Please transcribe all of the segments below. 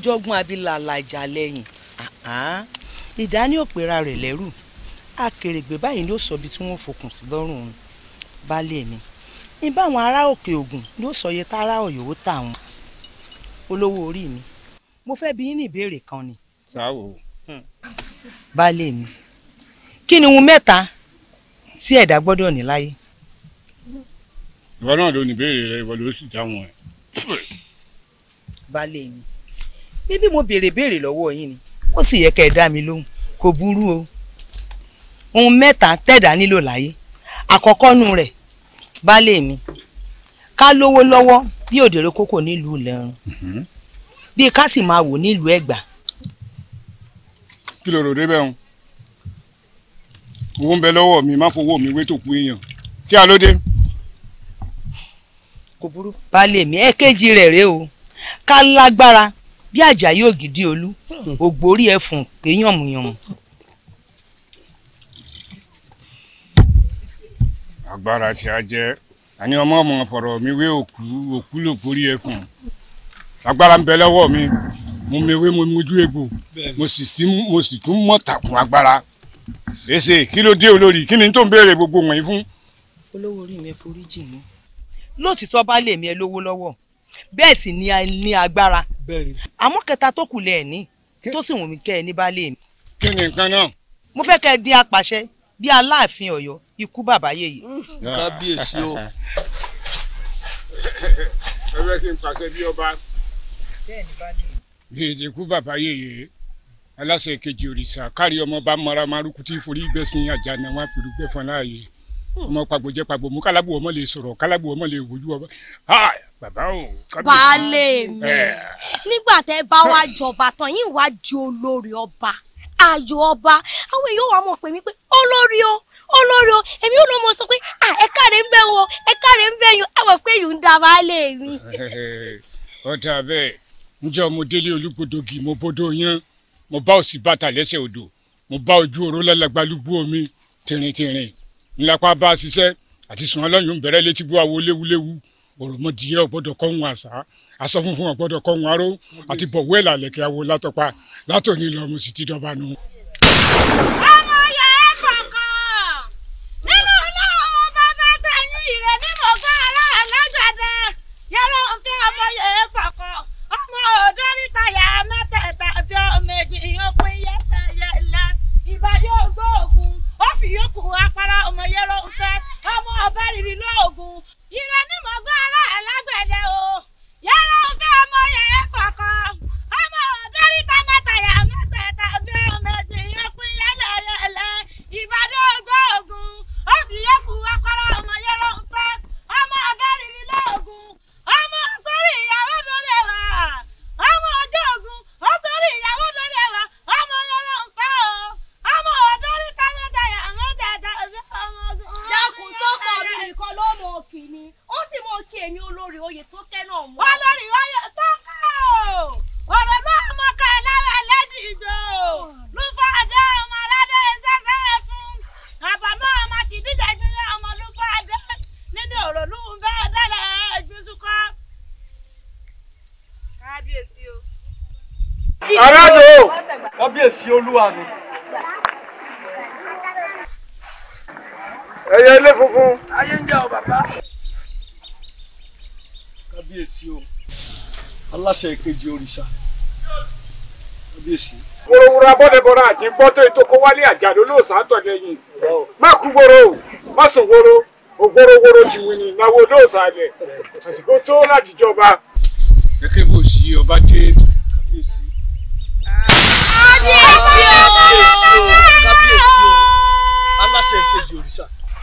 ọjọ́gbọ́n abilala ìjàlẹ́yìn ìdání òpèrà rẹ̀ lẹ́rù akèrègbè báyìí ni ó sọ ibi tí wọ́n fòkùn sí lọ́rùn òun baálé mi ibà àwọn ará òkè ògùn ni ó sọ iye tára ọ̀yọ́ tà wọn olówó orí mi mo fẹ́ bi yín ní ìbéèrè kan ni. sáwò. Hmm. baálé mi kí ni ohun mẹ́ta tí ẹ̀dá gbọ́dọ̀ ní láyé. ìwọ náà ló ní ìbéèrè rẹ ìwọ ló sì dáhùn ẹ. baálé mi bíbí mo béèrè béèrè lọ́wọ́ yín ni ó sì yẹ kẹ́ ẹ dá mi lóhùn kò burú o ohun mẹ́ta tẹ̀dá nílò láyé àkọ́kọ́ nu rẹ̀ baálé mi ká lówó lọ́wọ́ bí òdèrè kókò nílùú Ìlọrin mhm. bí ká sì máa wò nílùú Ẹ̀gbá. kí ló rò dé bẹ́ẹ̀ owó ń bẹ lọ́wọ́ mi má fowó mi wé tó kú èèyàn kí a ló dé. kò burú baálé mi ẹ̀kejì rẹ̀ rèé o ká lágbára bí àjàyí ògidì olú hmm. ògbórí ẹfun kéyànmùyànmù. agbára tí a jẹ àní ọmọ ọmọ fọ̀rọ̀ mi wé òkú òkú ló kórí ẹfun agbára ń bẹ lọ́wọ́ mi mo mewé mo mojú egbò mo sì tún mọ̀ tàkùn agbára èsè kí ló dé olórí kí ni tó ń béèrè gbogbo wọ̀nyí fún. olówó orí mi ẹ forí jì mí lóòtítọ́ bá lè mi ẹ lówó lọ́wọ́ bẹ́ẹ̀ sì ni a ní agbára àmọ́ kẹta tó kù lẹ́ẹ̀ ní tó sì wù mí kẹ́ ẹ ní baálé mi. kí ni nǹkan náà. mo fẹ́ kẹ́ ẹ di apàṣẹ bí aláàfin ọ̀yọ́ ikú bàbá yèyé. Ah. kábíyèsí o. ẹ fẹ́ kí n pàṣẹ bí ọba. bẹ́ẹ̀ ni baálé mi. bí ìdínkù bàbá yèyé aláṣẹ kejì òrìṣà kárí ọmọ bá mara marukutu ìforí gbẹ̀sìn àjà náà wọn fi rúgbẹ́ fún láàyè Hmm. ọmọ pagbo jẹ pagbo mú kálábù ọmọ lè sọ̀rọ̀ kálábù ọmọ lè wojú ọmọ ha ah, bàbá o. baálé mi eh. nígbà tẹ bá wá jọba tán yín wá di olórí ọba ayò ọba àwọn èèyàn wà mọ̀ pé mi pé olórí o olórí o èmi ò lọ mọ sọ pé ẹ̀ka rẹ̀ ń bẹ̀ wọ ẹ̀ka rẹ̀ ń bẹ̀ yun àwọn pé yìí ń da baálé mi. ọ̀dà bẹ́ẹ̀ njẹ́ ọmọ délé olúgbòdògì mo bodò yan mo bá òsì bàtà lẹ́sẹ̀ odò mo bá ojú oró lálágbálúgbó omi tìrìntìrìn ńlápá bá a ṣiṣẹ́ àti sùn ọlọ́yún bẹ̀rẹ̀ létí bó awo léwuléwu òròmọdìyẹ ọ̀gbọ́dọ̀ kọ́hún àṣà aṣọ funfun ọ̀gbọ́dọ̀ kọ́hún aró àti bọ̀wẹ́ẹ̀lì àlẹ̀kẹ́ awo látọ̀pa látòní lọ mo sì ti dọ́ba nu. ọmọ yẹ ẹ kọ̀ọ̀kan nínú náà bá bá tẹ̀yìn ìrẹ́ ní mọ̀gbọ́n ará alágbàdẹ yẹ́rọ ń fẹ́ ọmọ yẹ ẹ kọ̀ọ̀kan ọmọ òdórí ó fi yòókù apara ọmọ yẹrọ nfẹ ọmọ ọba rírì lóògùn ìrẹ ní mọ gbọ ara ẹ lágbẹ̀dẹ o yẹrọ nfẹ ọmọ yẹyẹ fọkàn ọmọ ọdọríta mẹ́tàyà mẹ́tẹ̀ẹ̀ta bí ọmọ ẹgbẹ́ yẹn pín yẹlẹ yẹlẹ ìbàdàn ọgbọ ògùn ó fi yòókù apara ọmọ yẹrọ nfẹ ọmọ ọba rírì lóògùn ọmọ sórí ìyàwó lórí wa ọmọ ọjọ́ ògùn ó sórí ìyàwó wa ọmọ sọ́kọ̀ mi nìkan ló mọ̀ òkì ni ó sì mọ̀ òkì èmi olórí oyè tó kẹ́ mọ́. olórí oyè tó kẹ́ ọ̀rọ̀ náà mọ ká ẹ lára lẹ́dí ìjọ lúfàdé ọmọ aládé ṣẹ́ṣẹ́ fún àbámọ́ ọmọ kìdíjà júlẹ̀ ọmọ lúfàdé nínú ọ̀rọ̀ lóhùn bẹ́ẹ̀ dálẹ̀ ẹ̀ẹ́dúnṣúkọ́. kábíyèsí o. aráàlú kábíyèsí olúwa mi. ẹyẹ ilé funfun. ayé ń jẹ ọ bàbá. kábíyèsí o aláṣẹ ìkejì òrìṣà kábíyèsí. wúrowúro abọ́dẹ̀bọ̀rọ̀ àti gbọ́tò ìtòkó wálé àjàdo ló sàátọ̀ lẹ́yìn má kú gbòòrò má sùn gbòòrò ògbòrògbòrò jìwìnì ìnáwó ló sàálẹ̀ àsìkò tó láti jọba. gẹ́gẹ́ bó ṣí ọba dé kábíyèsí. kábíyèsí o kábíyèsí o aláṣẹ ìkejì òrìṣà.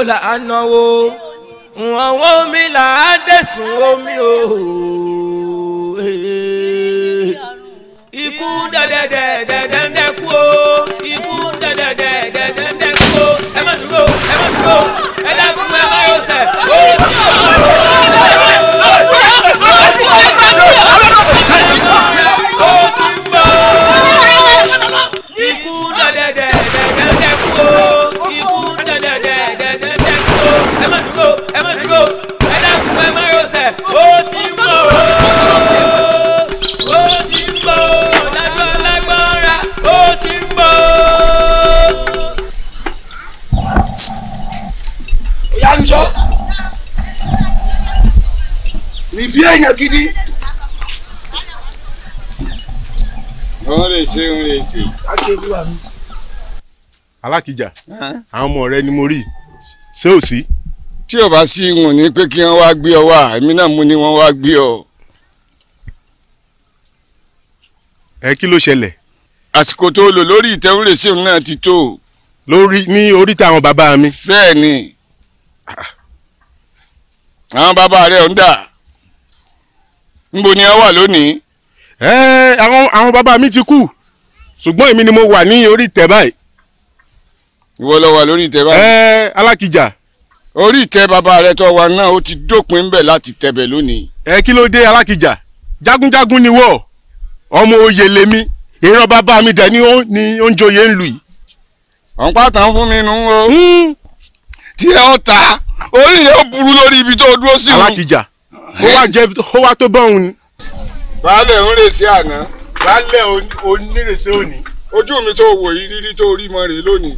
owó là á náwó ìwọ̀n omi là á dẹ̀sùn omi o. ikú dẹ̀dẹ̀dẹ̀ dẹ̀dẹ̀dẹ̀ kú o ikú dẹ̀dẹ̀dẹ̀ dẹ̀dẹ̀dẹ̀ kú o ẹ má dúró ẹ má dúró ẹ dákun ẹ má yọ sẹ̀ èèyàn gidi. wọ́n lè ṣe ń lè ṣe. alákìjà àwọn ọmọ rẹ ni mo rí ṣé ò sí. tí ò bá sí wọn ni pé kí wọ́n wá gbé ọ wá èmi náà mú ni wọ́n wá gbé ọ. ẹ kí ló ṣẹlẹ̀. àsìkò tó lò lórí ìtẹ́wúrẹ́sẹ̀ náà ti tó. lórí ní oríta àwọn bàbá mi. bẹ́ẹ̀ ni ah. àwọn bàbá rẹ̀ ń dà níbo ni ẹ wà lónìí. ẹ àwọn àwọn bàbá mi ti kú ṣùgbọ́n èmi ni mo wà ní orí ìtẹ́ báyìí. ìwọ ló wà lórí ìtẹ́ báyìí. ẹ alákìjà. orí ìtẹ́ bàbá rẹ tó wà náà ó ti dópin bẹ̀ láti tẹ̀bẹ̀ lónìí. ẹ kí ló dé alákìjà jagunjagun ni wọ ọmọ òye lèmi ìran bàbá mi dẹ ni ó ni ó ń joyè ń lù yìí. ọ̀npá tán fún mi nù o. Hmm. tí ẹ ọ̀ ta orí rẹ̀ ó burú lórí ibi tó dúró sí. alákìjà ó wá jẹ ó wá tó bọ́hùn ni. baálẹ̀ ń rèsí àná baálẹ̀ onírèsí òní. ojú mi tó wò yí rírí tó rí mọ́ rèé lónìí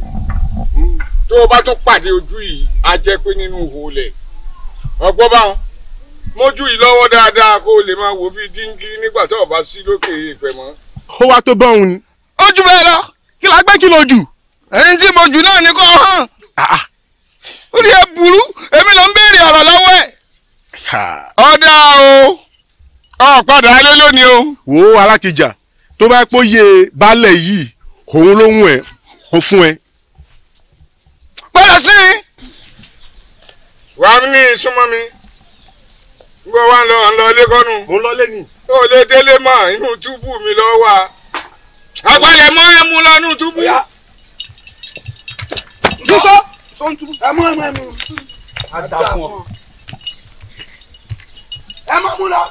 tó o bá tún pàdé ojú yìí á jẹ́ pé nínú òòlẹ̀ ọgbọ́n báwọn mójú yìí lọ́wọ́ dáadáa kó o lè máa wò bí díngí nígbà tó o bá sí lókè ìpẹ́ mọ́. ó wá tó bọ́hùn ni. ojú bẹ́ẹ̀ lọ kí la gbé kí lo jù. ẹni tí mo jù náà ni kò hàn. Ah, ah. ó rí ẹ burú èmi ló ń béèrè ọ̀rọ̀ lọ́wọ́ ẹ̀ ọ̀dà o ọ̀padà alẹ́ lónìí o. wo alákìjà tó bá pọ̀ yé baálẹ̀ yìí òun ló ń ẹ̀ ó fún ẹ. padà sí i. wàá ní ìsúnmọ́ mi gbọ́ wa ń lọ ń lọ ilé kọ́nu. mo ń lọ lẹ́yìn. ó lè délé mọ́ inú túbú mi lọ wà. àgbàlẹ̀ mọ́ ẹ mú lọ inú túbú. sísọ sọ́ńtúbú. ẹ mú ẹ mú ẹ mú. a dà fún ọ ẹ máa mú lọ.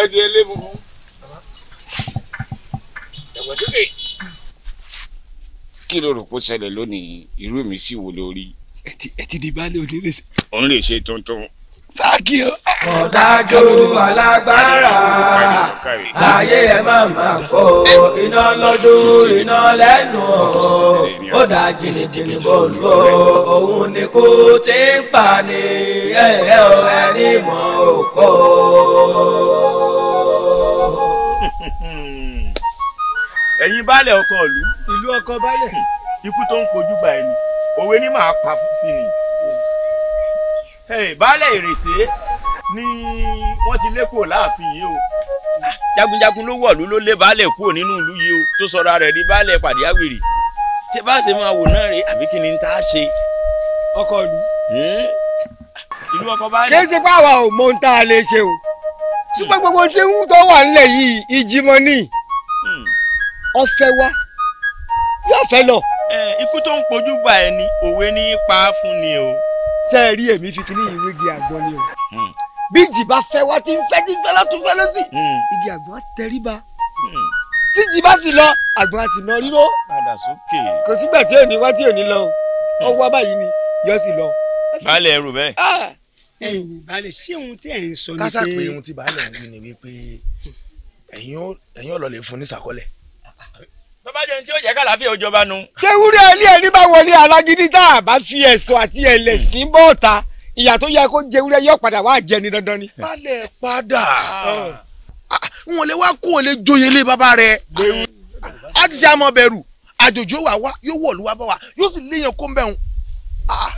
ẹ di ẹlé funfun. ẹ̀wẹ̀ dókè. kí ló rò pé ṣẹlẹ̀ lónìí irú mi sì wò lórí. ẹ ti di baálé onírèsè. òun lè ṣe tuntun sáàkì o. ọ̀dájú alágbára ayé ẹ̀ máa ma kó iná lójú iná lẹ́nu ó dá jìnnìjìnnì bọ́ọ̀lù o òun ni kú ti ń pa ni ẹ̀ ọ́ ẹni mọ̀ òkò. ẹ̀yin baálẹ̀ ọkọ ìlú ìlú ọkọ baálẹ̀ ikú tó ń kojú gba ẹni òwe ni màá pa sí ni baálẹ̀ ìrèsé ni wọ́n ti lé kúrò láàfin yìí o jagunjagun ló wọ̀lú ló lé baálẹ̀ kúrò nínú ìlú yìí o tó sọra rẹ̀ di baálẹ̀ pàdíyàwìrì ṣé bá ṣe máa wò náà rè àbí kí ni tá a ṣe. ọkọ ìlú. ìlú ọkọ baálẹ̀. kì í ṣe pé àwa ò mọ ohun tá a lè ṣe o ṣùgbọ́n gbogbo tí ń tó wà nílẹ̀ yìí ìjìmọ̀ ni hmm. ọ̀fẹ́ wa yóò fẹ́ lọ. ikú tó ń pojú gba ẹni òwe ní í pa á fún ni o ṣe é rí èmi fi kíní ìwé igi àgbọn ni o hmm. bí ìjì bá fẹ́ wá tí ń fẹ́ tí ń fẹ́ lọ́tún fẹ́ lọ́sì hmm. igi àgbọn tẹríba hmm. tí ìjì bá sì lọ àgbọn á sì lọ ríró kò sígbà tí ò ní wá tí ò ní lọ ó wá báyìí ni yọ sì lọ. baálẹ̀ ẹrù bẹ́ẹ̀. Ah! ẹ̀yin baálẹ̀ ṣé ohun tí ẹ̀ ń sọ ni pé. kásà pé ohun tí baálẹ̀ ń wí ni wípé ẹ̀yin ò fún ní sàkọ́lẹ̀ tó bá jẹun tí ó jẹ́ kàlàfíà ó jọba nu. kéwúrẹ́ ẹni ẹni bá wọlé alágídí tá a bá fi ẹ̀sùn àti ẹlẹ́sìn bọ́ọ̀ta ìyà tó yẹ kó jẹwúrẹ́ yóò padà wá jẹni dandan ni. balẹ̀ padà wọn ah. ah. lè wá kó o lè joyè lé bàbá rẹ a ti ṣe àmọ́ bẹ̀rù àjòjò wà wá yóò wọ̀ lù wá bá wa yóò sì léèyàn kó ń bẹ̀ ah.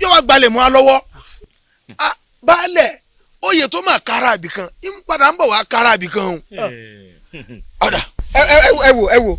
yóò wá gbalẹ̀ mọ́ a lọ́wọ́ balẹ̀ oyè tó máa kára àbìkan ń padà ń bọ̀ wá kára àbìkan eh. ọ̀dà ẹ wo ẹ wo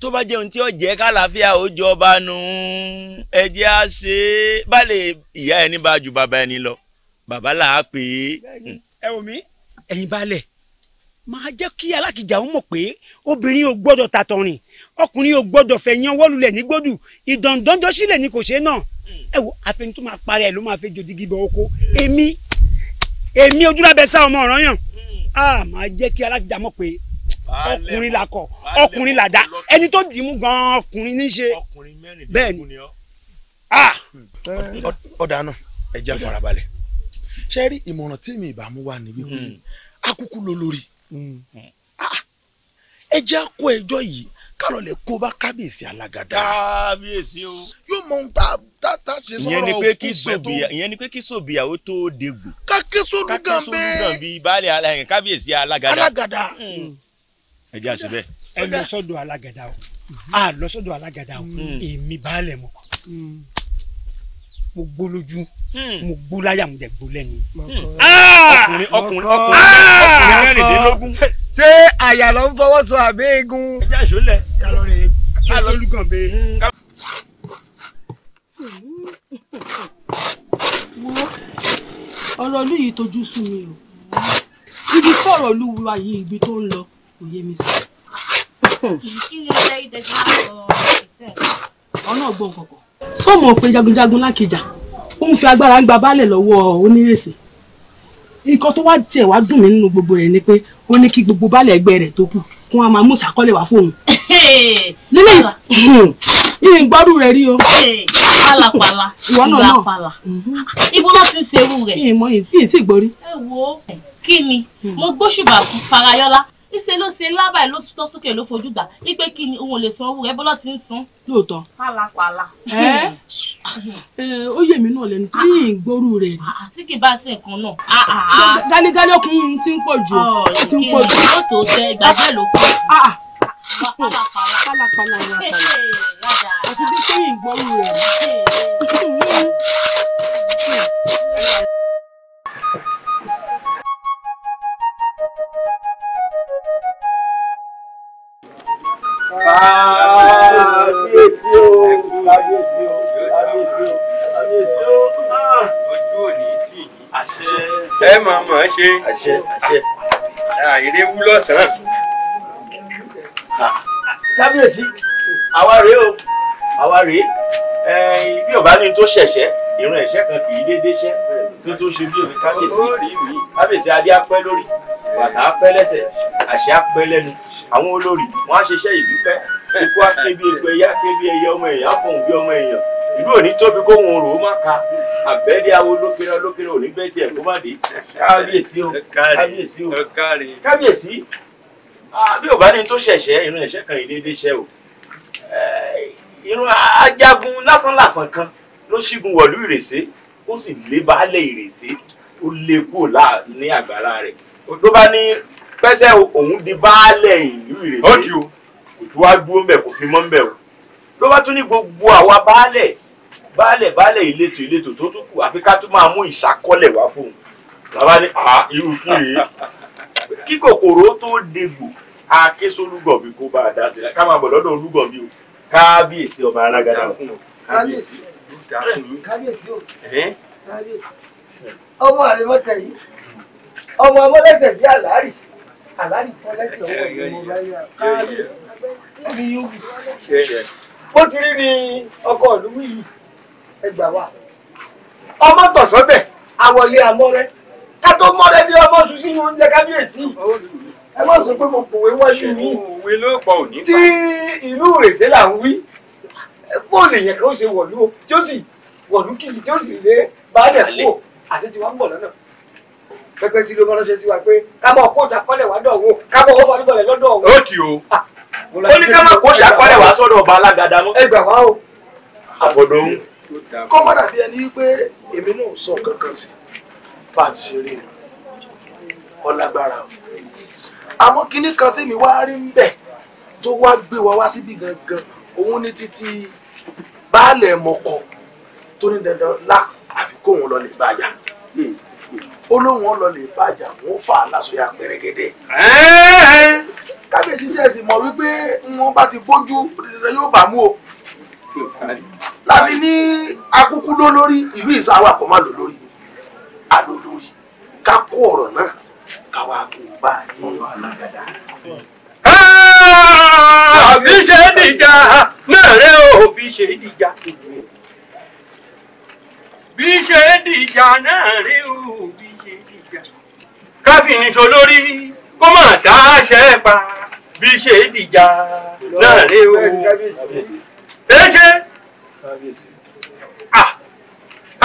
tó bá jẹun tí ó jẹ kálàáfíà ó jọba nù ẹjẹ á ṣe é bá lè ìyá ẹni bá ju bàbá ẹni lọ bàbá là á pè é. ẹ wò mí ẹ̀yin balẹ̀ máa jẹ́ kí alákìjà ń mọ̀ pé obìnrin ò gbọ́dọ̀ tàtọ̀rìn ọkùnrin ò gbọ́dọ̀ fẹ̀yìn ọwọ́ lulẹ̀ ní gbódù ìdàndọ́njọ́ sílẹ̀ ni kò ṣe náà ẹ wò àfẹni tó máa parẹ́ ẹ̀ ló máa fẹ́ jòdìgì bọ̀ oko èmi èmi ojúlábẹ́sà ọmọ ọ̀rọ̀ yàn á hmm. ah, máa jẹ́ kí alákìjà mọ̀ pé ọkùnrin làkọ̀ ọkùnrin làdá ẹni tó dì í mú gan-an ọkùnrin ní í ṣe bẹ́ẹ̀ ni ọ̀dà náà ẹ jẹ́ farabalẹ̀ ṣe rí ìmọ̀ràn tí mi ìbámu wà ní wípé hmm. akúkú ló lórí hmm. ah, ẹ jẹ́ kó ẹjọ́ yìí kálọ̀ lè kó bá kábíyèsí alágadá. kábíyèsí o. yóò mọ ohun tá a tá a ṣe sọ̀rọ̀ òkú bẹ́ẹ̀ ìyẹn ni pé kí sòbìyàwó tó dégbò. kákésólúgàn bẹ́ẹ̀ kákésólúgàn bíi baálé kábíyèsí alágadá. alágadá. Mm ẹ jẹ́ àṣẹ bẹ́ẹ̀. ẹ lọ sọ́dọ̀ alágàdá o mhm. a lọ sọ́dọ̀ alágàdá o hmm. èmi baálẹ̀ mọ̀ hmm. mo gbó lójú hmm. mo gbó láyà mo dẹ̀ gbó lẹ́nu. ọkùnrin ọkùnrin ọkùnrin ah! mẹ́rìndínlógún. ṣé àyà ló ń fọwọ́ sọ àbí eegun. ẹ jẹ́ àṣọlẹ̀ kálọ̀ rẹ̀ kálọ̀ lùgàn bẹ́ẹ̀. ọ̀rọ̀ olú yìí tojú sú mi o ibi tí ọ̀rọ̀ olú wa yìí ibi tó ń lọ kò yé mi sí. kí ni ilé ìdẹ́jú máa sọ ìtẹ́ ọ náà gbọ́n kankan. sọ́mọ̀ pé jagunjagun lákìjà ó ń fi agbára ń gba baálẹ̀ lọ́wọ́ onírèsì ikọ̀ tó wá tiẹ̀ wá dùn mí nínú gbogbo rẹ̀ ni pé ó ní kí gbogbo baálẹ̀ ẹgbẹ́ rẹ̀ tó kù kí wọ́n máa mú ìsàkọ́lẹ̀ wá fóun. lílé ìhìn gbọ́dù rẹ̀ rí o. pálapàla ìlàpàlà ibo náà ti ń ṣerú rẹ̀. ìyìn mọ́ ìyìn tí ì gbórí. ẹ wo kí ni mo gbóṣùbà fún Farayọ́lá ìṣe ló ṣe ńlá báyìí ló tọ́ sókè ló fojú gbà ipe kí ni òun lè san owó rẹ bọ́lá ti ń san. lóòótọ́. pálapàla. ó yè mí náà lẹ́nu tó ní ìgbóru rẹ̀. Ah, ah, tí kì bá ṣe nǹkan náà. Ah, gálígálí ọkùnrin ti ń pọ̀ jù. Oh, ó ti ń pọ̀ jù. ó tó tẹ ìgbà bẹ́ẹ̀ ló pọ̀ jù. pálapàla ni àpàlà. àti bí kéyìn ìgbóru rẹ̀. kábíyèsí o kábíyèsí o kábíyèsí o kábíyèsí o. ojú òní sì yí. àṣẹ. ẹ máa mọ̀ ẹ́ ṣe. àṣẹ àṣẹ. àìrè wú lọ́sàn-án. kábíyèsí àwa rèé o àwa rèé bí ọba ní tó ṣẹ̀ṣẹ̀ ìran ẹ̀ṣẹ̀ kan kì í déédéé ṣẹ́ tó tó ṣe bí òní kábíyèsí kábíyèsí adé á pẹ́ lórí bàtà á pẹ́ lẹ́sẹ̀ àṣẹ á pẹ́ lẹ́nu àwọn olórí wọn á ṣiṣẹ́ ìlú fẹ́ ikú akébi egbò ẹyẹ akébi ẹyẹ ọmọ èèyàn afọhùn bí ọmọ èèyàn ìlú òní tóbi kó wọn rò ó má ka àbẹ́dẹ́ awo lókèrè lókèrè òní bẹ́ẹ̀ tiẹ̀ kó má dé kábíyèsí o kábíyèsí o kábíyèsí bí ò bá ní tó ṣẹ̀ṣẹ̀ irun ẹ̀ṣẹ̀ kan ìdédé ṣẹ o irun ajagun lásánlàsàn kan ló ṣígun wọ̀lú ìrèsé ó sì lé baálé ìrèsé ó lé kúrò ní àgbàlá rẹ̀ ló bá ní pẹ́sẹ́ òun di baálẹ̀ ìlú ìrèlè ó o kò tún wá dúró mbẹ̀ kò fi mọ́ mbẹ̀ o ló bá tún ní gbogbo àwa baálẹ̀ baálẹ̀ baálẹ̀ ìletò ìletò tó tún kù àfi ká tún máa mú ìṣàkọ́lẹ̀ wá fóun bàbá ní à irú kí rèé kí kòkòrò tó dégbò aké sólúgọ̀bí kó bá a dá sílẹ̀ ká máa bọ̀ lọ́dọ̀ olúgọ̀bí o kábíyèsí ọba alágadá fún un kábíyèsí kábíyèsí o kábíyèsí ọmọ àrèmọ́tẹ̀ yìí ọmọ ọmọlẹ́sẹ̀ bíi àlárì àlárí fọlẹ́sì ọwọ́ ìlú ráyà káàlù ní yóò bó ti rí ni ọkọ ìlú yìí ẹgbà wa ọmọ tọ̀sọ́bẹ̀ àwọlé àmọ́rẹ́ ká tó mọ́rẹ́ ní ọmọ oṣù sínú oúnjẹ kábíyèsí ẹ má sọ pé mo pòwe wájú mi tí ìlú ìrèsé là ń wí bóòlù yẹn kan ó ṣe wọ̀lú o tí ó sì wọ̀lú kìsì tí ó sì lé bá dẹ̀ kú àti tí wọ́n ń bọ̀ lọ́nà pẹpẹ sí ló bá ránṣẹ́ sí wa pé kábọ̀ kó ṣàkọlẹ̀ wá dọ̀wọ́ kábọ̀ ó fọdún bọ̀lẹ̀ lọ́dọ̀ ah, ọ̀hún. ó ti o ó ní ká má kó ṣàkọlẹ̀ wá sọ́dọ̀ ọba alágàdá mọ́. ẹ gbà wá o. àbọ̀dọ̀ ń. kọ́ má dàbí ẹni pé èmi náà sọ kankan sí bá a ti ṣe rí ni ọlágbára o àmọ́ kinní kan tèmi wá rí ń bẹ̀ tó wá gbé wa wá síbi gangan òun ní títí baálẹ̀ mọ̀kọ tó ní dandan lá àfikún òun lọ lè bá a yà ó lóun ọlọ lè bàjà wọn fà á lásọyà pẹrẹgẹdẹ. kábíyèsí sẹ́ẹ̀sì mọ̀ wípé wọn bá ti bójú òdìdẹ yóò bá mú o. láfi ní akúkú ló lórí ìlú ìsáwà kò má lò lórí àlò lórí ká kó ọ̀rọ̀ náà ká wá kó bá yín ọ̀nà àbí ṣe dìjà náà rẹ ò bí ṣe dìjà bí ṣe dìjà náà rí o káfíìnìṣó lórí kó má dá àṣẹ pa bí ṣe dìjà náà rè o ẹ ṣe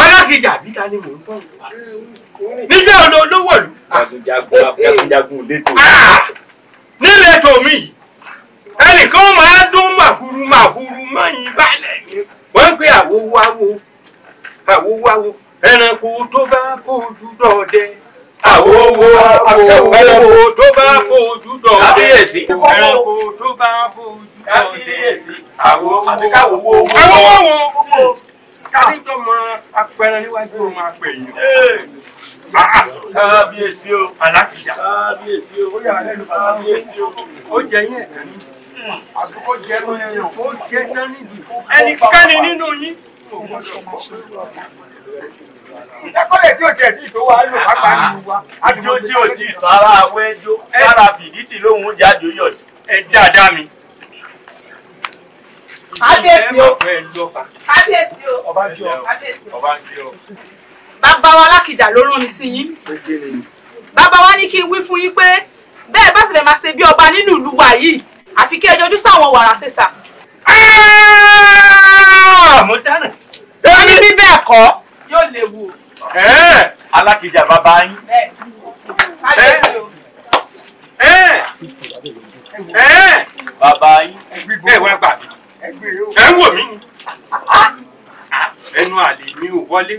alákìjà bí ta ni mò ń bọ̀ níjẹ́ ọ̀nà olówó lu. jagunjagun lẹ́tọ̀. nílẹ̀ tòmí ẹnìkan máa dún màkúrú màkúrú mọ́yìn balẹ̀ mi wọ́n ń pè àwo wáwo ẹranko tó bá fojú dọ̀ọ́dẹ́ àwòwò ẹranko tó bá fojú dọ̀ kábíyèsí ẹranko tó bá fojú dọ̀ kábíyèsí àwòwò àwòwò àwòwò kábíyèsí mọ apẹrẹ níwájú ọmọ apẹyìn ah, ah. kábíyèsí o alákìjà kábíyèsí o ó yà lẹ́nu kábíyèsí o ó jẹ yẹn hmm. àsìkò jẹ lóyún ó jẹ sẹ́ni ẹnikẹ́ni nínú yín ìdákọ́lẹ̀ tí ò tẹ̀ tí ìtò wa lò pápá ní wa. ajó tí o tí ìtọ́ ara awẹ́jọ́ tára fìdítì lóhùn jáde yọ̀ ẹ dáadáa mi. kábíyèsí o kábíyèsí o kábíyèsí o o bàbá wa lákìjà ló rán mi sí yín bàbá wa ní kí n wí fún yín pé bẹ́ẹ̀ bá sì fẹ́ máa ṣe bí ọba nínú ìlú wa yìí àfi kí ẹjọ́jú sáwọn wàrà ṣe sà. mo dáná. wọ́n ní bíbẹ́ ẹ̀kọ́ yóò léwu. alákìjà bàbá yín. bàbá yín ẹ wá gbà mí ẹ ń wò mí ẹnu àlè mi ò wọlé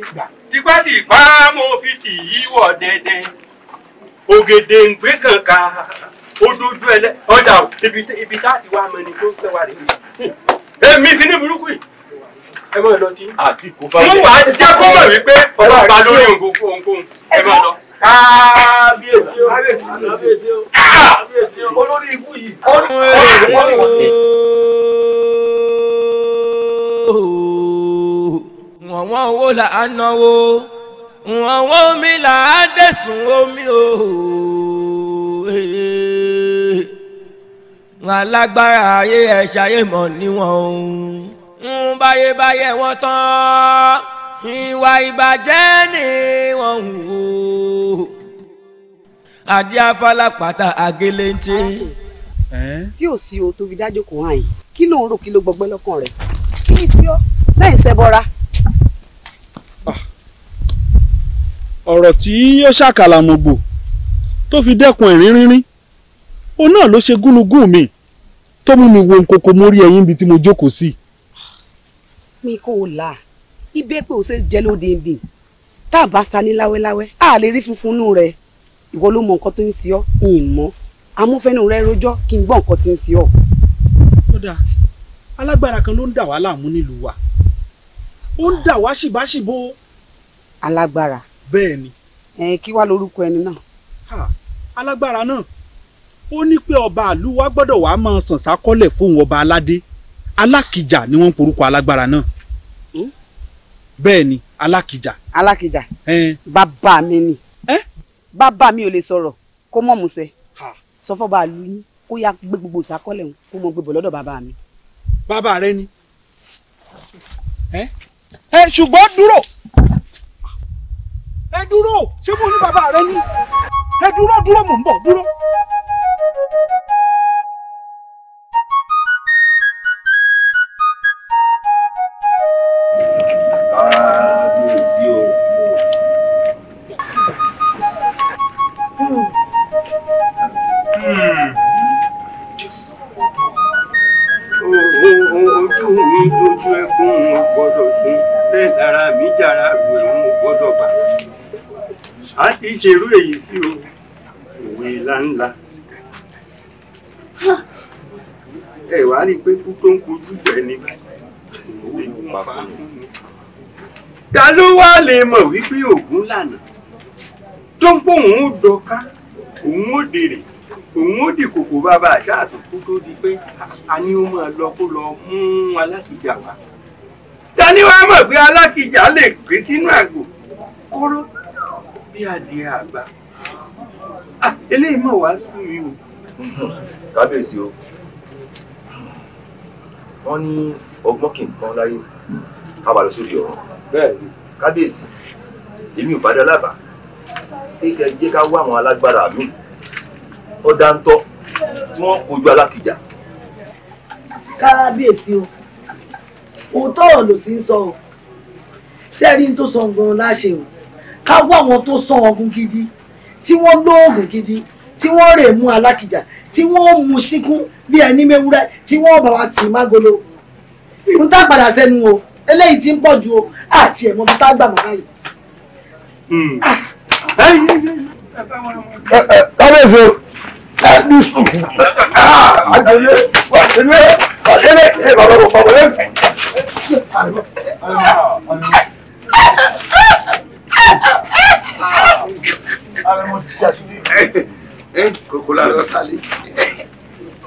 tipátipá mo fi tì í wọ̀ dẹ́dẹ́ ògèdè ń gbé kankan ó dojú ẹlẹ ọjà ibi tá a ti wá mọ ẹni tó fẹ́ wá rèé èmi fi ní burúkú yìí ẹ máa lọ tí. àti kò fà yẹ. mú wàá jẹ́ kó mọ̀ wípé ọba bá lórí ohunkóhun ẹ máa lọ. kábíyèsí o kábíyèsí o kábíyèsí o olórí ibú yìí. wọ́n wọ́n owó là á náwó wọ́n wọ́n omi là á dẹ̀sùn omi o wọn alágbára ayé ẹ̀ ṣayé mọ̀ níwọ̀n o ń báyébáyé wọn tán ìwà ìbàjẹ́ ni wọ́n hù ó adé afálápàtà agéléńté. tí ò sí o tó fi dájú kò hàn yìí kí ló ń rò kí ló gbọgbẹ́ lọ́kàn rẹ̀ kí ni sí ọ láì ṣẹbọra. ọ̀rọ̀ tí ó ṣàkàlàmọ̀gbò tó fi dẹ́kun ẹ̀rín rínrín òun náà ló ṣe gúnugún mi tó mú mi wo nkoko mórí ẹyin ibi tí mo jókòó sí. Si pin kó o là ibẹ̀ pé o ṣe jẹ́ lódìndín tá a bá sa ní láwẹ́láwẹ́ a lè rí funfun nù rẹ ìwọ ló mọ nǹkan tó ń ṣe ọ́ ìmọ̀ amúfẹ́nu rẹ rojọ́ kí n gbọ́ nǹkan tí ń ṣe ọ́. kódà alágbára kan ló ń dà wá láàmú nílùú wa ó ń dà wá ṣìbáṣìbó. alágbára. bẹ́ẹ̀ ni. ẹ kí wàá lórúkọ ẹni náà. alágbára náà ó ní pé ọba àlú gbọ́dọ̀ wàá máa sàn sákọ́lẹ̀ fóun ọba aládé alákìjà ni wọ́n ń porúkọ alágbára náà bẹ́ẹ̀ ni alákìjà. alákìjà bàbá mi ni bàbá mi ò lè sọ̀rọ̀ kó mọ̀ musẹ̀ sọ fọ́ bá a lu yín kó yá gbé gbogbo ìsákọ́lẹ̀ òun kó mọ gbé bọ̀ lọ́dọ̀ bàbá mi. bàbá rẹ ni ẹ ṣùgbọ́n dúró ẹ dúró ṣé mo ní bàbá rẹ ni ẹ dúró dúró mò ń bọ̀ dúró. ṣerú èyí sí o òwe ńláńlá ẹ wá rí i pé kú tó ń kojú jẹ ni òwe ń pa fún mi. ta ló wá lè mọ̀ wípé ògún lànà tó ń pọ̀ òun ó dọ̀ka òun ó dèrè òun ó di kòkò bàbá àṣàṣù kó tó di pé a ní ó máa lọ kó lọ mú alákìjà wá ta ni wàá mọ̀ pé alákìjà lè gbé sínú àgbò kóró bí adìẹ àgbà eléyìí mọ̀ wá sí mi o. kábíyèsí o wọ́n ní ọgbọ́n kì í tán láyé ká bá lọ sórí ọ̀run kábíyèsí èmi ò bá dá lábàá kéèké jẹ́ ká wá àwọn alágbára mi tó dáńtọ́ tí wọ́n kojú alákìjà. kábíyèsí o òótọ́ ọ̀rọ̀ ló sì ń sọ o sẹ́ẹ̀rí tó sọ nǹkan láṣẹ o ká wá àwọn tó sán ọgùn gidi tí wọ́n lóògùn gidi tí wọ́n rè mú alákìjà tí wọ́n mú síkún bí ẹni mẹ́wúrẹ́ tí wọ́n bá wa tì mágolo ń tá padà sẹ́nu o eléyìí ti ń pọ̀ ju o àti ẹ̀mọ́ bí tá gbà mọ́ báyìí. Hmm. Ah. kábíyèsí o ẹ ní sùn ah, àjọyé wà sílé wà sílé ẹ bàbá bàbá bàbá lẹ́nu ara mo ti jà sílé. kòkó lára ọ̀tá lé.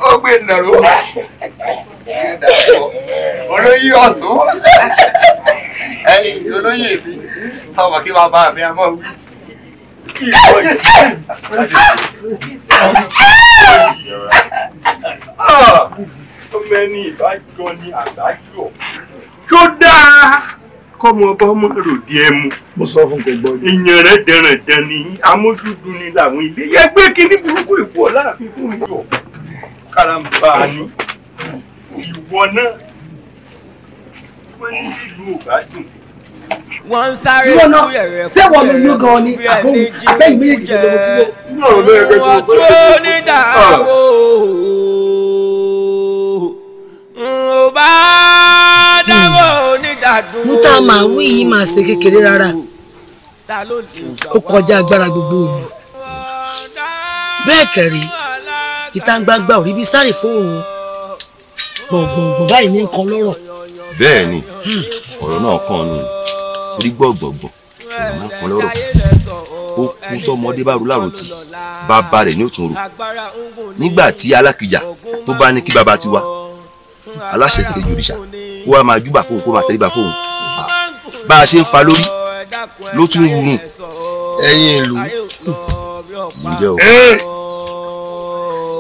ó gbé nàró. olóyè ọ̀tún olóyè mi sọ̀rọ̀ kí bàbá mi a wí. Ọmọ ẹni ìbájọ ni àgbájọ. Ṣó dáa kọ́mọ ọba ọmọ ròdì ẹmu. mo sọ fún kò gbọ́. èèyàn rẹ̀ dẹ̀ràn dẹ̀ni amójúdun ni làwọn ilé yẹ gbé kínní burúkú ìbò láàfin fún mi jọ karamba ni ìwọ náà wọ́n ní ìlú ò bá dùn wọ́n sáré fún ẹ̀rẹ̀ fún ẹ̀rẹ̀ fún ẹ̀rẹ̀ gan ni àbóhùn abẹ́yìn méjèèjì tó lọ́wọ́ tí yóò ní ọ̀rọ̀ lọ́wọ́ ẹgbẹ́ tó lọ́wọ́ tó ní dàwó ó bá dàwó ní ń tá a máa wí yìí máa ṣe kékeré rárá ó kọjá agbára gbogbo òòlù bẹ́ẹ̀ kẹ̀rí ìta gbangba ò rí bí sáré fóun gbọ̀ngbọ̀ngbọ̀n báyìí ní nǹkan lọ́rọ̀. bẹ́ẹ̀ ni hmm. ọ̀rọ̀ náà kàn nù orí gbọ̀ngbọ̀ngbọ̀n ọ̀rọ̀ náà kàn lọ́rọ̀ ó kú tọmọdé bá rúlárò tì bàbá rẹ̀ ní òtún rò nígbà tí alákìjà tó bá ní kí bàbá ti wá aláṣẹ kejì òrìṣà kó wá máa júbà fóun kó máa tẹríba fóun bá a ṣe ń fa lórí ló tún rúrun ẹ̀yin ìlú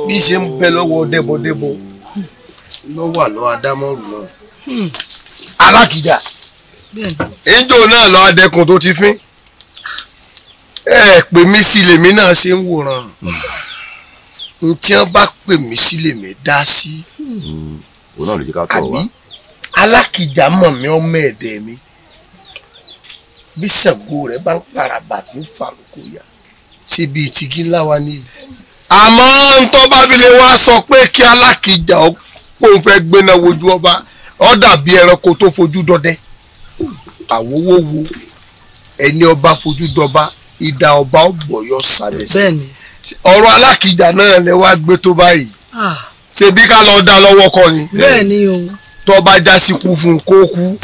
bí ṣe ń bẹ lọ́wọ́ débọ̀débọ̀ lọ́wọ́ àlọ́ adámọ́rù náà alákìjà ìjọ náà lọ adẹkùn tó ti fín ẹ pè mí sí lèmi náà ṣe ń wòran n hmm. wọn bá pè mí sí lèmi dá sí. Hmm. òun náà ló jẹ́ ká tọ̀ wá alákìjà mọ̀ mí ọmọ ẹ̀dẹ̀ mi bí Ṣàngó rẹ̀ bá ń paraba tí ń fàlùkù yá ṣe bí ìtìgí láwa nìyí. àmọ́ ntọ́ bábílẹ̀ wa sọ pé kí alákìjà òun fẹ́ gbéná wojú ọba ó dàbí ẹranko tó fojú dọdẹ àwọn wo ẹni ọba fojú dọba ìdá ọba ọgbọyọ sàlẹ̀ sí ọ̀rọ̀ alákìjà náà lè wá gbé tó báyìí ah. ṣebí ká lọ dá lọ́wọ́ kọ́ ni. bẹ́ẹ̀ ni o tó bá já sí kú fún kó kú.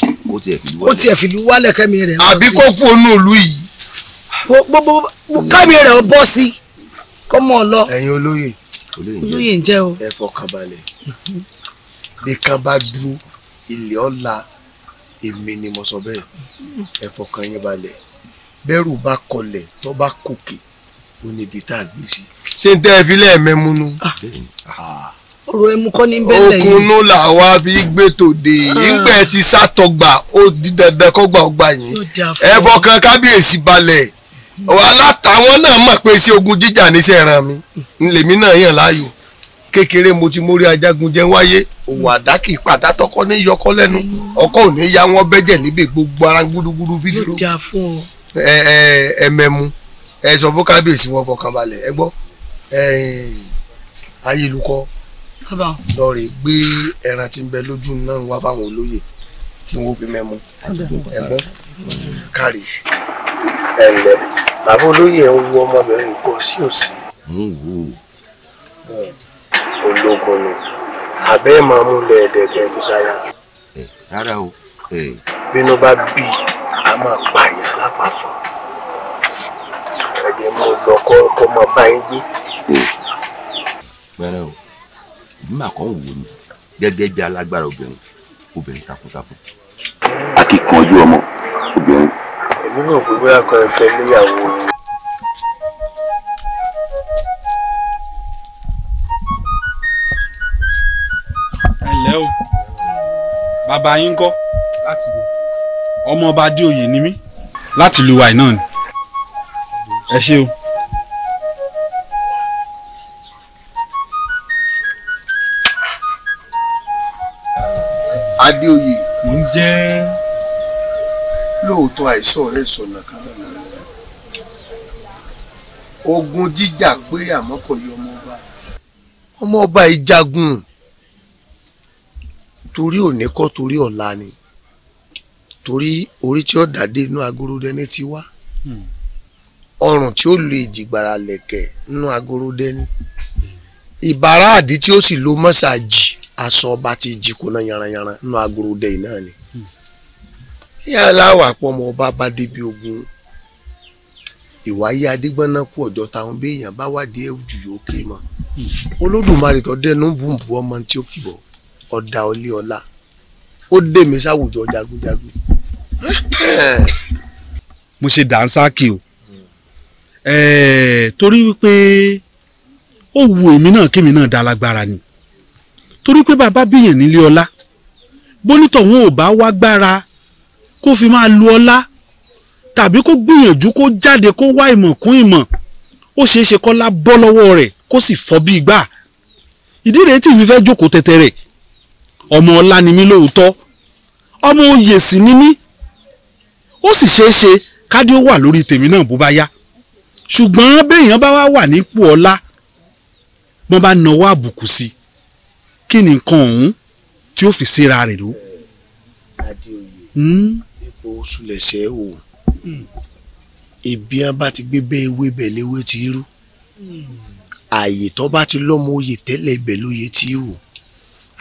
kó tiẹ̀ fìlú wálẹ̀ kẹ́mi rẹ̀. àbí kó kú ònú ìlú yìí. gbogbo kẹ́mi rẹ̀ bọ́ sí kó mọ̀ ọ lọ. ẹ̀yin olóyè olóyè ń jẹ́ o. ẹ fọkàn balẹ̀ bí kan bá dúró ilé ọ̀la èmi ni mo sọ bẹ́ẹ̀ ẹ fọkàn yín balẹ̀ bẹ́rù bá kọlẹ̀ tó kòkè ó tá a gbé sí. ṣé n tẹ́ ẹ fi lẹ́ẹ̀mẹ́mú ọ̀rọ̀ ẹmu kọ́ ní bẹ́ẹ̀ lẹ́yìn. okunu làwa fi gbé tòde ìgbẹ́ ah. ti sátọgbà ó di dandan kọ́gbà ọgbà yìí ẹ fọkàn kábíyèsí balẹ̀ alátàwọn hmm. náà mọ̀ pé sí ogun jíjà níṣẹ́ ẹ̀ràn mi hmm. lèmi náà yàn láàyò kékeré mo ti mórí ajagun jẹ́ wáyé òwò àdákì ìpàdá tọkọ ní yọkọ lẹ́nu ọkọ ò ní ya wọn bẹ́jẹ̀ níbi gbogbo ara gúdúgúdú fídíò ẹ ẹ ẹ sọ fún kábíyèsí wọn fọkàn ẹ gbọ́ ayélujára lọ rè gbé ẹran tí ń bẹ lójú náà wá fáwọn olóyè kí wọ́n fi mẹ́mu ẹ̀gbọ́n kárí ẹ̀lẹ́ bàbá olóyè ń wo ọmọbìnrin kan sí òsì ológun ni àbẹ́ máa mú lẹ́ẹ̀dẹ̀gbẹ́ ìbísáyà. rárá o. bínú bá bí a máa pààyàn lápapọ̀ ẹ̀jẹ̀ mo lọ kọ́ ọmọ báyìí gbé. rárá o èmi máa kàn ń wò ni gẹ́gẹ́ bí alágbára obìnrin obìnrin takuntakun. akíkanjú ọmọ obìnrin. èmi náà pé bóyá kan ẹ fẹ́ níyàwó ni. ẹ̀lẹ́ o bàbá yín kọ́ láti wò ọmọ ọba adéoyè ni mí láti lu wàì ni ẹ ṣé o. adéoyè. mò ń jẹ́. lóòótọ́ àìsàn rẹ̀ sọ̀nà kan lọ́nà rẹ̀ ogun jíjà pé àmọ́ kò yọ ọmọ ọba ọmọ ọba ìjagun torí òní kọ́ torí ọ̀la ni torí orí tí ó dàdé inú agorodẹni ti wá hmm. ọrùn tí ó lu ìjìgbàrà lẹ̀kẹ̀ nínú agorodẹni hmm. ìbáraàdì tí ó sì lo mọ́sàájì aṣọ ọba ti jí kóná yanranyanran nínú agorodẹ yìí náà ni ìyá aláwọ̀ àpọ̀mọ ọba bá débi ogun ìwáyé adégbọ́nà kú ọ̀jọ́ táwọn béèyàn bá wádìí ẹ̀jù yóò ké mọ́ hmm. olódùmarè tó dẹnu bùnbù ọmọ tí ó kìbọ̀ ọ̀dà ole ọlá ó dé mi sáwùjọ jagunjagun. mo ṣe dànsákì o hmm. torí wípé ó wu èmi náà kémi náà dá lágbára ni. torí pé bàbá bìyàn nílé ọlá bónítọ̀ wọn ò bá wá gbára kó fi máa lu ọlá tàbí kó gbìyànjú kó jáde kó wá ìmọ̀ kún ìmọ̀ ó ṣeé ṣe kọ́lá bọ́ lọ́wọ́ rẹ̀ kó sì fọ́ bí igbá ìdí rèé tí ìfi jókòó tẹ̀tẹ̀ rẹ̀ ọmọ ọlá ni mí lóòótọ́ ọmọ oyè sì ni mí ó sì ṣeé ṣe kádé ó wà lórí tèmi náà bó bá yá ṣùgbọ́n béèyàn bá wà nípò ọlá wọ́n bá nawọ́ àbùkù sí i kí ni nǹkan ọ̀hún tí ó fi síra rẹ̀ ló. adéoyè hmm? ipò sulẹ̀ṣẹ̀ o ìbí abá ti gbé bẹ́ẹ̀ ewé bẹ́ẹ̀ léwé ti rú ààyè tó bá ti lọ́mọ oyè tẹ́lẹ̀ ibẹ̀ lóye ti rù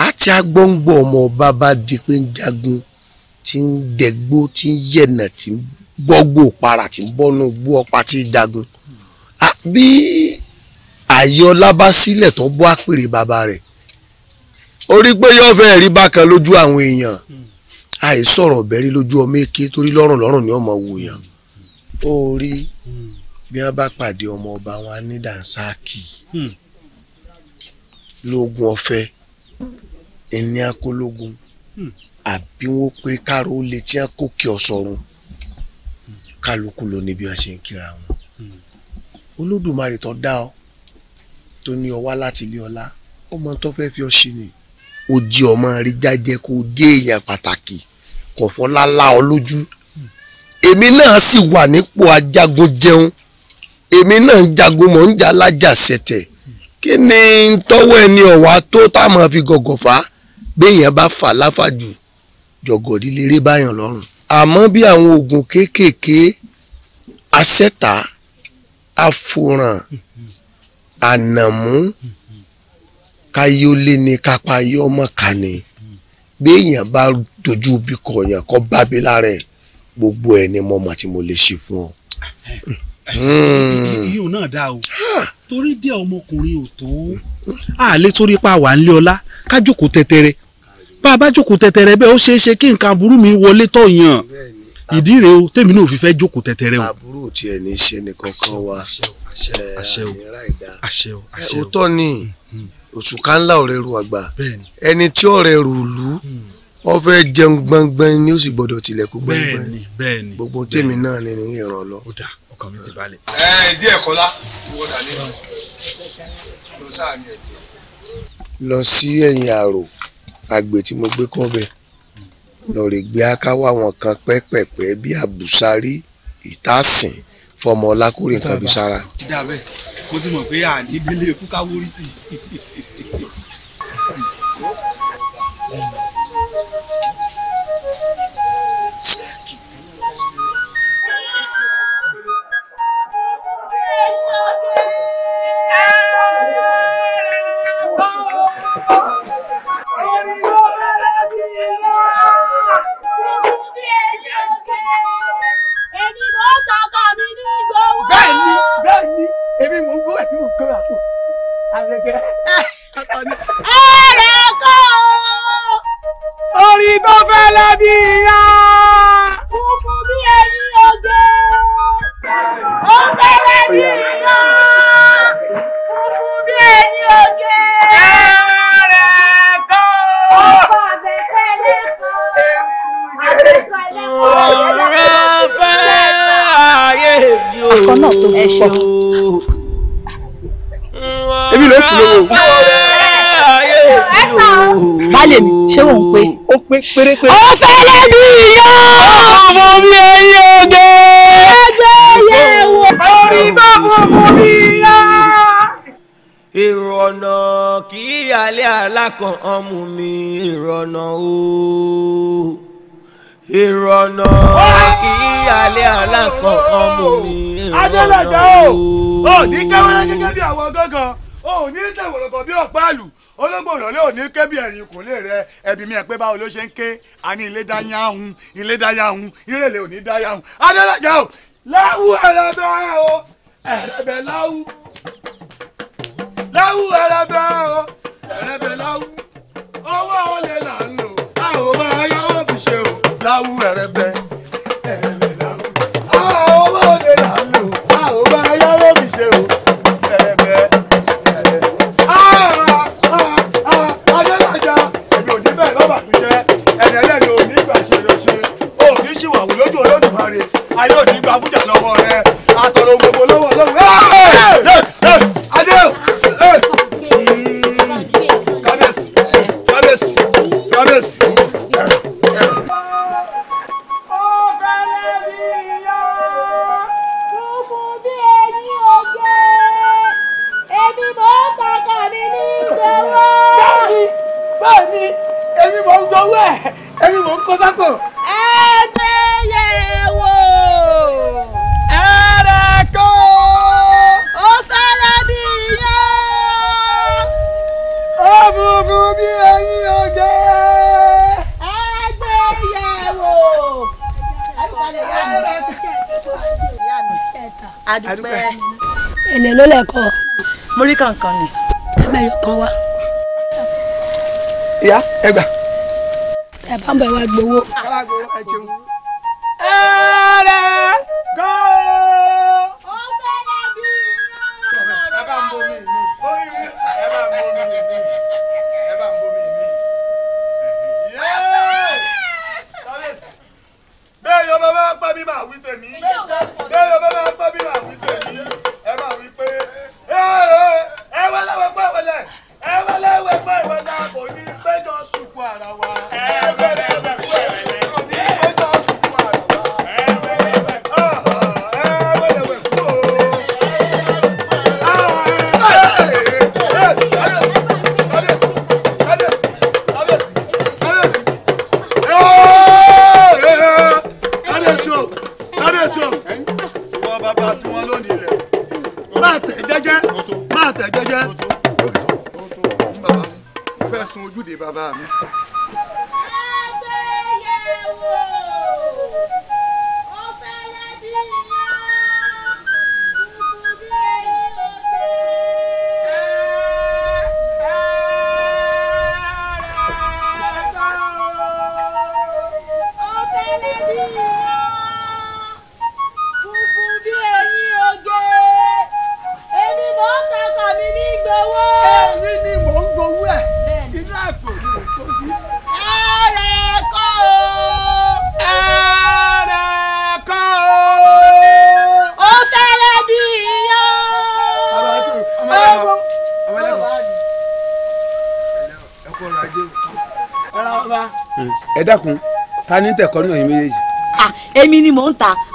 àti agbọ́ngbọ́n ọmọ ọba bá di pé ń jagun tí ń dẹ̀gbó tí ń yẹ̀nà tí ń gbọ́gbò para tí ń bọ́nu gbó ọ̀pá tí ń jagun bí ààyè bá sílẹ̀ tó bọ́ àpèrè bàbá rẹ̀ orí pé yóò fẹ́ rí bákan lójú àwọn èèyàn àìsọ̀rọ̀ ọ̀bẹ̀rí lójú ọmọ èké torí lọ́rùn lọ́rùn ni ọmọ wò yàn ó rí bí wọ́n bá pàdé ọmọ ọba wọn ní dànsáàkì lóògùn ọ̀fẹ́ ẹni akólógún àbí wọn pé káró lè tí wọn kò kí ọsọrun kálukú ló ní bí wọn ṣe ń kíra wọn olódùmarè tó dá ọ tó ní ọ láti ilé ọlá ọmọ tó fẹ́ fi ọ ṣí ni ó jẹ́ ọmọ rí jájẹ kó jẹ́ èèyàn pàtàkì kò fọlá lá ọ lójú èmi náà sì wà nípò ajagun jẹun èmi náà ń jagun mọ̀ ń jà lájà kí ni tọ́wọ́ ẹni ọ̀wá tó táwọn fi gọ̀gọ̀ fà á béèyàn bá fà láfàjù jọ̀gọ̀dí lérè báyàn lọ́rùn àmọ́ bí àwọn oògùn kéékèèké asẹ́ta afòràn ànàmú káyé ó lé ní kápá ayé ọmọ ká ni béèyàn bá dojú bí kọ̀ọ̀yàn kọ́ bábí lára ẹ̀ gbogbo ẹ̀ ni mo mọ̀ tí mo lè ṣe fún ọ. ìyóò náà dá o torí díẹ̀ ọmọkùnrin ò tó a torí pa wà nílé ọlá ká jókòó tẹtẹrẹ bá a bá jókòó tẹtẹrẹ bẹ́ẹ̀ ó ṣeé ṣe kí nǹkan aburú mi wọlé tọ̀yàn ìdí rèé o tèmi náà ò fi fẹ́ jókòó tẹtẹrẹ o. aburú ò tiẹ̀ ní í ṣe nìkan kan wa àṣẹ ò àṣẹ ò àṣẹ ò àṣẹ ò òótọ́ ni. Mm oṣù kanla ọ̀rẹ́ ru àgbà ẹni tí ọ̀rẹ́ rù lù wọ́n hmm. fẹ́ jẹun gbọ̀ngbọ̀n ni ó sì gbọ́dọ̀ tilẹ̀kùn gbọ̀ngbọ̀n gbogbo tèmi náà ni ní ìràn lọ. ó dà ọkàn mi ti balẹ̀. ẹ ẹ díẹ̀ kọ́lá ìwọ dà nínú lọ sáàrin ẹ̀dẹ̀. lọ sí ẹ̀yìn àrò àgbè tí mo gbé kọ́ bẹ́ẹ̀ hmm. lọ rè gbé akáwá wọn kan pẹ́pẹ̀pẹ́ bíi àbùsárí ìtàsìn fọmọ ọlákùnrin nǹkan bíi sára. dábẹ́ mo ti mọ̀ pé àní délé kúkáwórítì. ṣé òun pé. ó pé pérépéré. ó fẹ́lẹ́ bí iyọ̀. ọmọ mi ẹyẹ ọdẹ. ẹgbẹ́ yẹ̀ wò. orí bá bọ̀ mi yá. èrò ọ̀nà kì í yálé alákan ọmú mi èrò ọ̀nà o èrò ọ̀nà kì í yálé alákan ọmú mi èrò ọ̀nà o. adélèjà o ò ní kẹ́wọ́n gẹ́gẹ́ bí àwọn gángan o ò ní tẹ̀wọ̀lọ̀kọ̀ bí ọ̀pá àlù ológbò ìrọ̀lẹ́ òní kébì ẹ̀yìn kò lè rẹ ẹ̀bí mi ẹ̀ pé báwo ló ṣe ń ké àní ilé dáyà hun ilé dáyà hun ìrẹ̀lẹ̀ òní dáyà hun adélèjà o láwù ẹ̀rẹ̀bẹ̀ o ẹ̀rẹ̀bẹ̀ láwù láwù ẹ̀rẹ̀bẹ̀ o ẹ̀rẹ̀bẹ̀ láwù owó olè là ń lò a ò máa yọ owó fi ṣe o láwù ẹ̀rẹ̀bẹ̀. a yóò ní gba fújà lọ́wọ́ rẹ àtọ̀rọ̀ gbogbo lọ́wọ́ lọ́wọ́. èlò lẹ́kọ̀ọ́. mo rí kankan ni. tábẹ́yọ kan wá. ìyá ẹ gbà. ẹ bá ń bọ̀ ẹ wá gbowó. ẹ wá gbowó ẹ jẹun.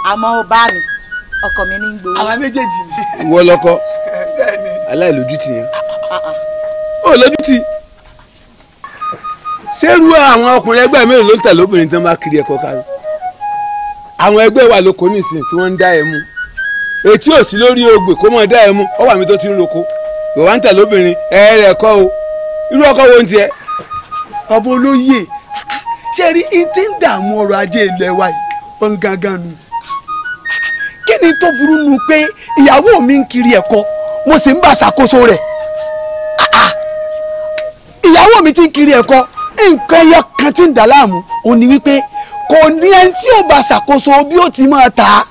àmọ́ ó bá mi ọkọ mi ní gbowó. àwọn méjèèjì ni. wọ́n lọ́kọ́ aláìlójútì yẹn ah, ah, ah, ó lójútì ṣerú àwọn ọkùnrin ẹgbẹ́ mélòó ló ń tẹ̀lé obìnrin tán bá kiri ẹ̀kọ́ kárí àwọn ẹgbẹ́ wa lóko nísìnyí tí wọ́n ń dá ẹ mú etí òsì lórí ogbè kó mọ̀ dá ẹ mú ọ wà mí tó ti ń roko ìwà ń tẹ̀lé obìnrin ẹ̀ẹ́rẹ̀ ẹ̀kọ́ o irú ọkọ wo ń tiẹ̀. bàbá olóyè ṣe rí i ti ń dààmú ọrọ̀ ajé ilé wa yìí ó ń gángan nù kí ni tó burú nu pé ìyàwó mi ń kiri ẹ̀kọ́ mo sì ń bá ṣàkóso rẹ̀ ìyàwó mi ti ń kiri ẹ̀kọ́ nǹkan ẹyọ kan ti ń dà láàmú ó ní wípé kò ní ẹni tí ó bá ṣàkóso bí ó ti máa tà á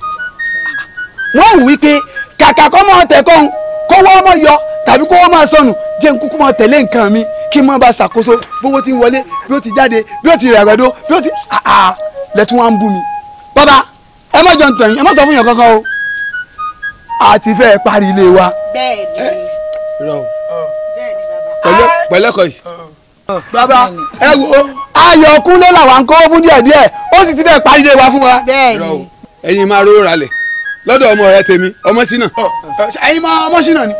wọ́n wù wípé kàkà kọ́ máa tẹ̀ kọ́ ń kó wọ́n máa yọ tàbí kó wọ́n máa sọnù jẹ́ ń kúkú máa tẹ̀lé nǹkan mi kí n máa bá ṣàkóso bówó ti ń wọlé bí ó ti jáde bí ó ti rẹ̀ àgbàdo bí ó ti lẹ́tún wá ń bú mi bàbá ẹ má jọ ń tàn yín ẹ má sọ fún yàn kankan o àti fẹ́ parí ilé wa. bẹ́ẹ̀ni. bẹ́ẹ̀ni bàbá. pẹ̀lẹ́kọ̀ yìí. bàbá ẹ wo ayọ̀ kúnlé làwa ń kọ́ fún díẹ̀ díẹ̀ ó sì ti fẹ́ parí ilé wa fún wa. bẹ́ẹ̀ni. ẹ̀yin máa ró ralẹ̀ lọ́dọ̀ ọmọ rẹ tèmi ọmọ sínà. ẹ̀yin máa ọmọ sínà ni.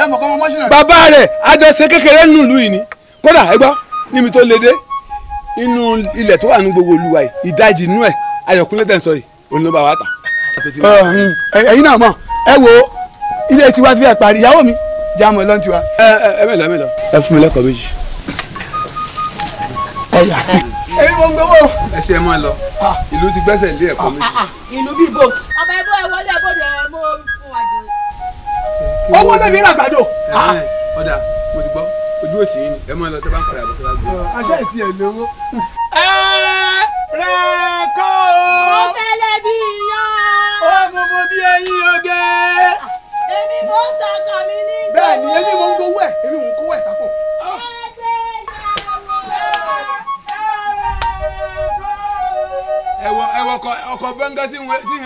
ẹ mọ̀ kọ́ ọmọ sínà ni. bàbá rẹ̀ àjọṣe kékeré nùlù yìí ni kódà ẹ gbọ́ níbi tó le dé inú ilẹ̀ tó wà ní gbogbo olúwa yìí ìdajì inú ẹ̀ ayọ̀kúnlé tẹ̀ ń sọ yìí olùbá wa ta. ẹ̀yin náà mọ̀ ẹ wo ilé tiwa ti fẹ́ parí ìyàwó mi já mọ̀ lọ́n tiwa. ẹ ẹ mẹ́lọ mẹ́lọ ẹ fún mi lẹ́kọ̀ọ́ méjì. ọ̀yà èmi mo ń gbowó. ẹ ṣe máa lọ ah. ìlú ti gbẹ́sẹ̀ lé ẹ̀kọ́ mi. Ah, ah, ìlú bíbò. ọba ẹbọ ẹ wọlé ẹbọ dẹ ẹ mọ fún wa jẹ. owó lèmi rà gbàdo. ọ̀dà mo ti gbọ́ ojú òtí yín ni ẹ máa lọ tẹ́ bá ń padà bọ̀ tẹ́ bá gbọ́. aṣáà ìtì ẹ̀ lówó rẹ̀ kọ́ o. mo fẹ́lẹ́ bí iyán. ó funfun bí eyín oge. Ah, èmi mò ń tọkọ mi ní gbogbo. bẹ́ẹ̀ni èmi mò ń gbowó ẹ èmi mò ń kówó ẹ sápò. ẹwọ ẹwọ ọkọ ọkọ bẹńgá tí ń ewé dùn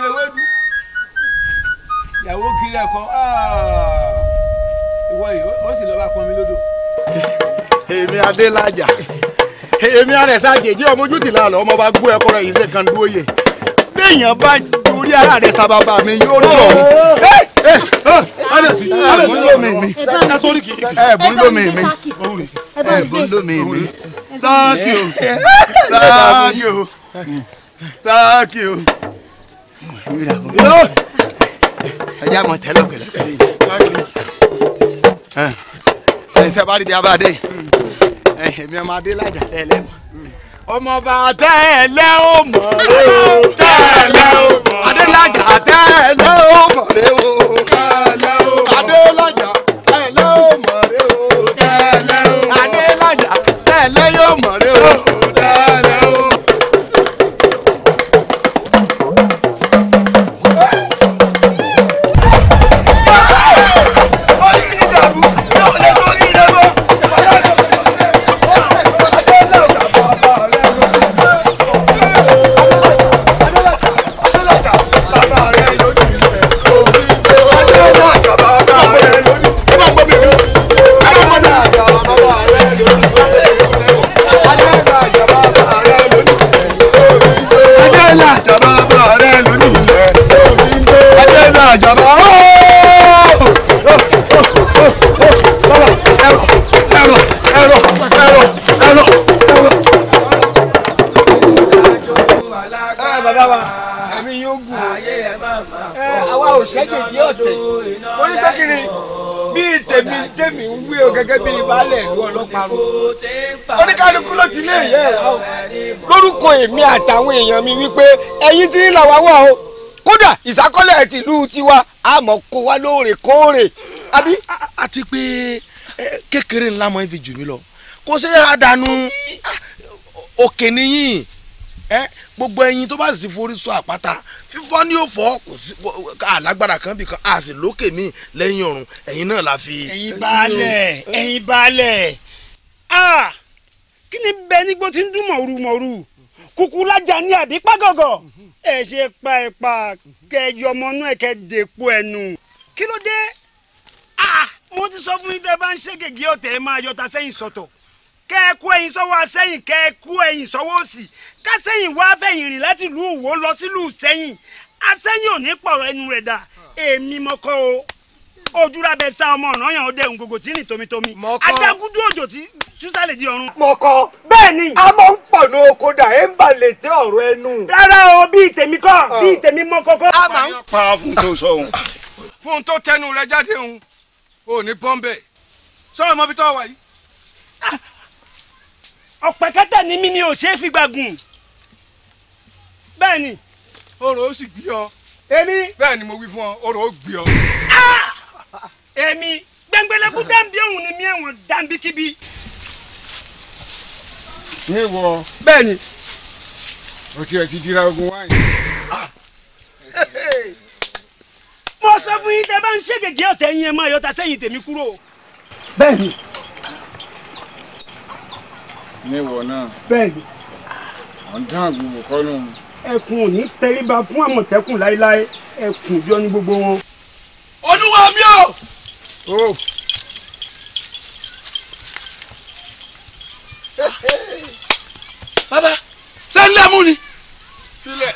ìyàwó kiri ẹkọ ah, ìwọ yìí ó sì lọ bá pọnmi lódò. èmi adélájà èmi ara ẹ̀ ṣàjèjì ọmọ ojú ti lálọ́ ọmọ bá gbó ẹ̀kọ́ rẹ̀ yìí ṣe kan dúró yẹ béèyàn bá orí ara rẹ̀ sábàbà mi yóò lọ. ẹbùn lómi mi ẹbùn lómi mi ẹbùn lómi mi sáàkì o sáàkì o sáàkì o. ẹjẹ àmọ tẹlẹ òkèlè. ẹsẹ bá rí bí abáde èmi ọmọ adélájà tẹ́lẹ̀ mọ̀ ọmọọba tẹ́lẹ̀ ó mọ̀ rẹ o tẹ́lẹ̀ ó mọ̀ adélájà tẹ́lẹ̀ ó mọ̀ rẹ o tẹ́lẹ̀ ó mọ̀ adélájà tẹ́lẹ̀ ó mọ̀ rẹ. ajẹ́lẹ̀ àjàbá bá rẹ̀ lónìí ilẹ̀ ajẹ́lẹ̀ àjàbá ẹ̀rọ ẹ̀rọ ẹ̀rọ ẹ̀rọ ẹ̀rọ. ẹ bàbá wa ẹ̀mí yóò gùn ẹ àwa ò ṣẹ́jẹ̀ bí ọ̀tẹ̀ onígbàkiri bí tèmi tèmi ń wí o gẹ́gẹ́ bí baálẹ̀ ìlú ọlọ́pàá rò oníkálukú ló ti lé ìyá ẹ̀ lórúkọ èmi àtàwọn èèyàn mi wípé ẹ̀yin tí ń là wá wà o kódà ìsákọ́lẹ̀ tìlú tiwa àmọ́ kó wa lóòrèkóòrè àbí. àti pé kékeré ńlá mọ́ ẹ́ fi jù mí lọ kò sí àdánù ah, òkè nìyí ẹ gbogbo ẹyin tó bá sì forí sọ àpáta fífọ́ ní òfò kò sí alágbára kan bì kan a sì lókè míì lẹ́yìn ọ̀run ẹ̀yin náà la fi. ẹ̀yin baálẹ̀ ẹ̀yin baálẹ̀ ah kí ni bẹ́ẹ̀ nígbó tí ń dún mọ̀rú mọ̀rú kúkú lájà ní àbí pàgọ́gọ́ ẹ ṣe pa ẹ pa kẹ yọmọ inú ẹ kẹ dèpo ẹnu kí ló dé ah mo ti sọ fún yín tẹ bá ń ṣe gègé ọ̀tẹ̀ ẹ máa yọta sẹ́yìn sọ̀tọ̀ kẹ ẹ kó ẹyin sọ́wọ́ sẹ́yìn kẹ ẹ kó ẹyin sọ́wọ́ òsì kásẹ̀yìn wá fẹ̀yìn rìn láti ìlú Ìwó lọ sílùú Ìsẹ́yìn asẹ́yìn ò ní pọ̀rọ̀ ẹnu rẹ̀ dà èmi mọ́kọ́ o ojúra bẹ sá ọmọ ọ̀nà yẹn ó dẹ̀ ngògò tí ní tomitomi adágúndú òjò tí túsàlẹ̀ di ọ̀run. mọ̀kọ́ bẹ́ẹ̀ ni. a máa ń pọ̀ ní oko dà ẹ́ ń bà lè tẹ ọ̀rọ̀ ẹnu. rárá o bíi tèmi kọ́ ah. bíi tèmi mọ kọ́kọ́. a máa ń pa fún tó sọ òun fún tó tẹnu rẹ jáde òun ò ní bọ́ńbẹ́ sọ́wọ́n mọ́bí tó wà yìí. Ah. ọ̀pẹ̀kẹ́tẹ̀ ni mímí ò ṣeé fi gbàgùn bẹ́ẹ̀ ni. orò ó sì ọ. èmi. bẹ́ẹ̀ mo wí fún ọ orò ó gbé ọ. Ah! èmi gbẹngbẹlẹkú dàbí òun ni mi ẹ̀wọ̀n dàbí kíbi. ní ìwọ. bẹ́ẹ̀ o tiẹ̀ ti dira ogun wáyé. Ah! mo sọ fún yín tẹ́ bá ń ṣègègé ọ̀tẹ̀ yín ẹ máa yọta sẹ́yìn tèmi kúrò. bẹ́ẹ̀ ní ìwọ náà. bẹ́ẹ̀ ni. ọ̀dàn àgùnbùkọ́ nù ẹkùn ò ní tẹríba fún àmọ̀tẹ́kùn láéláé ẹkùn jọ ní gbogbo wọn. olúwa mi o. bàbá sẹ́ńdẹ̀ mú ni. filẹ̀.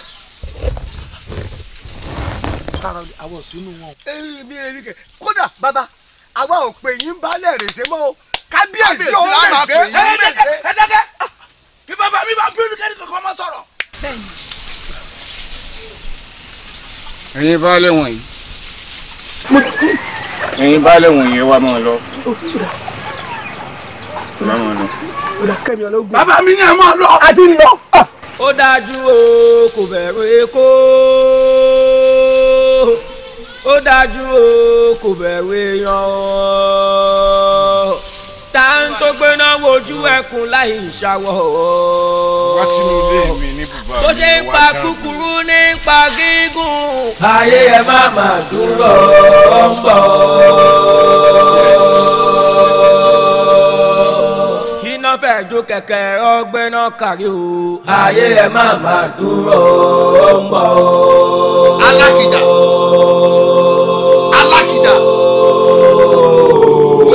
kára àwọn sínú wọn. èmi èmi kẹ kódà bàbá àwa ò pè yín balẹ̀ rèsé mọ́ o kábíyèsí ò ń rèsé. ẹ dẹ́gẹ́ ẹ dẹ́gẹ́ bí bàbá mi bá bí oníkẹ́ni kankan máa sọ̀rọ̀. bẹ́ẹ̀ni ẹ̀yin baálé wọ̀nyí. ẹ̀yin baálé wọ̀nyí ẹ wá lọ. bàbá mi ni ẹ máa lọ. a ti lọ. ó dájú o kò bẹ̀rù èkó ó dájú o kò bẹ̀rù èèyàn o tá à ń tó gbéná wojú ẹkùn láì ṣàwọ̀ o. wá sínú ilé mi ní bùbá mi wá dá. bó ṣe ń pa kúkúrú ní ń pa gígùn. ayé ẹ má má dúró ó ń bọ̀. iná fẹ́ ju kẹ̀kẹ́ ọgbẹ́ná kárí o. ayé ẹ má má dúró ó ń bọ̀. alákìjà alákìjà.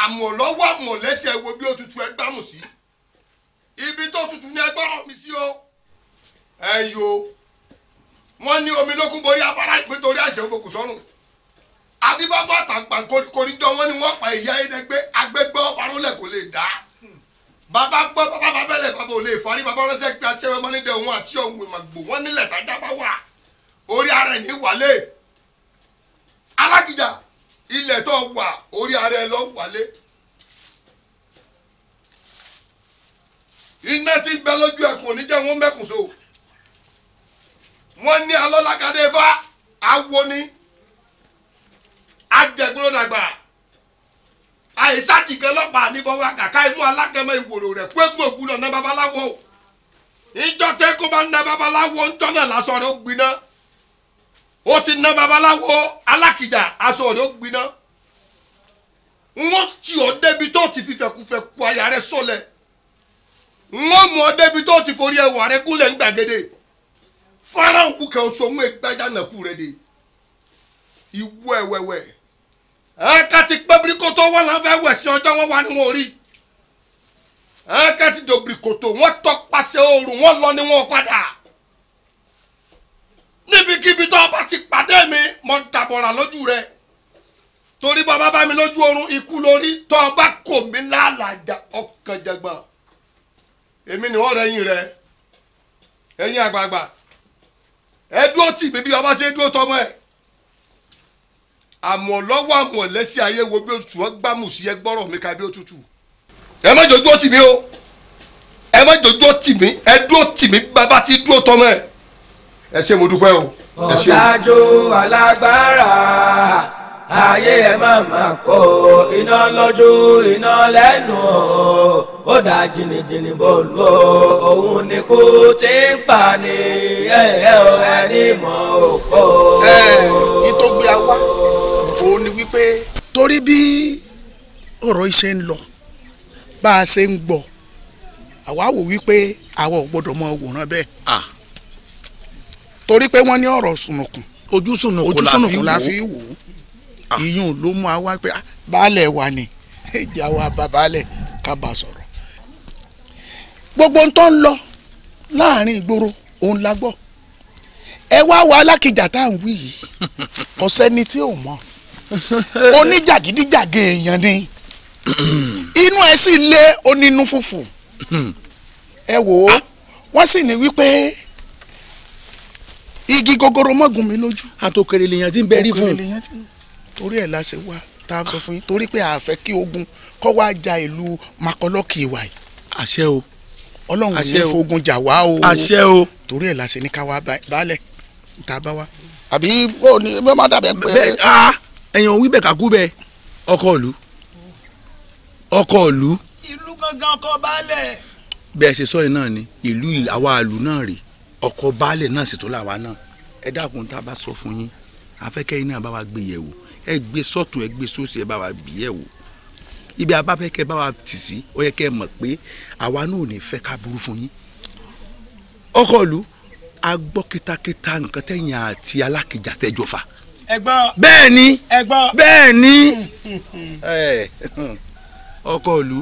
àmọ́ lọ́wọ́ àmọ́ lẹ́sẹ̀ wo bí òtútù ẹ gbámù sí ibi tó tutù ní ẹgbọ́rọ̀ mi sí o ẹ yo wọ́n ní omi lókun borí afárá ìpín torí àìsàn òkòkò sọ́run adibaba àtàgbà koríjọ wọ́n ní wọ́n pa ìyá ẹdẹgbẹ agbẹgbẹ ọfarúnlẹ kò lè dá bàbá gbọ́ bàbá bàbẹlẹ bàbá ò lè farí bàbá ránṣẹ́ pé aṣẹwẹ mọnidẹ òun àti òun ìmàgbò wọ́n nílẹ̀ tájà bá wà orí ara ẹ ní wàlẹ alágídá ile to wa ori are lo wale ine ti be loju ekunnije won mekunso won ni alolakadefa awonigbo ajegunodagba n'agba isajigbo lọpa nifọwa kaka inu alakeme iwororẹ pẹgụn oguna nababalawo njọte ko nababalawo njọ n'elasọrị ogbina ó ti ná babaláwo alákìjà aṣọ rẹ̀ ó gbiná wọ́n tì ọ́ débi tó ti fi fẹ̀kúfẹ̀ ku aya rẹ̀ sọ́lẹ̀ wọ́n mú ọ débi tó ti forí ẹwà rẹ̀ gúnlẹ̀ ń gbàgede fáráhùn kú kẹ́hún sọ ohun ẹgbẹ́jà nàkú rẹ̀ de ìwú ẹ̀wẹ̀wẹ̀ ẹ̀ka ti pẹ́bìrì wọn lọ́n fẹ́ wẹ̀ sí wọn wà ní rí ẹ̀ka ti dòbìrì kòtò wọn tọpasẹ̀ oòrùn wọn lọ ní padà níbikíbi tó o bá ti pàdé mi mo dàbọ̀rà lójú rẹ torí bàbá bá mi lójú oorun ikú lórí tó o bá kò mí lálàjà ọkàn jàgbà èmi ni wọ́n rẹ̀yìn rẹ ẹ̀yìn àgbààgbà ẹ dúró tì mí bí bàbá ṣe dúró tọmọ ẹ àmọ́ lọ́wọ́ àmọ́ lẹ́sẹ̀ ayé wo bí oṣù ọgbàmù sí ẹ gbọ́rọ̀ mi ká bí òtútù ẹ má jò dúró tì mí o ẹ má jò dúró tì mí ẹ dúró tì mí bàbá ti dúró tọmọ ẹ ẹ ṣé mo dúpẹ́ o. ọ̀dájú alágbára ayé ẹ máa ma kó iná lójú iná lẹ́nu ó dá jìnnìjìnnì bòlú òun ni kú ti ń pa ni ẹni mọ̀ òkó. ẹ ẹ ìtọ́gbé awa òun ni wípé torí bí ọ̀rọ̀ iṣẹ́ ń lọ bá a ṣe ń gbọ́ àwa wò wípé àwa ò gbọ́dọ̀ mọ òwòrán bẹ́ẹ̀. torí pé wọ́n ní ọ̀rọ̀ sunukun ojú sunukun la fi wò ó ìyún ah. ló mú a wá pé ah, baálẹ̀ wà ni ìjà wa babalẹ̀ ká bá sọ̀rọ̀ gbogbo tó ń lọ láàrin ìgboro òun la gbọ́ ẹ wá wá alákìjà tá à ń wí yìí kò sẹ́ni tí ò mọ̀ oníjàgídíjàgé ni inú ẹ igi gogoro mọ́gùn mi lójú. àtòkèrè lèèyàn ti ń bẹ rí fún un. torí ẹ̀ la ṣe wá tá a sọ fún yín torí pé a fẹ́ kí ogun kọ́ wá ja ìlú makọlọ́kì wa yìí. àṣẹ o. ọlọ́run ò ní fogun jà wá o. àṣẹ o. torí ẹ̀ la ṣe ní ká wá balẹ̀ tá bá wá. àbí ó ní bí má dàbẹ̀ pé. bẹ́ẹ̀ a ẹ̀yàn wí bẹ́ẹ̀ kakú bẹ́ẹ̀ ọkọ ìlú ọkọ ìlú. ìlú gangan kọ balẹ̀. bẹ́ẹ̀ ṣe sọ yìí náà ni ìlú àwa ìlú náà rèé ọkọ baálẹ̀ náà sì tó làwa náà ẹ dákun tá a bá sọ fún yín afẹ́kẹ́ yín náà bá wa gbé yẹ̀ wò ẹ gbé sọ́tún ẹ gbé sósì ẹ bá wa bì yẹ̀ wò ibi abáfẹ́kẹ́ bá wa tì sí ó yẹ kẹ́ ẹ mọ̀ pé àwa náà ò ní fẹ́ ká burú fún yín ọkọ lu a gbọ́ kitakita nǹkan tẹ̀yìn àti alákìjà tẹ́jọ fa ẹ gbọ́ bẹ́ẹ̀ ni ẹ gbọ́ bẹ́ẹ̀ ni ọkọ lu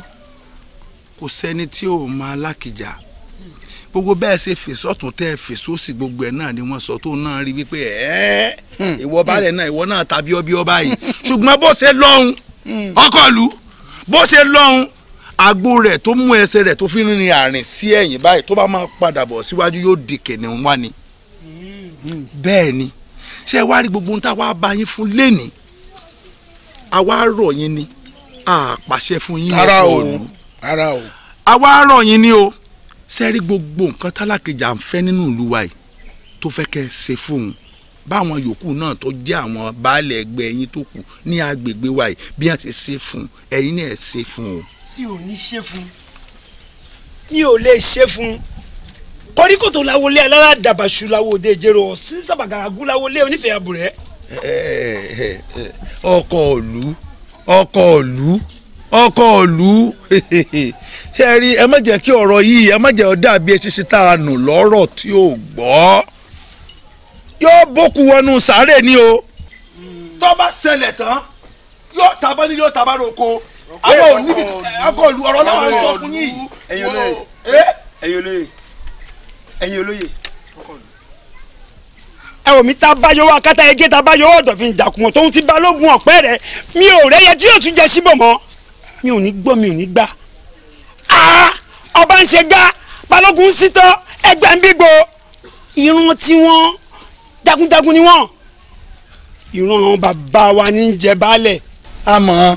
kò sẹ́ni tí ò mọ alákìjà gbogbo bẹ́ẹ̀ ṣe fèsì ọ̀tún tẹ́ fèsì òsì gbogbo ẹ̀ náà ni wọ́n sọ tó náà rí wípé ẹ́ hmm. ìwọ balẹ̀ náà ìwọ náà tàbí ọbí ọba yìí hmm. ṣùgbọ́n bó ṣe lọ́hùn hmm. ọkọlù bó ṣe lọ́hùn àgbo rẹ̀ tó mú ẹsẹ̀ rẹ̀ tó fi rìnrìn àrìn sí ẹ̀yìn báyìí tó bá máa padà bọ̀ síwájú yóò di kẹ̀nìún wá ni bẹ́ẹ̀ ni ṣé ẹ wá rí gbogbo ohun tá a wá bá yín fún lénìí àwa rọ̀ yín ni àpàṣẹ fún yín ọ̀pọ̀ òru àwa rọ̀ yín ni o sẹ́rí gbogbo nǹkan tálákejì à ń fẹ́ nínú ìlú wa yìí tó fẹ́ kẹ́ ṣe fún un báwọn yòókù náà tó jẹ́ àwọn baálé ẹgbẹ́ ẹ̀yin tó kù ní agbègbè wa yìí bí wọ́n ti ṣe fún un ẹ̀yin náà ṣe fún un. mi ò ní ṣe fún un mi ò lè ṣe fún un kọ́ríkòtò lawolé aládàbàṣu lawodé ìjẹrò ọ̀sìn sábàgàgù lawolé onífẹ̀ẹ́ àbúrẹ́. ọkọ̀ òlu ọkọ̀ òlu ọkọ̀ òlu ṣé ẹ rí ẹ má jẹ́ kí ọ̀rọ̀ yìí ẹ má jẹ́ ó dàbí eṣinṣin tá a nù lọ́rọ̀ tí ò gbọ́ yóò bókun wọnú sàárè ni o tó bá ṣẹlẹ̀ tán yóò taba nílé yóò taba roko àwọn ò níbi akọlù ọ̀rọ̀ náà ń sọ fún yìí. Eh? ẹ̀yin olóye ẹ̀yin olóye ẹ̀yin olóye. ẹ ò mí ta báyọ̀ wá kátà ẹgẹ́ ta báyọ̀ wá ọ̀dọ̀fin ìdàkùn tó ń ti balógun ọ̀pẹ́ rẹ̀ mi ò rẹ́yẹ tí yóò tún jẹ síbò mọ́ mi ò ní gbọ́ mi ò ní gbà a ọba ń ṣe ga balógun ń sítọ ẹgbẹ́ ń bígbó ìran tí wọ́n jagunjagun ni wọ́n ìran bàbá wa ní í jẹ baálẹ̀. a mọ̀ ọ́.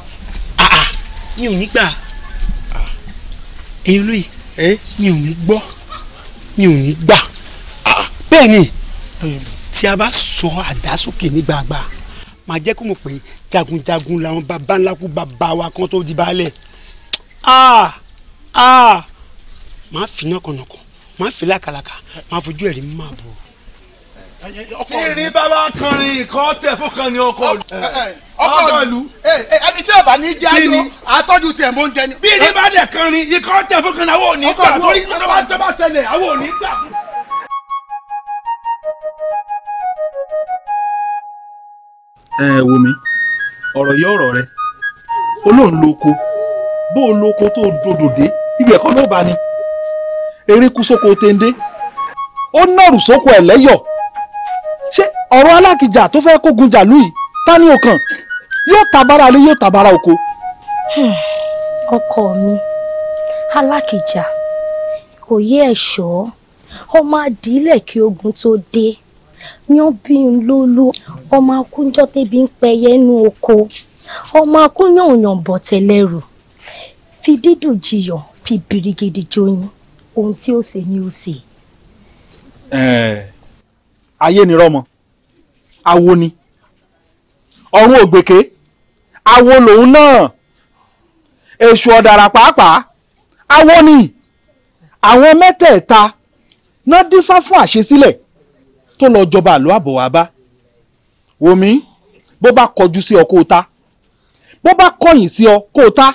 mi ò ní gbà èyí olóyè mi ò ní gbọ́ mi ò ní gbà bẹ́ẹ̀ ni tí a bá sọ àdá sókè ní gbàgbà màá jẹ́ kó mọ̀ pé jagunjagun làwọn baba ńlá kú bàbá wa kan tó di baálẹ̀. Ah! aa ah! màá fi nọkọ ma fi lakalaka ma fojú ẹ̀rí mú àbò. ìrìn bàbá kan rìn kọ́ kan ní ọkọ̀ ẹni tí ọba ní jẹ́ ayọ̀ àtọ́jú tiẹ̀ mọ́ ń ni. bí ìrìn bá dẹ̀ kan rìn ikọ́ tẹ̀ náà àwọn ní gbà torí tó bá ṣẹlẹ̀ àwọn ò ní gbà. ẹ wo mi ọ̀rọ̀ ọ̀rọ̀ rẹ olóhùn lóko bó o lóko tó o dòdò ibi ẹ̀kọ́ ló bá ní erékù sóko téńdé ó nàrù sóko ẹ̀lẹ́yọ̀ ṣé ọ̀rọ̀ alákìjà tó fẹ́ kógun jà lùyìí ta ni ọkàn yóò tabara ilé yóò tabara oko. ọkọ mi alákìjà kò yé ẹ̀ṣọ́ ọmọ àdílẹ̀ kí ogun tó dé yan bí n lólo ọmọ akúnjọ́ tẹ́bi ń pẹyẹ nú oko ọmọ akúnyàn òyàn bọ̀ tẹ́lẹ̀rù fi dídùn jiyàn fi birigidi joyin ohun tí ó ṣe ni ó ṣe. Eh. ayé ni rọmọ awo ni ọ̀run ògbèké awo lòun náà èṣù ọ̀dàrà pàápàá awo ni àwọn mẹ́tẹ̀ẹ̀ta náà dífá fún àṣesílẹ̀ tó lọ jọba àlọ́ àbọ̀ wá bá wòmí bó bá kọjú sí ọ kó o ta bó bá kọ̀yìn sí ọ kó o ta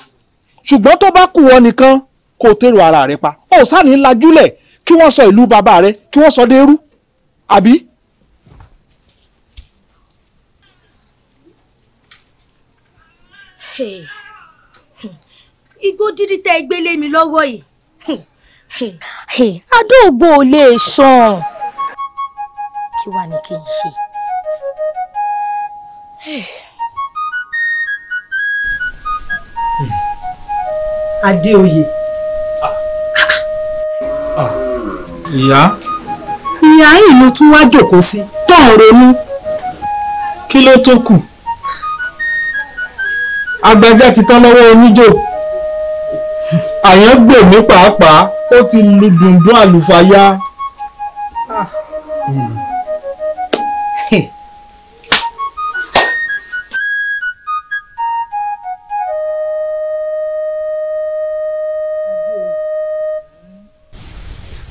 ṣùgbọ́n tó bá kù ọ nìkan kó o tèrò ara rẹ pa ó sáni lajúlẹ̀ kí wọ́n sọ ìlú bàbá rẹ kí wọ́n sọ dérú àbí. igbó dídí tẹ gbélé mi lọ́wọ́ yìí adóògbò ò lè sàn kí wàá ní kí n ṣe. Adéoyè. ìyá. ìyá yìí ló tún wá jókòó sí tó ń ronú. kí ló tó kù agbẹjẹ ti tán lọ́wọ́ oníjó àyàn gbè mí pàápàá ó ti lu dùndún àlùfáyà. Ah. Mm.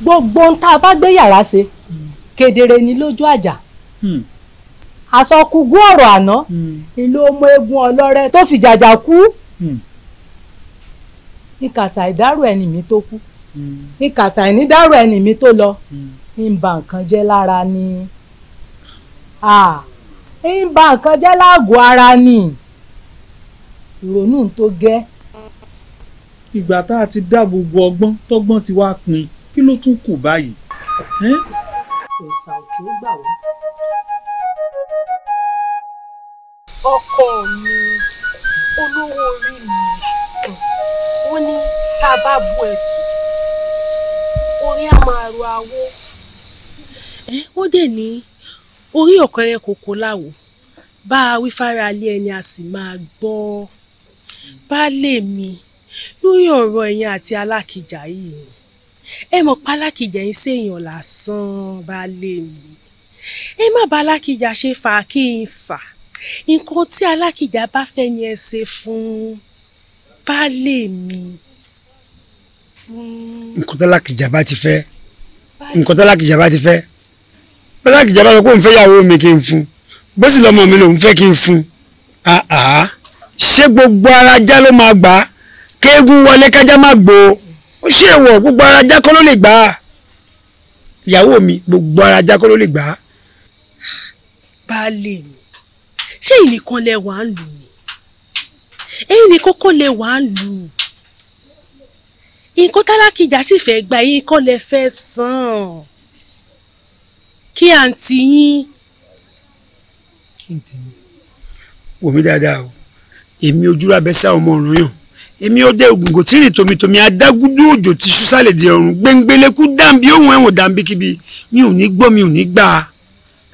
gbogbo ohun tá a bá gbé yàrá ṣe hmm. kedere ni lójú àjà hmm. àsọkùgún ọ̀rọ̀ àná hmm. ìlú ọmọ eegun ọlọ́rẹ́ tó fi jàjà kú ìkàsà ìdárò ẹni mi tó kú ìkàsà ìnídárò ẹni mi tó lọ ìbà nǹkan jẹ́ lára ni ìbà nǹkan jẹ́ láàgọ̀ ara ni ìrònú tó gẹ́. ìgbà tá a ti dá gbogbo ọgbọ́n tọ́gbọ́n ti wá pin kí ló tún kù báyìí. òòsà òkè ó gbà wá. ọkọ mi olówó orí mi wọ́n ní tá a bá bu ẹ̀tù orí á máa ro awó. ó dẹ̀ ní orí ọ̀kan yẹn kòkó láwo bá a wí fara alẹ́ ẹni a sì máa gbọ́ baálé mi lórí ọ̀rọ̀ ẹ̀yin àti alákìjà yìí ẹ mọ̀ pálákìjà ń ṣèyàn lásán baálé mi ẹ má bá alákìjà ṣe fà kí n fà nǹkan tí alákìjà bá fẹ́ ni ẹ ṣe fún baálé mi. nǹkan tí alákìjà bá ti fẹ́ nǹkan tí alákìjà bá ti fẹ́ alákìjà bá sọ pé òun fẹ́ yàwó mi kí n fún bó sì lọ́mọ mi lòun fẹ́ kí n fún ṣé gbogbo ara já ló máa gbà á kéégún wọlé kájá má gbòó ó ṣe èèwọ̀ gbogbo ara ajá kọ́ ló lè gbà á ìyàwó mi gbogbo ara ajá kọ́ ló lè gbà á. baálé mi ṣé ìnìkan lẹ wàá lù ní ẹ̀yin nìkan kọ́ lẹ wàá lù nǹkan tálákìjà sì fẹ́ gba yín kọ́ lẹ fẹ́ san kí àǹtí yín. kí n tẹ̀lé wò mí dáadáa o èmi ojúra bẹ́sà ọmọ ọ̀ràn yàn èmi ọdẹ ògùngò tí rìn tòmítòmí adágúdú òjò ti ṣú sálẹ̀ di ọ̀run gbẹ̀ngbẹ̀lẹ́kú dàbí òun ẹ̀wọ̀n dàbí kíbi mi ò ní gbọ́ mi ò ní gbà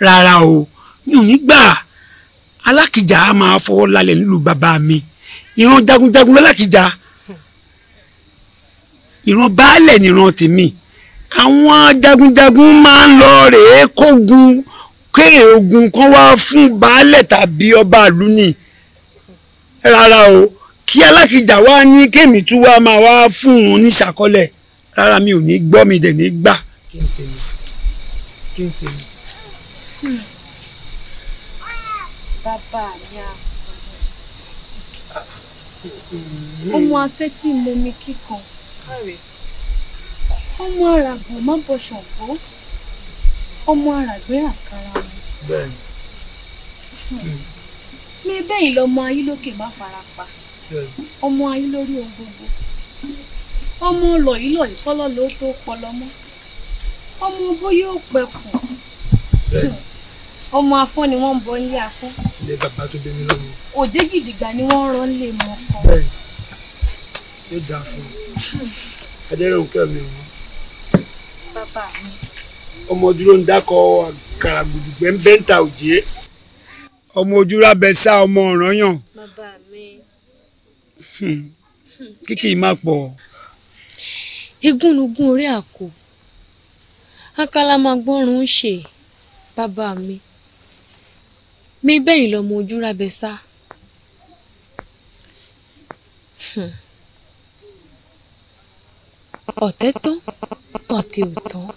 rárá o mi ò ní gbà alákìjà á máa fọwọ́ lálẹ̀ nílùú bàbá mi ìran jagunjagun lálákìjà ìran baálẹ̀ nìran tèmi àwọn jagunjagun máa ń lọ rèé kógun kéè ogun kan wá fún baálẹ̀ tàbí ọba àlùní rárá o kí alákìjà wá ní kémi tún wá máa wá fún un ní ṣàkọlẹ̀ rárá mi ò ní gbọ́ mi dẹ̀ ní gbà. bàbá mi á ọmọ afẹ́ tí mo mi kíkan káre ọmọ àràgbọ̀n má bọ ṣọ̀gbọ́ ọmọ àràgbé àkàrà mi mi bẹ́ẹ̀ lọ́mọ ayé lókè má fara pa ọmọ ayé lórí ohun gbogbo ọmọ ọlọ yìí lọ ìfọlọ ló tó pọlọmọ ọmọ bóyá ó pẹkùn ọmọ afọ́n ni wọ́n ń bọ nílé afọ́n ilé bàbá tó bẹmí lọ́wọ́ òjé gidigba ni wọ́n rán lè mọ ọkọ bẹ́ẹ̀ yóò dáa fún un adẹrùnkẹ mi wọn. bàbá mi. ọmọ dúró ń dákọ kàràgùdùgbẹ́ ń bẹ́ńtà òjé ọmọ ojúra bẹ sá ọmọ ọ̀ràn yàn. Hmm. kíkì má pọ̀. egúnugún orí àkó akálá máa gbọ́rùn ún ṣe bàbá mi mi bẹ́yìn lọ́mọ ojú rábẹ sá. Hmm. ọ̀tẹ̀ tán ọ̀tẹ̀ ò tán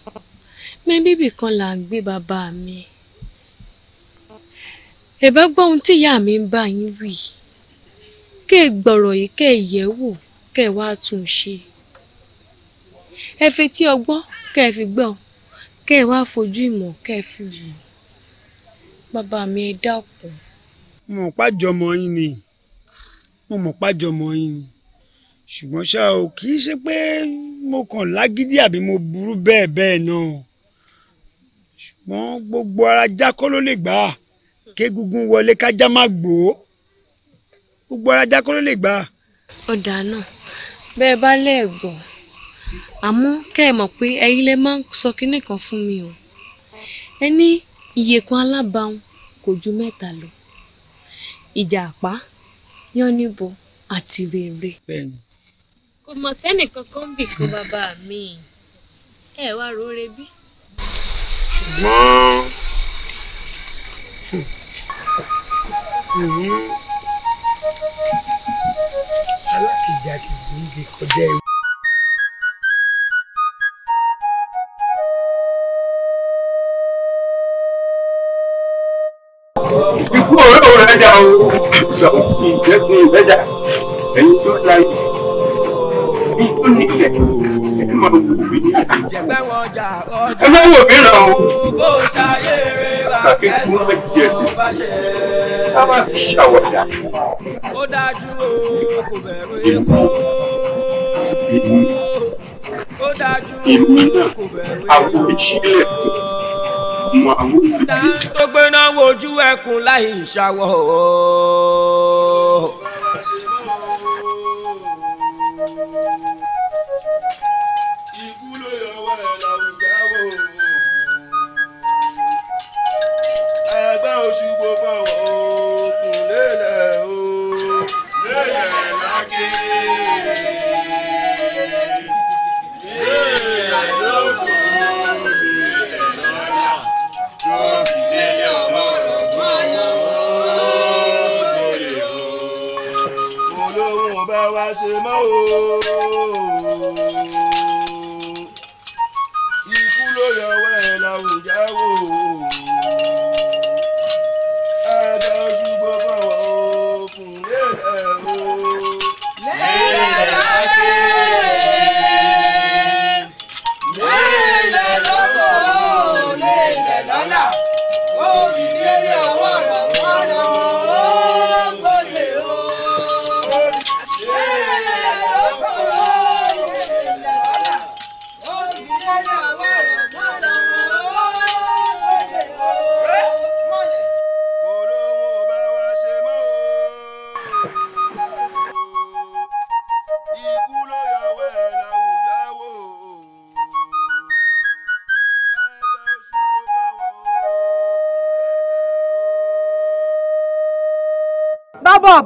mẹ́bíbì kan là ń gbé bàbá mi ẹ bá gbọ́ ohun tí ìyá mi ń bá yín wí kẹ́ ẹ gbọ́rọ̀ yìí kẹ́ ẹ yẹ̀ wò kẹ́ ẹ wá tún un ṣe ẹ fi tí ọgbọ́n kẹ́ ẹ fi gbọ́n kẹ́ ẹ wá fojú ìmọ̀ kẹ́ ẹ fi wò bàbá mi ẹ dákun. mo mọ̀ pájọmọ yín ni mo mọ̀ pájọmọ yín ni ṣùgbọ́n ṣá o kì í ṣe pé mo kàn lágídí àbí mo burú bẹ́ẹ̀ bẹ́ẹ̀ náà ṣùgbọ́n gbogbo ara jákọ́ ló lè gbà kéegungun wọlé kájá má gbòó gbogbo ara jákọ́ ló lè gbà. ọ̀dà náà bẹ́ẹ̀ bá lẹ́ẹ̀gbọ́ àmọ́ kẹ́ ẹ mọ̀ pé ẹ̀yin lẹ máa ń sọ kinní kan fún mi o ẹ ní ìyèkan alábàáhùn kò ju mẹ́ta lọ ìjàpá yánníbo àti rere. kò mọ̀ sẹ́nìkan kan kó bàbá mi ẹ wá róore bí. ṣùgbọ́n alákìjà ti gbé kọjá ewu. ikú òwe òwe ẹja o sọ ìjẹkùn ìgbẹjà ẹyin tó la yìí ní ìpínlẹ̀ ẹ má wò mí. ẹ má wò mí ràn o. kàkí kún lè jẹ sísè ká má fi ṣàwọ̀dà. ó dájú o kò bẹ̀rù epo. ó dájú o kò bẹ̀rù epo. àwọn ìṣílẹ̀ tó mọ àwọn ìfẹ́. tó gbéná wojú ẹkùn láì ṣàwọ̀ o.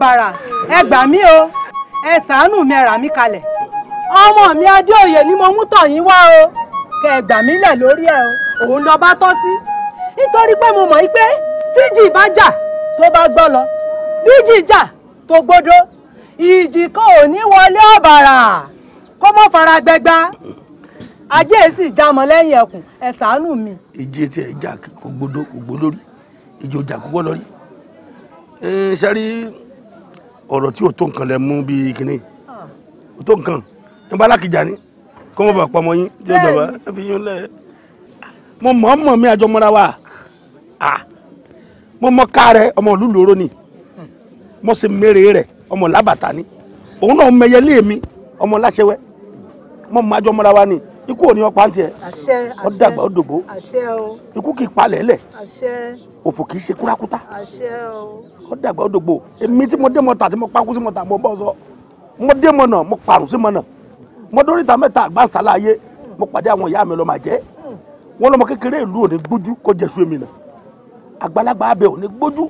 bàrà ẹ mi o ẹ ṣàánú mi ẹ rà mí kalẹ̀ ọmọ mi adéoyè ni mo mú tọ̀ yín wá o kẹ gbà mí lẹ̀ lórí ẹ o òun lọ bá tọ́ sí nítorí pé mo mọ̀ yí pé bá jà tó bá gbọ́ lọ bíjì jà tó gbódó ìjì ní wọlé kó fara gbẹgbá ajé já mọ ẹkùn ẹ mi. ọ̀rọ̀ tí ò tó nǹkan lẹ mú bíi kínní ò tó nǹkan nípa alákìjà ni kó mọ̀ bá pamọ́ yín tí ó jọba ẹ fi yín lẹ̀. mo mọ̀ mọ̀ mi àjọ mọ́ra wa mo mọ ká rẹ ọmọ ìlú lóró ni mo sì mèrè rẹ ọmọ làbàtà ni òun náà mẹyẹ lé mi ọmọ láṣẹwẹ mo mọ àjọ mọ́ra wa ni ikú ò ní ọ̀pá ń tiẹ̀ ó dàgbà ó dògbó ikú kì í palẹ̀ lẹ̀ òfò kì í ṣe kúrakúta ó dàgbà ó dògbó èmi tí mo dé mọ́ta tí mo pákú sí mọ́ta mo bọ́ sọ mo dé mọ́nà mo pàrùn sí mọ́nà mo dóríta mẹ́ta àgbà sálàyé mo pàdé àwọn ìyá mi lọ́mọ àjẹ́ wọn lọ́mọ kékeré ìlú ò gbójú kó jẹ sùn èmi nà àgbàlagbà abẹ ò gbójú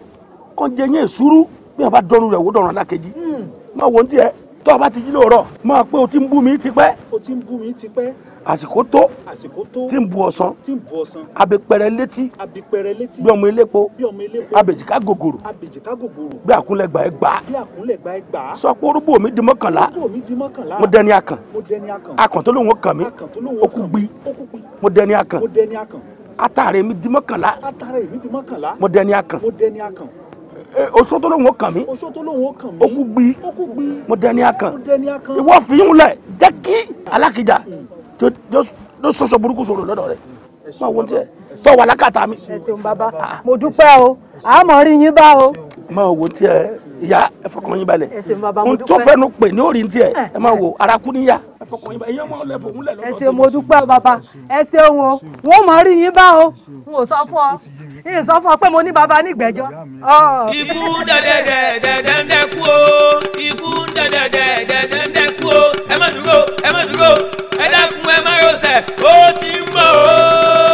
kó jẹ yẹn ìṣúrú bí wọn bá dọ́rùn rẹ̀ wó dọ̀rùn alákejì hmm. máa wọ́n tiẹ̀ tó o bá ti jí lóòrọ̀ máa pé o ti ń bú mi tipẹ́. o ti ń bú mi tipẹ́. àsìkò tó àsìkò tó tí ń bu ọ̀sán tí ń bu ọ̀sán abẹ́pẹrẹ létí abẹ́pẹrẹ létí bí ọmọ elépo bí ọmọ elépo abèjìká gògòrò abèjìká gògòrò bí àkúnlẹ̀gbà ẹ gbà bí àkúnlẹ̀gbà ẹ gbà. sọ pé orúbó mi di mọ́kànlá orúbó mi di mọ́kànlá mo dẹni akàn mo dẹni akàn akàn tó lóun kàn mí Eh, oṣó tó lóun ó kàn mí oṣó tó lóun ó kàn mí okú gbi okú gbi mo dẹni akàn ìwọ fìyún lẹ jẹ́ kí alákìjà ló mm. sọsọ burúkú sọ̀rọ̀ lọ́dọ̀ rẹ̀ máa wọ tiẹ̀ tọwọ alákàtà mi. ẹ ṣeun bàbá ah. mo dúpẹ́ o àmọ́ rí yín bá o máa wo tiẹ̀ ìyá ẹ fọkàn yín balẹ̀ n tó fẹnu pè ní òrì tiẹ̀ eh. ẹ máa wo arakú níyà ẹ fọkàn yín balẹ̀ ìyá máa lẹ fòun lẹ lọ́dọ̀ ẹ ṣé mo dúpẹ́ bàbá ẹ ṣeun o wọn mọ̀ rí yín bá o n ò sọ fún ọ n ò sọ fún ọ pé mo ní bàbá nígbẹ̀jọ́. ikú dẹ̀dẹ̀dẹ̀ dẹ̀dẹ̀dẹ̀ kú o ikú dẹ̀dẹ̀dẹ̀ dẹ̀dẹ̀dẹ̀ kú o ẹ má dúró ẹ má dúró ẹ dákun ẹ má yọ sẹ̀ ó ti ń o.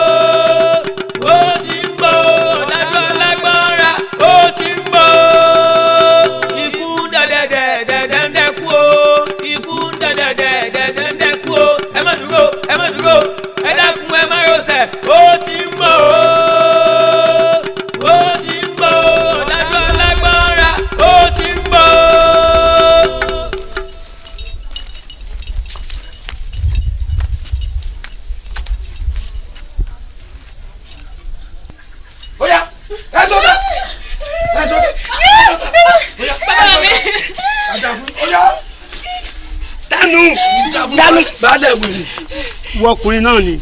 sá fún baálẹ̀ wèrè. wọ ọkùnrin náà ni.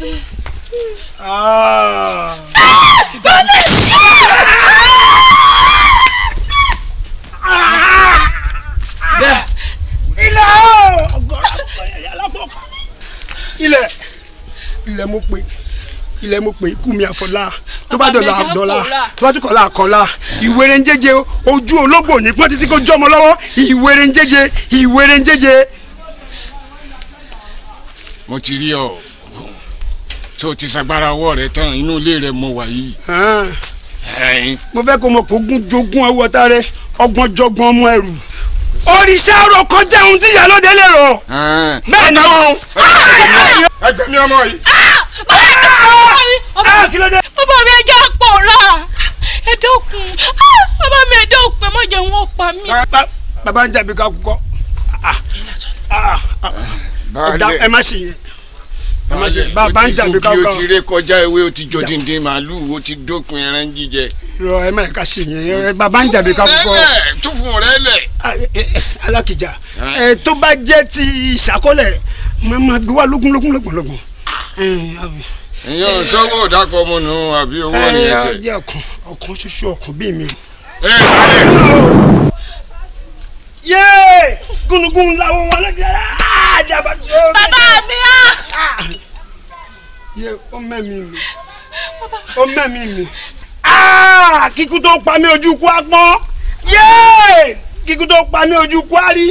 bẹ́ẹ̀ ilẹ̀ ilẹ̀ ilẹ̀ mo pè ilẹ̀ mo pè ikú mi àfọlá tó bá dọ̀la àdọ́la tó bá tukọ̀la àkọ́la ìwéré ń jẹ́jẹ́ ojú ológbò ní pọ́n títí kó jọ́mọ lọ́wọ́ ìwéré ń jẹ́jẹ́ ìwéré ń jẹ́jẹ́ mo ti rí ọ tó ti ṣàgbára ọwọ́ rẹ tán inú ilé rẹ mo wà yìí. mo fẹ́ kó mo kó gún jogún ọwọ́ tá rẹ ọgbọ́n jọgbọ́n ọmọ ẹrù òrìṣà ọ̀rọ̀ kọjá ohun tí ìyálóde lè rọ. bẹ́ẹ̀ ni wọn. ẹgbẹ́ mi ọmọ yìí. Ah! bàbá mi ọmọ mi bàbá mi ẹjọ́ pọ̀ ra ẹ bàbá mi ẹ dọ́kun ah, ẹ má jẹ́ bàbá ń jàbí ká kúkọ. Ah, ẹ má ṣe ẹ má ṣe bàbá ń tàbí káwọn. o ti ré kọjá ewé o ti jọ dindin màálù o ti dókun ẹran jíjẹ. rọ ẹ má ẹ ká ṣe yẹn bàbá ń tàbí káwọn kọ. tó fún rẹ lẹ. alákìjà ẹ tó bá jẹ́ ti ìṣàkọlẹ̀ máa ma gbé wa lógún lógún lógún lógún ìyẹn sọ́wọ́ ọ̀dàpọ̀ ọmọ nù àbí owó ni ẹsẹ̀. ọkàn ṣoṣo ọkàn bíi mi. ẹ ẹ yéé gúnugún làwọn wọn lọ́jọ́ àdàbà ah, tí ó bẹ̀rẹ̀. bàbá mi á. Ah! Ah! yé ó mẹ́mí mi ó mẹ́mí mi kíkú tó pa mí ojú kú á pọ́n yéé kíkú tó pa mí ojú kú á rí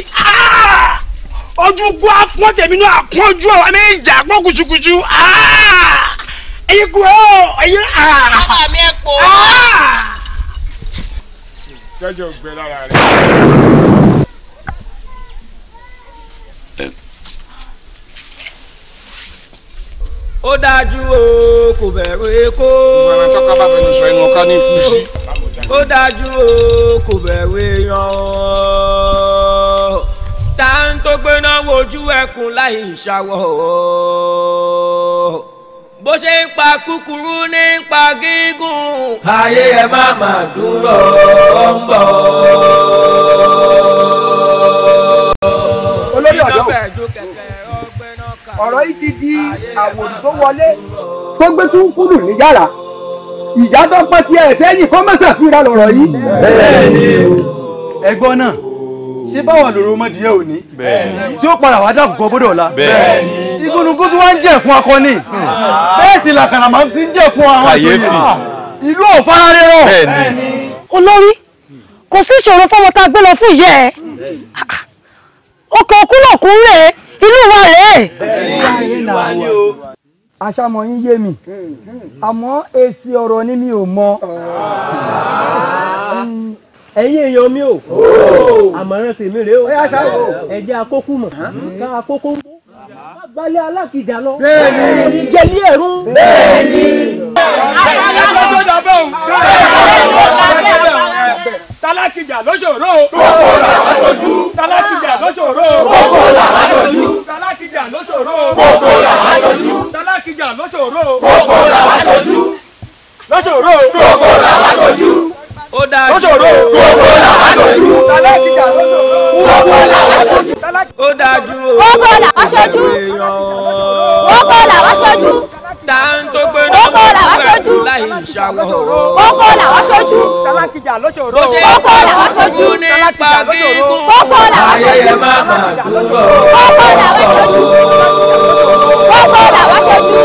ojú kú á pọ́n tèmi náà pọ́n ojú ọ̀wá méjì àpọ́n kùtùkùtù ẹ̀yin kú ó bàbá mi ẹ̀ pọ̀. jọjọ gbẹ lára rẹ. ó dájú o kò bẹ̀rù èkó. ìgbàlá tó ká bá fẹnu sọ inú ọkọ ní ikú sí. ó dájú o kò bẹ̀rù èèyàn o. ta ń tó gbéná wojú ẹkùn láì ṣàwọ̀ o. bó ṣe ń pa kúkúrú ní ń pa gígùn. ayé ẹ má má dúró ó ń bọ̀ o. olórí ọ̀dọ́ ọ̀rọ̀ yìí ti di àwòrán tó wọlé tó gbé tún kúrò ní yàrá ìyá tó pẹ́ tí ẹ sẹ́yìn kó má ṣàfihàn lọ̀rọ̀ yìí. ẹ̀gbọ́n náà ṣé báwa lòrò ọmọdìyẹ òní tí ó padà wá dàkùkọ bọ́dọ̀ ọ̀la igúnnugún tí wọ́n ń jẹ́ fún akọni bẹ́ẹ̀ sì làkàrà máa ń ti ń jẹ́ fún àwọn àjòyè ah, ìlú òfararẹ́ rọ̀. olórí kò sí ìṣòro fọwọ́ gbé lọ fún ìyá ẹ̀ ah, ah, ọkọ̀ òkú náà rèé ìlú wa rèé aṣámọ yín yé mi àmọ́ èsì ọ̀rọ̀ ni mi ò mọ ẹ̀yin èèyàn mi ò àmọ̀ràn tèmi rèé o ẹ akókó mọ̀ ká akókó ń bó alákìjà lọ bẹ́ẹ̀ni jẹ́ ní ẹ̀rú bẹ́ẹ̀ni. àyà ló ń lọ bẹ́ẹ̀ o. Tálákìjà lóṣòro. Kókó làwa lójú. Tálákìjà lóṣòro. Kókó làwa lójú. Tálákìjà lóṣòro. Kókó làwa lójú. Tálákìjà lóṣòro. Kókó làwa lójú. Lóṣòro. Kókó làwa lójú. Ó dájú. Lóṣòro. Kókó làwa lójú. Tálákìjà lóṣòro. Kókó làwa lójú. Ó dájú. Kókó làwa lójú. Kókó làwa lójú ta la, tó gbé náà kókó làwọn ṣojú láì ṣàwòrán. kókó làwọn ṣojú. bó ṣe kókó làwọn ṣojú. nípa gígùn kókó la, ṣojú. ayẹyẹ máa la, dúró. kókó kókó làwọn ṣojú.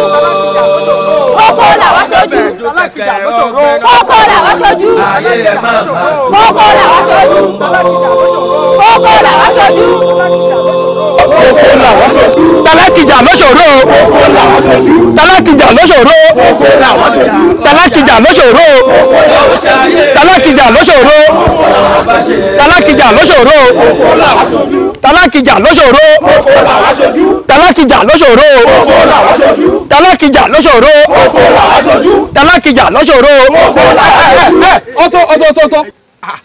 kókó kẹ̀kẹ́ ọgbẹ́ náà. kókó làwọn ṣojú. ayé ẹ̀ máa ma kókó làwọn ṣojú. kókó làwọn ṣojú. kókó làwọn ṣojú. Tálákìjà ló ṣòro. kókó làwọn ṣojú. Tálákìjà ló ṣòro. kókó làwọn ṣojú. Tálákìjà ló ṣòro. kókó làwọn ṣayé. Tálákìjà ló ṣòro. kókó làwọn bá ṣe. Tálákìjà ló ṣòro. kókó làwọn ṣojú. Tálákìjà lóṣòro. Oko làwa ṣojú. Tálákìjà lóṣòro. Oko làwa ṣojú. Tálákìjà lóṣòro. Oko làwa ṣojú. Tálákìjà lóṣòro. Oko làwa ṣojú. Ẹ ọtọ ọtọ ọtọ ọtọ. Ah.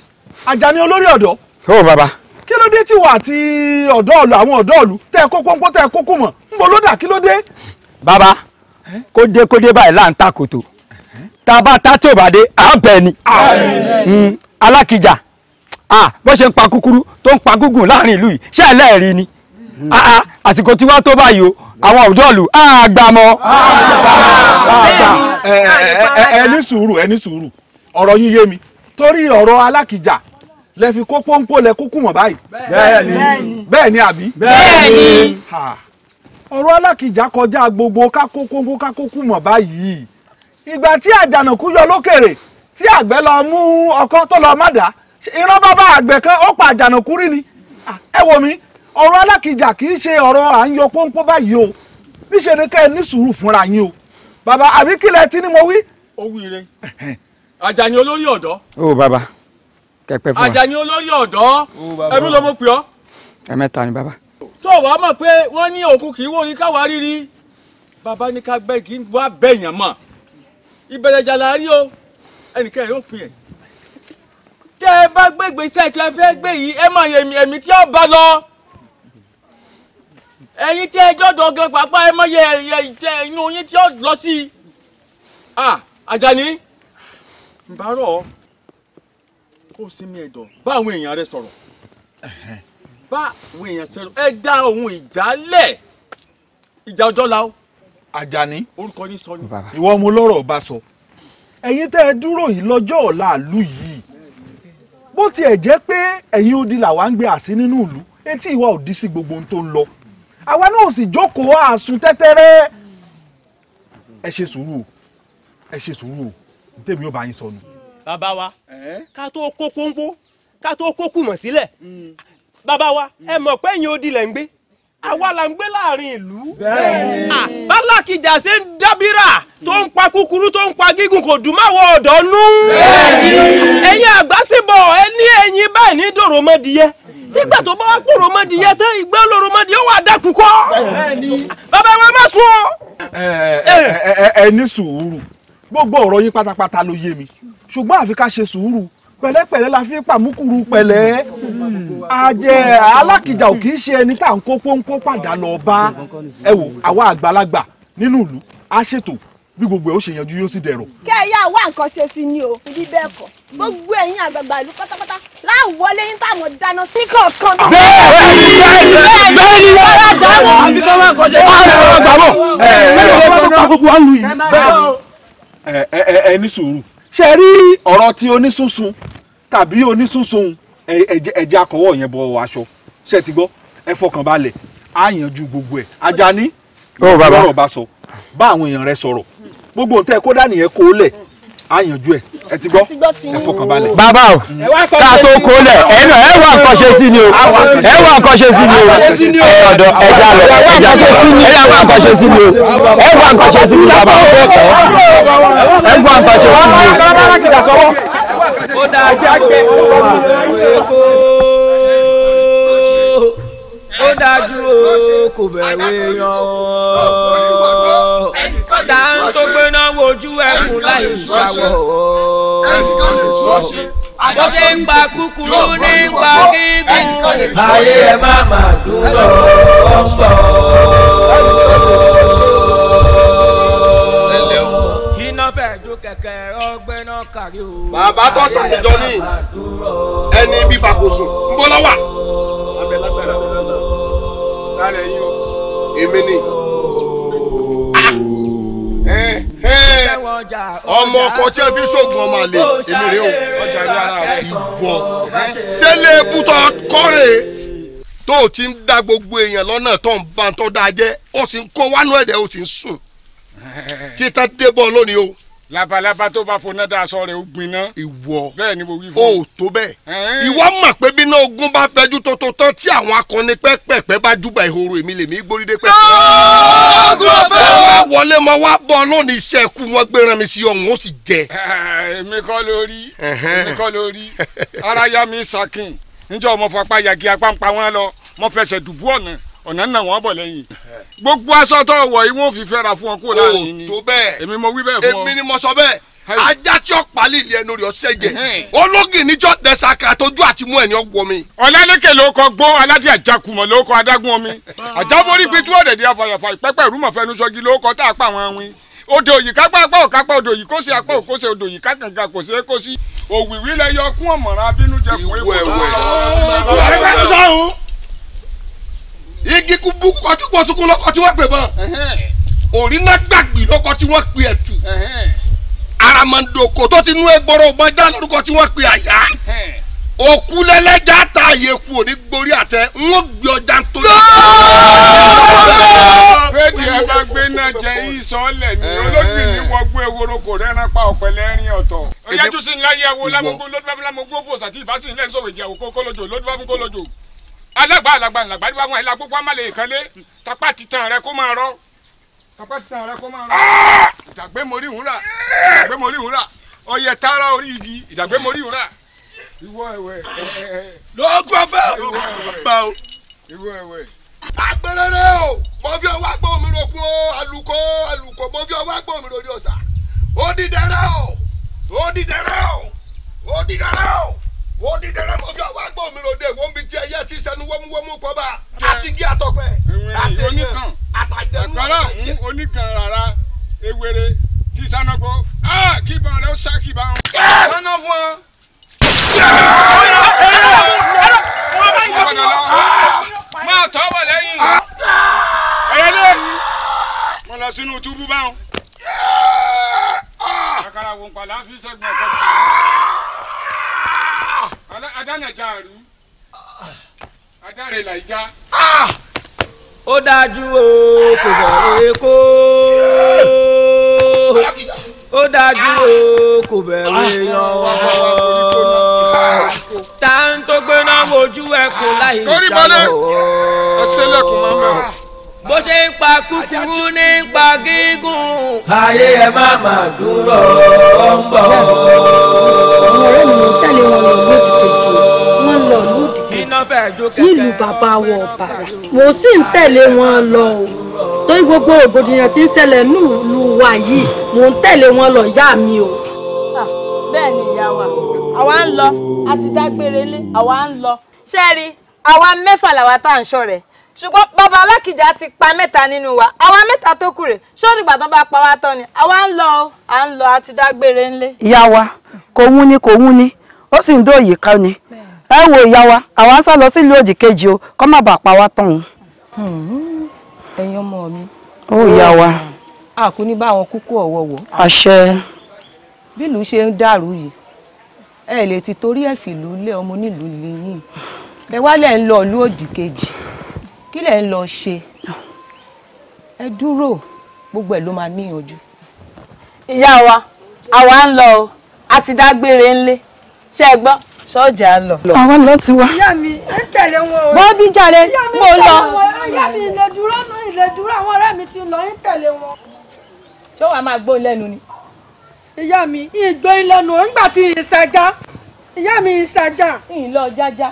Àjàní olórí ọ̀dọ́. Ó bàbá. Kí ló dé tí wà á ti ọ̀dọ́ ọ̀lù àwọn ọ̀dọ́ ọ̀lù tẹ́ kó pọ́npọ́n tẹ́ kó kùmọ̀ ń bo lódà kí ló dé? Bàbá kódé kódé báyìí là ń ta kòtò tá a bá ta tí ò bá dé à ń bẹ̀ ni. Hmm. Alákìjà ah bó ṣe ń pa kúkúrú tó ń pa gúngùn láàrin ìlú yìí ṣé ẹlẹ́ẹ̀rí ni àsìkò tí wá tó báyìí o àwọn ọ̀dọ́ọ̀lù àgbàmọ́. ẹni sùúrù ẹni sùúrù ọ̀rọ̀ yín yé mi torí ọ̀rọ̀ alákìjà lẹ fi kó pọ́npọ́ lẹ kúkú mọ̀ báyìí. bẹ́ẹ̀ni bẹ́ẹ̀ni àbí. bẹ́ẹ̀ni. ọ̀rọ̀ alákìjà kọjá gbogbo kákó pọ́npọ́ kákó kú mọ̀ báyìí. ìgbà tí àjànàkú yọ lókèrè tí àgbẹ̀ lọ mú ọkọ́ tó lọ má dáa ìran bàbá àgbẹ̀ kan ó pa àjànàkú rí ni ẹ wò mí ọ̀rọ̀ alákìjà kì í ṣe ọ̀rọ̀ à ń yọ pọ́npọ́ báyìí o níṣẹ́ ni ká ẹ ní sùúrù fúnra yín o bàbá àbí kílẹ̀ tí ni mo wí. ó wí re àjàní olórí ọ̀dọ́. ó bàbá kẹpẹ fún wa àjàní olórí ọ̀dọ́ ẹbí ló mọ̀ pé ọ́. ẹ mẹ́ta ni bàbá. tó o wá mọ̀ pé wọ́n ní òkú kì í wò ní káwa rírí bàbá ní ká bẹ́ẹ̀ kì í wá bẹ́ẹ̀ yàn mọ̀ ìbẹ̀rẹ̀ jà láàrí o ẹnìkan yóò pin ẹ̀ tẹ́ ẹ bá gbé gbèsè tí ẹ fẹ́ gbé yìí ẹ máa yẹ ẹ̀mí tí ó bá lọ. ẹ̀yin tí ẹ jọ́jọ́ gan pàápàá ẹ máa yẹ ẹ̀yẹ inú yín tí ó lọ sí i. Àjàní nbàárọ̀ kó sinmi ẹ̀dọ̀ bá àwọn èèyàn rẹ sọ̀rọ̀ bá àwọn èèyàn sọ̀rọ̀ ẹ dá ohun ìjà lẹ̀ ìjà ọjọ́ la ó. Àjàní orúkọ ní sọ ni. ìwọ ọmọ ọlọ́rọ̀ bá sọ ẹ̀yin tẹ́ ẹ dúró yìí lọ́jọ́ ọ̀la ìlú yìí bó tiẹ̀ jẹ́ pé ẹ̀yin odi làwa ń gbé àsí nínú ìlú etí ìwà òdì sí gbogbo ohun tó ń lọ àwa náà sì jókòó àsun tẹ́tẹ́rẹ́ ẹ ṣe sùúrù o ẹ ṣe sùúrù o tèmi ò bá yín sọnù. bàbá wa ká tó kó pọ́npọ́ ká tó kó kùmọ̀ sílẹ̀ mm. bàbá wa ẹ mọ̀ pé ẹ̀yin odi lẹ̀ ń gbé àwa là ń gbé láàrin ìlú. bálákìjà ṣe ń dábìrà tó ń pa kúkúrú tó ń pa gígùn kò dùn máwọ ọ̀dọ́ nú. ẹ̀yin àgbàsíbọ̀ ẹ ní ẹ̀yin báyìí ní dòrò mọ́dìyẹ sígbà tó bá wá pòrò mọ́dìyẹ tán ìgbẹ́ olóró mọ́dìyẹ wà dákú kọ́. bàbá wa má sùn o. ẹ ní sùúrù gbogbo ọ̀rọ̀ yín pátápátá ló yé mi ṣùgbọ́n àfi ká ṣe sùúrù pẹ̀lẹ́pẹ̀lẹ́ la fi ń pàmùkùrù pẹ̀lẹ́ àjẹ alákìjà ò kì í ṣe ẹni tá à ń kó pọ́npọ́n padà lọ bá ẹ wò àwa àgbàlagbà nínú ìlú á ṣètò bí gbogbo ẹ ó ṣe yanjú yóò sì dẹ̀rọ̀. kẹ́ ẹ yá wá nǹkan ṣe sí ni o ibi bẹ́ẹ̀ kọ́ gbogbo ẹ̀yin àgbààgbà ìlú pátápátá láwọlé yín táwọn dáná sí kọ̀ọ̀kan. bẹ́ẹ̀ ni bẹ́ẹ̀ ni bẹ́ẹ̀ ni rárá dáwọ́. àbí kọ́ máa kọjá yìí. ọ̀rẹ́ ọ̀rẹ́ gbàgbọ́ ẹ ẹ ẹ bá gbogbo wa lù yìí. ẹ ẹ ẹ ní sùúrù ṣe rí ọ̀rọ̀ tí onísùnsùn tàbí onísunsun ẹ̀jẹ̀ akọ̀wọ́ yẹn bọ aṣọ ṣe ti gbọ́ ẹ fọkàn balẹ̀ á yanjú gbogbo ẹ̀ Àjàní lọ́rọ̀ bá sọ bá àwọn èèyàn rẹ sọ̀rọ̀ gbogbo ntẹ́ kó dání yẹn kó lẹ̀ á yanjú ẹ̀ ẹ ti gbọ́ ẹ fọkàn balẹ̀. bàbá o ká tó kó lẹ̀ ẹ náà ẹ wà nǹkan ṣe sí ni o ẹ wà nǹkan ṣe sí ni o ọ̀dọ̀ ẹja lọ ẹja ṣe sí ni ẹ wà nǹkan ṣe sí ni o ẹ wà nǹkan ṣe sí ni o ẹ wà nǹkan ṣe sí ni o ó dájú oko ó dájú o kò bẹ̀rù èèyàn o tá ń tó gbé náà wojú ẹkùn láì ṣàwọ̀ o bó ṣe ń gba kúkúrú ní gígùn ayé ẹ má má dúró ó ń bọ̀ kẹ̀kẹ́ ọgbẹ́ náà o. bàbá tó sàtìjọ ní ẹni bíbá kò ń bọ́ lọ́wà. èmi ni. ọmọ ọkọ tí ẹ fi ṣoògùn ọmọ àlè èmi rèé o ìwọ ṣé léèbù tó tó ti ń dá gbogbo èèyàn lọ́nà tó ń bá ń tọ́ da jẹ́ sì ń kó wánú sì ń sùn títà lónìí o. labalábá tó bá foná da aṣọ rẹ̀ ó gbiná. ìwọ bẹ́ẹ̀ ni mo wí fún. o tó bẹ́ẹ̀ ìwọ mọ̀ pé bíná ogun bá fẹjú tótó tán tí àwọn akọni pẹ́pẹ́pẹ́ bá júbà ìhoro èmi lèmi gbóríde pẹ́. ọgùn fẹ́. wọ́n wọlé mọ wá bọ́ lónìí iṣẹ́ ẹ̀kú wọn gbéra mi sí ọ̀hún ó sì jẹ. èmi kọ́ lórí èmi kọ́ lórí ara ya mi sakin njẹ́ ọmọ fapá yagi apá ń pa wọ́n lọ mo fẹsẹ̀ dùbú ọ̀nà ọ̀nà náà wọ́n bọ̀ lẹ́yìn gbogbo aṣọ tó wọ̀ yìí wọ́n fi fẹ́ra fún ọ kó láàrin ni o tó bẹ́ẹ̀ èmi mo wí bẹ́ẹ̀ fún ọ èmi ni mo sọ bẹ́ẹ̀ ajá tí ó palí ilé ẹnu rẹ̀ ọ̀sẹ̀ jẹ ológì níjọ́ dẹ̀sàkà tójú àti mú ẹni ọgbọ mi. ọ̀làlékè ló kọ gbó aládé àjàkùmọ̀ ló kọ adágún omi àjábórí pitú ọ̀dẹ̀dẹ̀ afàyàfà ìpẹ́pẹ́ rúmọ̀fẹ́nusọ́gi ló kọ tá a pa àwọn ẹwin odò yìí kápá apá ò kápá odò yìí kó sí apá ò kó odò yìí kákàǹkà kò sí é sí òwìwí lẹ yọ kún ọ̀mọ̀ràn abínú jẹ kún èkó igi kúbúkú kan tí wọ́n sunkún lọ́kọ̀ tí wọ́n pè bọ́n òrìnà gbàgbì lọ́kọ̀ tí wọ́n pè ẹ̀tù aramandoko tó ti nú egboro gbọ́njá lórúkọ tí wọ́n pè àyà òkú lẹ́lẹ́jà ta àyè kú òní gborí àtẹ ń wọ́n gbé ọjà tó ní. péjì ẹ bá gbé náà jẹ ìsọ̀lẹ̀ ní olóògbé ní wọgbó ewúro kò rẹ́ran pa ọ̀pẹ lẹ́rìn ọ̀tọ̀. ìyájú sí ńlá yẹ wo lámúgbó lódúbàbí lámúgbó fòsàtì ìbásí ńlẹ̀ ń sọ̀rọ̀ ìjà òkó kólójò lódúbàbí kólójò alàgbà alàgbà alàgbà ni wà wọn ìlà gbogbo àmàlẹ ìkànlẹ tapá titan rẹ kó máa rọ tapá titan rẹ kó máa rọ. Ah! ìdàgbé morí ìhùnrà ìdàgbé morí ìhùnrà ọyẹ tààrà orí igi ìdàgbé morí ìhùnrà. ìwọ ẹwẹ lọgọ fẹ bá o. ìwọ ẹwẹ. agbẹrẹrẹ o mo fi ọwọ́ agbọ omi rògbò alùkò alùkò mo fi ọwọ́ agbọ omi rògbò ọsà ó di dẹrẹ o ó di dẹrẹ o ó di dẹrẹ o ó ní dẹrẹ mọ fi ọwọ́ àgbà òmìniròde wo níbi tí ẹyẹ ti sẹnu wọmúwọmú kọ bá àti gé àtọpẹ àtẹyàn àtàjẹmú. ọ̀kọ́rọ̀ ọ̀hún oníkan rárá ewere ti sanagbo kí ìbọn rẹ ó sá kí ìbọn. sanna fún ọ. máa tọ́ bọ̀ lẹ́yìn ẹ̀yẹ lẹ́yìn mo lọ sínú túbú báwọn. kàkàrà wòǹkà láfi sẹ́gun ọ̀kọ́ tó ń bọ̀ adánàjà àrú adáre là ìjà. ó dájú o kò bẹ̀rù èkó ó dájú o kò bẹ̀rù èèyàn tá à ń tó láì ìjà lọ bó ṣe ń pa kúkúrú ní ń pa gígùn. ayé ẹ má má dúró ó ń bọ̀. àwọn ọ̀rẹ́ mi ò tẹ̀lé wọn lọ lójú wọn lọ lójú nílùú bàbá wọ bàrà mo sì ń tẹ̀lé wọn lọ o torí gbogbo ògbódìyàn tí ń ṣẹlẹ̀ nílùú wa yìí mo ń tẹ̀lé wọn lọ yá mi o. bẹ́ẹ̀ ni ìyá wa àwa ń lọ àti dágbére lé àwa ń lọ ṣẹ́ẹ̀rí àwa mẹ́fà làwa tá à ń ṣọ̀rẹ́ ṣùgbọ́n bàbá alákìjà ti pa mẹ́ta nínú wa àwa mẹ́ta tó kù rè ṣóòdì gbàdán bá pa wá tán ni àwa ń lọ à ń lọ àti dágbére ńlé. ìyá wa kò wún ni kò wún ni ó sì ń dó òye ká ni ẹ wo ìyá wa àwa ń sá lọ sílùú òdì kejì o kọ́ má bàa pa wá tán o. Hmm, ẹ̀yin ọmọ mi. ó ìyá wa. a kò ní bá àwọn kúkú ọ̀wọ́ wọ̀. àṣẹ. bílù ṣe ń dàrú yìí ẹ lè ti torí ẹ̀fìlú lé ọmọ onílùú lẹ́yìn ẹ wálẹ̀ ń lọ ìlú òdì kejì kí lẹ̀ ń lọ ṣe ẹ dúró gbogbo ẹ̀ ló máa níyànjú. ìyá wa àwa ń lọ o a ti dágbére ńlé ṣe é gbọ́ ṣọ́ọ̀jà lọ. àwọn lọ ti wá. ìyá mi ẹ ń tẹ̀lé wọn o. wọ́n bí jàre mo lọ. ìyá mi ilẹ̀ dúró nù ilẹ̀ dúró àwọn ọ̀rẹ́ mi ti lọ ń tẹ̀lé wọn. ṣé wàá máa gbóhùn lẹ́nu ni. ìyá mi ìgbóhùn lẹ́nu nígbà tí ìṣẹ́já ìyá mi ìṣẹ́já. ìlọ jájá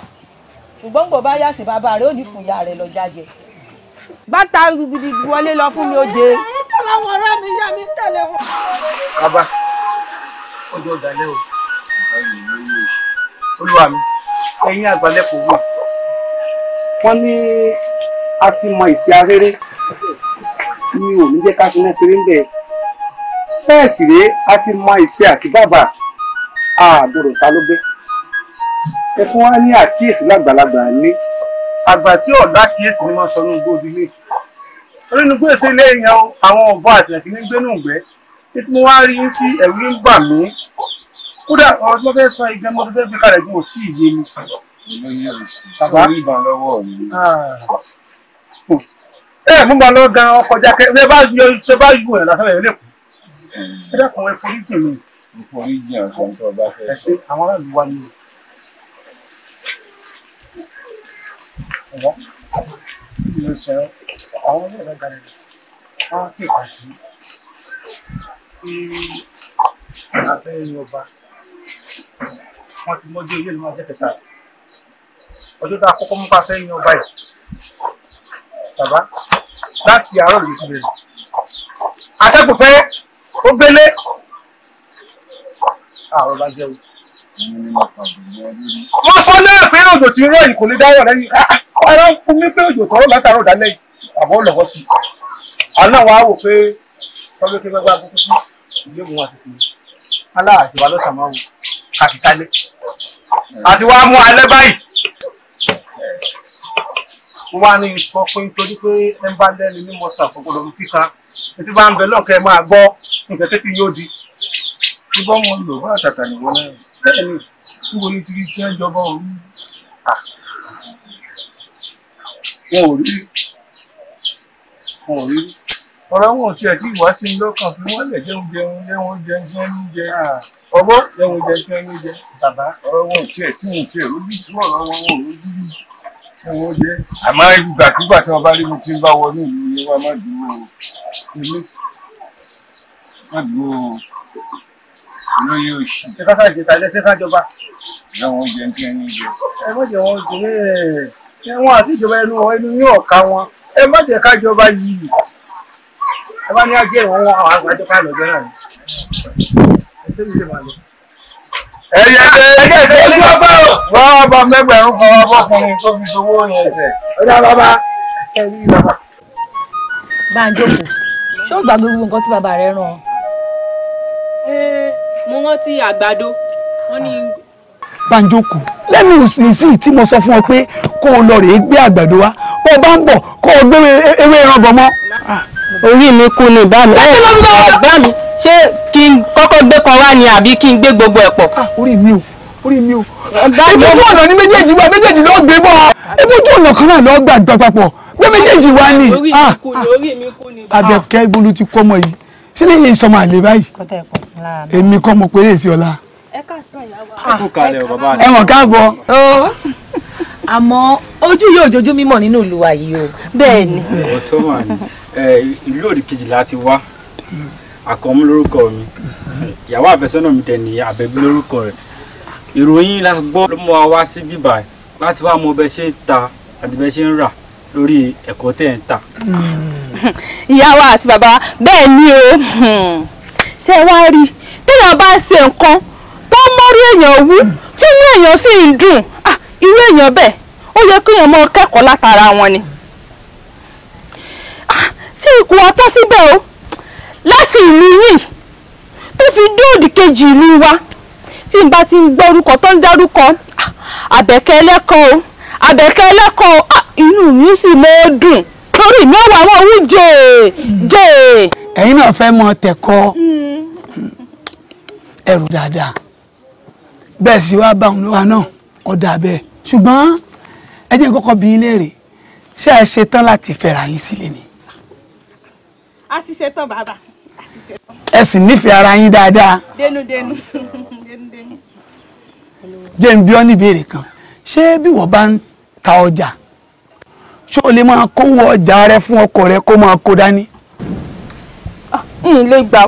ṣùgbọ́n gbò bá yàsìn bàbá rẹ̀ ó ní fún ìyá rẹ̀ lọ jájẹ. bàtà gidi wọlé lọ fún mi oje. àwọn ọ̀rẹ́ mi yà mí tẹ̀lé wọn. bàbá ọjọ́ ìdálẹ́ o olúwa mi ẹ̀yin àgbálẹ́kọ̀ọ́ wà wọ́n ní a ti mọ ìsí aréré mi ò ní jẹ́ ká fi náà ṣeré ń bẹ̀ bẹ́ẹ̀ sì rèé a ti mọ ìsí àti bàbá àdúrò ta ló gbé ẹ fún wa ní àkíyèsí lágbàlagbà ní àgbà tí ọ̀dọ́ àkíyèsí ni wọ́n sọ ní gbogbo ilé orí nu gbèsè ilé yẹn àwọn ọ̀bọ àti ẹ̀kíní gbénú ìgbẹ́ títí mo wá rí sí ẹ̀rú ń gbà mí kódà ọ̀rọ̀ tí wọ́n fẹ́ sọ igán mo fẹ́ fi kalẹ̀ bí mo tí ì yé mi. bàbá ah. ẹ mú ma lọ gan ọkọ jákẹ́ ẹ bá yọ ṣe bá yù ẹ lásán ẹ lè kú ẹ dákun ẹ forí jì mí. ẹ forí jì àṣà ń àwọn aráàlú wá nínú. ẹ̀wọ́ ló ṣe àwọn ilé ìlọ́gà rẹ̀ wọ́n sì pàṣẹ kí abẹ́rẹ́ ọba wọ́n ti mọ́jú ilé ìlú ọjọ́ kẹta ọjọ́ tá a kọ́kọ́ mú pàṣẹ yan ọba yìí bàbá láti àárọ̀ wọ́n sọ náà pé òjò ti rọ̀ yìí kò lè dáwọ̀ lẹ́yìn ara ń fún mi pé òjò tọ́rọ̀ látàrọ̀ dálẹ́ yìí àbọ̀ lọ́wọ́ sí i àná wa wò pé tọ́jú pé gbẹ́gbẹ́ agbókú sí ilé òun àti sinmi aláàjọ wa lọ́sàn-án máa wò káfí sálẹ̀ àti wàá mú alẹ́ báyìí mo wá ní sọ pé nítorí pé ẹ ń bá lẹ́nu ní mo sàn kòkòrò mi kíka ètí bá ń bẹ lọ́ọ̀kẹ́ máa gbọ́ nǹkan tẹ́tí yóò di. bí mo lò wá àtàtà nìwọ náà bẹ́ẹ̀ni níbo ni tiri tí ẹ jọba òru ah. wọn ò rí wọn ò rí ọ̀rọ̀ wọn ò tiẹ̀ tí ìwà sí ń lọ́kàn fún wọn lè jẹun jẹun jẹun jẹun tí wọ́n ń jẹ ọgbọ́n jẹun jẹun tí wọ́n ah. bàbá ọ̀rọ̀ wọn ò tiẹ̀ tí wọn ò tiẹ̀ lójú tí ọ̀rọ̀ wọn ò lójú bí wọn ò jẹ. àmọ́ ìgbàkúgbà tí wọ́n bá rí mo ti ń bá wọnú ìlú yẹn wá má dúró o o lórí òṣì. ṣé ká ṣàjẹ tàlẹ́ ṣé ká jọba. lọ́wọ́ oúnjẹ tí ẹni jẹ. ẹ má jẹ wọn jẹ ẹ wọn àti ìjọba ẹnu wọn ẹnu yóò ká wọn ẹ má jẹ ká jọba yìí ẹ bá ní ajé ìwọ̀n wọn àwọn àgbàjọ ká lọ́jọ́ náà ẹ ṣé mi lè máa lọ. ẹyẹ ẹyẹ ẹsẹ ẹsẹ ọgbà o. wọ́n bá mẹ́gbẹ̀rún kan wá bọ́kùnrin tó fi ṣòwò ní ẹsẹ̀. ọjà bàbá ẹsẹ̀ rí bàbá. bá a jókòó ṣé ó gbàgbé gbogbo nǹkan tí bàbá rẹ rán ọ mo rántí àgbàdo wọ́n ní. Ah. banjo kù lẹ́nu ìsinsìnyí tí mo sọ fún ọ pé kó o lọ rèé gbé àgbàdo wá bó o bá ń bọ̀ kó o gbé ewé ẹran bọ̀ mọ́. Ah. orí mi kú ni bá mi. ẹ bá mi ṣé kí n kọ́kọ́ gbé kan wá ni àbí kí n gbé gbogbo ẹ̀ pọ̀. Ah, orí mi o orí mi o. ìbójú ọ̀nà ni méjèèjì wa méjèèjì ló gbé bọ́ ìbójú ọ̀nà kan náà ló gbà gbà papọ̀ pé méjèèjì wa ni. Àbẹ̀kẹ́ gbolu ti kọ́ ọmọ yìí ṣé lè yẹ ìsọmọ àlè báyìí èmi kọ́ mo pé lè sí ọlá. ẹ̀wọ̀n káàbọ̀. àmọ́ ojú yóò jojú mímọ̀ nínú ìlú wa yìí o bẹ́ẹ̀ ni. ọ̀rọ̀ tó wà ní ìlú òdì kejìlá ti wá àkọ́mú lórúkọ mi ìyàwó àfẹsọ́nà mi dẹ̀ ní àbẹ̀bí lórúkọ rẹ̀ ìròyìn la gbọ́ ló mú wa wá sí bíbá láti wá mọ bẹ́ẹ̀ ṣe ń ta àti bẹ́ẹ̀ ṣe ń rà lórí ẹ̀kọ́ tẹ̀ ń tà. Hmm. ìyá wa àti bàbá bẹ́ẹ̀ ni o hmm. ṣé wá rí téèyàn bá ṣe nǹkan tó mọ́rí èèyàn wú tí inú èèyàn sì ń dùn ah, irú èèyàn bẹ́ẹ̀ ó yẹ kéèyàn mọ kẹ́kọ̀ọ́ látara wọn ni. Ah, ṣé ikú wa tán síbẹ̀ o láti ìlú yìí tó fi dóòdì kejì ìlú wa tí n bá ti ń gbọ́ orúkọ tó ń dárúkọ ah, àbẹ̀kẹ́ ẹlẹ́kọ̀ọ́ àbẹ̀kẹ́ ẹlẹ́kọ̀ọ́ inú mi sì máa dùn lórí mi ò wà wọ́n wú jèè jèè. ẹ̀yin náà fẹ́ mọ tẹ̀kọ́ hmm. ẹrù dáadáa bẹ́ẹ̀ sì wá bá òun lọ́wọ́ náà ọ̀dà bẹ́ẹ̀ ṣùgbọ́n ẹ jẹ́ kọ́kọ́ bí ilé rè ṣé ẹ ṣe tán láti fẹ́ra yín sílé ni. a ti ṣe tán bàbá a ti ṣe tán. ẹ sì nífẹ̀ẹ́ ara yín dáadáa. dénúdénú dénúdénú. jẹ́ n bí ọ́ níbèrè kan ṣé bí wọ́n bá ń ta ọjà ṣó o lè máa kówó ọjà rẹ fún ọkọ rẹ kó máa kó dání. Ah, n lè gbà.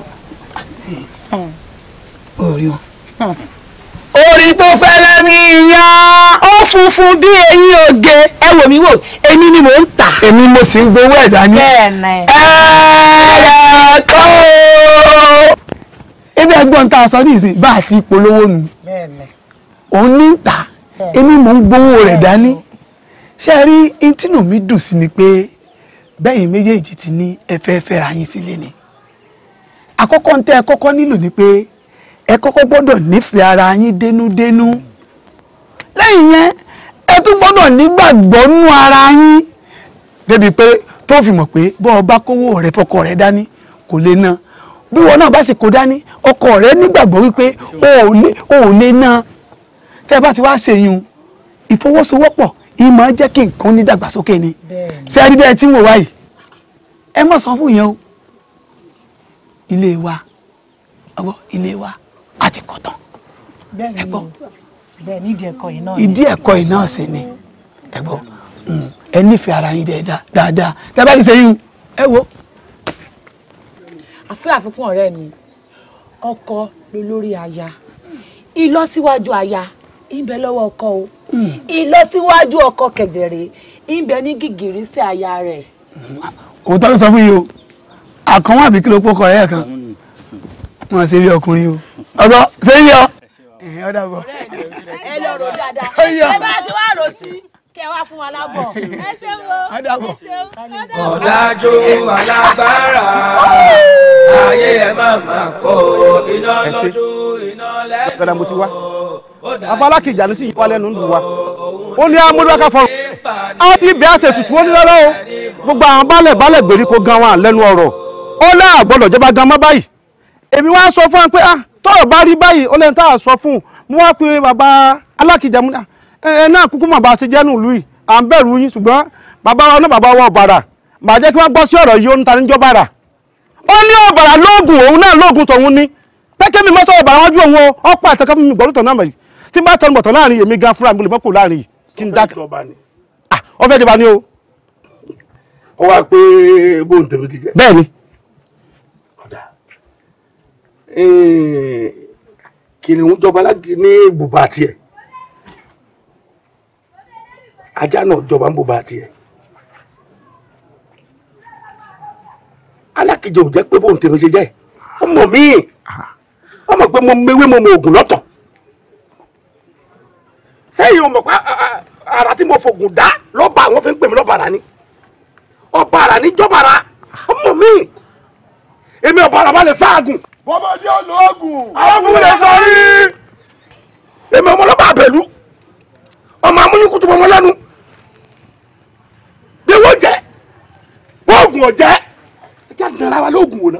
orí o. orí tó fẹ́lẹ́ mi yan ó funfun bí eyín oge ẹ wò mí wò èmi ni mò ń tà. èmi mo sì ń gbowó ẹ̀ dání. bẹ́ẹ̀ni. ẹ̀ẹ́dẹ̀ kọ́ o. ebi ẹgbọ́n tá a sọ ní ìsìn bá a ti polówó nu. bẹ́ẹ̀ni. òun ní ń tà èmi mò ń gbowó rẹ̀ dání ṣé ẹ rí intinu mi dùn sí ni pé bẹ́yìn méjèèjì ti ní ẹ fẹ́ra yín sílé ni àkọ́kọ́ ń tẹ́ ẹ kọ́kọ́ nílò ni pé ẹ kọ́kọ́ gbọ́dọ̀ nífẹ̀ẹ́ ara yín dénúdénú lẹ́yìn yẹn ẹ tún gbọ́dọ̀ nígbàgbọ́ nú ara yín débi pé tó fi mọ̀ pé bọ́ ọ bá kówó rẹ tọkọ rẹ dání kò lè ná bí wọn náà bá sì kó dání ọkọ rẹ nígbàgbọ́ wípé o ò lè ná tẹ́ ẹ bá ti wá ṣèyún ìfọwọ́sowọ́pọ̀ ìmọ̀ jẹ́ kí nǹkan ní dàgbàsókè ni ṣé ẹ rí bẹ́ẹ̀ tí ń wò wáyìí ẹ mọ̀ sọ fún yẹn o ilé wa ọgbọ́ ilé wa a ti kọ́ tán ẹ gbọ́ ìdí ẹ̀kọ́ yìí náà sì ni ẹ gbọ́ mm. ẹ nífẹ̀ẹ́ ara yín dáadáa tẹ́ bá ti ṣe yín ẹ wo. àfi àfikún ọ̀rẹ́ mi ọkọ lolórí aya ìlọsíwájú aya ìbẹ lọ́wọ́ ọkọ o hmm. ìlọsíwájú ọkọ kẹdẹrẹ ìbẹ ní gìgìrì sí àyà rẹ̀. Hmm. òótọ́ ló sọ fún yìí o àkànwọ́ àbí kí ló pọ́kọ ẹ̀ kan wọn ṣe rí ọkùnrin o ọgbọ́n ṣe rí ọ. ẹ lọ rò dáadáa ẹ bá ṣe wá rò sí kẹwàá fún wa lábọ̀. ẹ ṣe wo ẹ ṣe wo. ọ̀làjú alábàárà ayé ẹ̀ máa máa kó iná lọ́jú iná lẹ́nu. abala kìjà ní sì yíwá lẹ́nu ndu wa ó ní amúdúwákà fọrọ á ti bẹ́ẹ̀ àṣẹ o gbogbo àwọn balẹ̀ balẹ̀ gbèríko gan wa lẹ́nu ọ̀rọ̀ ó láà fún wa pé ah tọ́rọ̀ bá rí báyìí a sọ fún mo wá pe ẹ náà kúkú ti jẹ́nu ìlú yìí à ń bẹ̀rù yín ṣùgbọ́n wa náà wa ọ̀bàrà jẹ́ kí wọ́n gbọ́ sí ọ̀rọ̀ yìí ó tí n bá tọ́nu bọ̀tọ̀ láàrin èmi gan fúnra mi lè mọ́kò láàrin yìí tí n dákẹ́ ọ fẹ́ jọba ni o. ó wá pé bóun tèmi ti jẹ. bẹ́ẹ̀ni. Eh, kìnìún jọba ní bùbá tiẹ̀ ajá náà jọba ń bùbá tiẹ̀. alákejì ò jẹ́ pé bóun tèmi ṣe jẹ́ ọmọ mi ọmọ ah. pé mo mewé mo mọ oògùn lọ́tọ̀ sẹ́yìn ọmọ pa ara tí mo fògùn dá lọ́ba àwọn fi ń pè mí lọ́ba ara ni ọba ara ni jọbara ọmọ mi èmi ọba ara bá lè sáàgùn. bọ́bá jẹ́ olóògùn. ọ̀gùn lè sọrí. èmi ọmọ lọ́ba àbẹ̀lú ọmọ amúnyínkùtù ọmọ lẹ́nu gbéwó jẹ́ bóògùn ọ̀jẹ́ ẹjẹ́ àdìdára wa lóògùn wò ná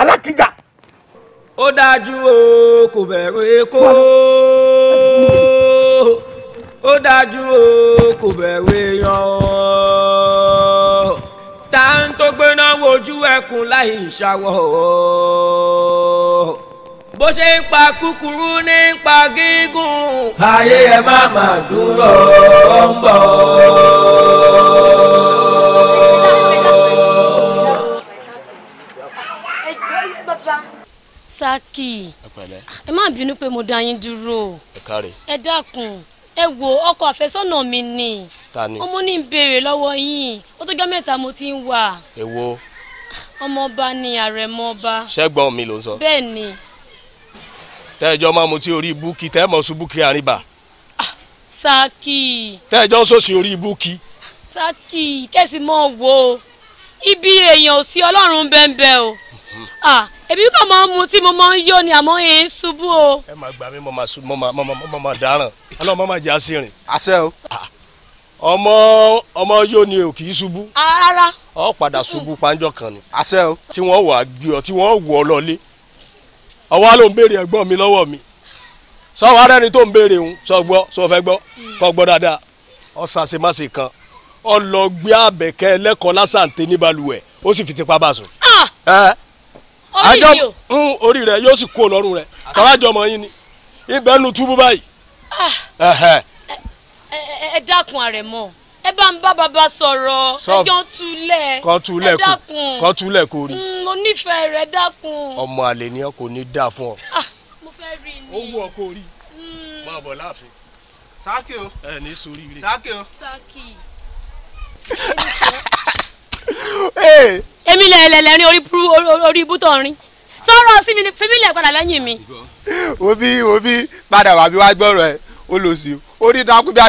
alákìjà. ó dájú o kò bẹ̀rù èkó ó dájú o kò bẹ̀rù èèyàn o ta ń tó gbéná wojú ẹkùn láì ṣàwọ̀ o bó ṣe ń pa kúkúrú ní ń pa gígùn. ayé ẹ má má dúró ó ń bọ̀ o. Saki pẹ̀lẹ́. ẹ má bínú pé mo dá yín dúró. ẹ káre. ẹ dákun ẹ wo ọkọ àfẹ́sọ́nà mi ni. ta ni. ọmọ ní ìbéèrè lọ́wọ́ yín ó tó jọ́ mẹ́ta mo ti ń wà. èwo. ọmọọba ni àrẹ̀mọba. ṣẹ́gbọ́n mi ló ń sọ. bẹ́ẹ̀ ni. tẹ́ẹ̀jọ́ máa mu tí orí búkì tẹ́ẹ̀mọ̀ sùn búkì àríbà. Ah, sákì. tẹ́ẹ̀jọ́ sòsì orí búkì. sákì kẹ́sì mọ́ wo ibi èèyàn ò sí ọlọ́run bẹ́ẹ̀ bẹ́ẹ̀ o. Ah, èmi kò mọ mu tí mo mọ ń yó ni àmọ́ ẹ ń ṣubú o. ẹ máa gbà mí mo máa sùn mo máa mo máa dáràn ọlọ́run mo máa jẹ́ àṣìrìn. àṣẹ o. Ah, ọmọ ọmọ yó ni o kì í ṣubú. Ah, rárá. ọ padà ṣubú pàǹjọ kan ni. àṣẹ o. tí wọ́n wà gbé ọ tí wọ́n wọ̀ ọ lọlé ọwọ́ ló ń béèrè ẹ̀gbọ́n mi lọ́wọ́ mi sọ́wọ́ arẹ́ni tó ń béèrè òun sọ gbọ́ sọ fẹ́ gbọ́ kọ́ gbọ́ dáadáa ọ̀sàṣemáṣe kan ọlọ́gbé àbẹ̀kẹ́ ẹlẹ́kọ̀ọ́ lásàǹtẹ̀ níbalùwẹ̀ ó sì fi tipa bá a sùn àjọ ń orí rẹ yóò sì kú ọlọ́run rẹ tọ́lájọ ọmọ yín ni ibẹ̀ nu túbú báyìí. Ah. ẹ dákun àrẹ̀mọ ẹ bá ń bá bàbá sọ̀rọ̀ ẹjọ́ túlẹ̀ ẹ dákun kọ́ túlẹ̀ kò rí. Mm, mo nífẹ̀ẹ́ rẹ dákun. ọmọ àlè ni kò ní dà fún ọ. Ah, mo fẹ́ rí i ni. ó wù ọ kó rí mm. máa bọ̀ láàfin. sáàkì o ẹ ní sórí rẹ. sáàkì o. sáàkì. Eh. èmi lẹ̀ lẹ̀lẹ̀ rin orí burú orí ibú tó ń rin sọ̀rọ̀ sí mi ni fífi lẹ̀ padà lẹ́yìn mi. òbí òbí padà wà bí wàá gbọ́rọ̀ ẹ̀ ó lọ sí orí dákú bí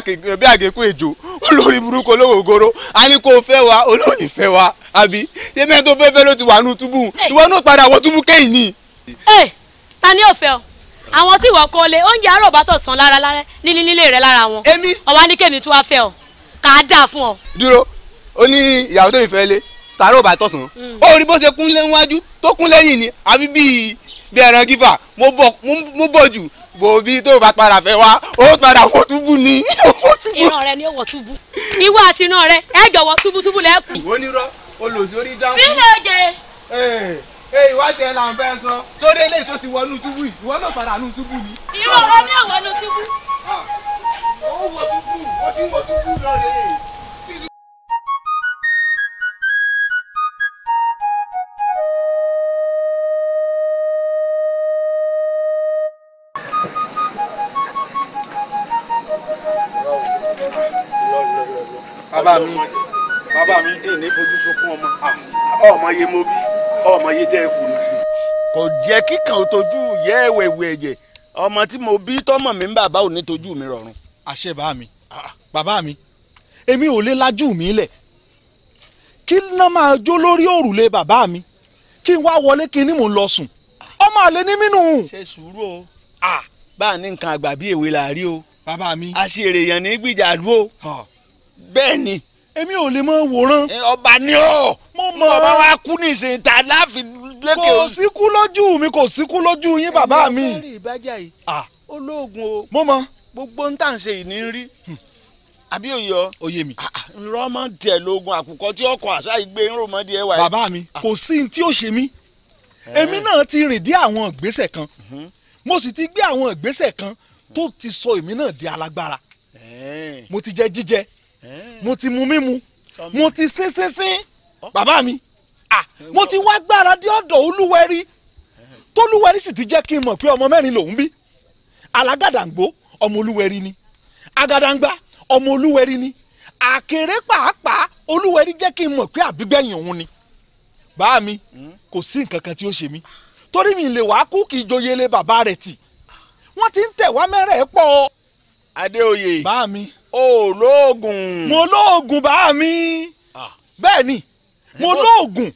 àgékù èjò olórí burúkú olówó goro a ní kó o fẹ́ wa olóyìn fẹ́ wa àbí yẹ́bẹ́ tó fẹ́ fẹ́ ló ti wà nù túbú eh. ìwọ náà padà wọ túbú kẹ́yìn ni. ẹ eh, ta ni ò fẹ́ o àwọn tí ìwọ kọ́ lé oúnjẹ àárọ̀ bá tọ̀ sàn lára lára nílé nílé rẹ lára wọn. èmi ọba ní kèmí tí wàá fẹ́ o kà á dà fún ọ. dúró ó ní ìyàwó tóbi fẹ́ lé sàárò ò bá tọ̀sán hmm. ó rí bó ṣe kún léwájú tó kún lẹ́yìn ni àbí bíi bí ẹran gífà mo bọ̀ jù bò bí tó bá padà fẹ́ wá ó padà wọ túbú ni. ìran rẹ ni ó wọ túbú ìwọ àti ìran rẹ ẹ jọ̀wọ́ túbútúbú lẹ́kùn. ìwọ nírọ olùsórí dáhùn. sílẹ̀ èdè. ee ee ìwádìí ẹ là ń fẹ́ sọ sórí eléyìí tó ti wọnú túbú yìí ìwọ náà padà nú túbú ni. ìwọ wọn ní ọ̀wọ́nú túbú. Ah, ó wọ túbú ó ti wọ túbú lọ rèé. bàbá mi bàbá mi èyí ní fojú sunkún ọmọ ọmọ yé mo bí ọmọ yé tẹ́ ẹ kù ní. kò jẹ́ kíkan ò tójú yẹ ẹ̀wẹ̀wẹ̀ ẹ̀jẹ̀ ọmọ tí mo bí tọ́mọ mi ń bàbá ò ní tójú mi rọrùn. àṣẹ bàbá mi bàbá mi èmi ò lè lajú mi lẹ̀ kí ná máa jó lórí òrùlé bàbá mi kí n wá wọlé kí n ní mò ń lọ sùn ọmọ àlè ní mínú. ṣe sùúrù o. bá a ní nǹkan àgbà bí èwe là o. bàbá mi. àṣèrèyàn ní gbìjà àdúró bẹ́ẹ̀ ni èmi ò lè mọ wòran. ọba ni ọ mo mọ ọba wa kú ní ìsìn ta láàfin lékè. kò síkú lójú mi kò síkú lójú yín bàbá mi. ẹni ọ̀sẹ̀rì ìbájà yìí olóògùn o. mo mọ. gbogbo ń tà ń ṣe ìní rí. Hmm. àbí òye ọ. òye mi. nrọ mọ tiẹ lóògùn àkùkọ tí ọkọ àṣà ìgbé ń rò mọ díẹ̀ wáyé. bàbá mi kò sí ní tí ó ṣe mí. èmi náà ti rìn dé àwọn ìgbésẹ̀ kan mhm. mo sì ti gbé àwọn ìgbésẹ̀ kan tó ti sọ èmi náà di alágbára. mo ti jẹ jíjẹ Eh. mo ti mu mímu mo ti sín sín sín oh. bàbá mi eh, mo ti wá gbára dé ọ̀dọ̀ olúwẹ̀rí eh. tólúwẹ̀rí sì ti jẹ́ kí n mọ̀ pé ọmọ mẹ́rin lòún bí alágàdàǹgbò ọmọ olúwẹ̀rí ni agàdàǹgbà ọmọ olúwẹ̀rí ni àkèré pàápàá olúwẹ̀rí jẹ́ kí n mọ̀ pé àbígbẹ̀yìn òun ni bàá mi hmm. kò sí nǹkan kan tí ó ṣe mí torí mi lè wá kú kí ìjòyè lé bàbá rẹ̀ tì wọ́n ti ń tẹ̀ wá mẹ́rẹ̀ẹ́ adéoyè bá mi o lóògùn. mo lóògùn bá mi. Ah. bẹ́ẹ̀ ni mo lóògùn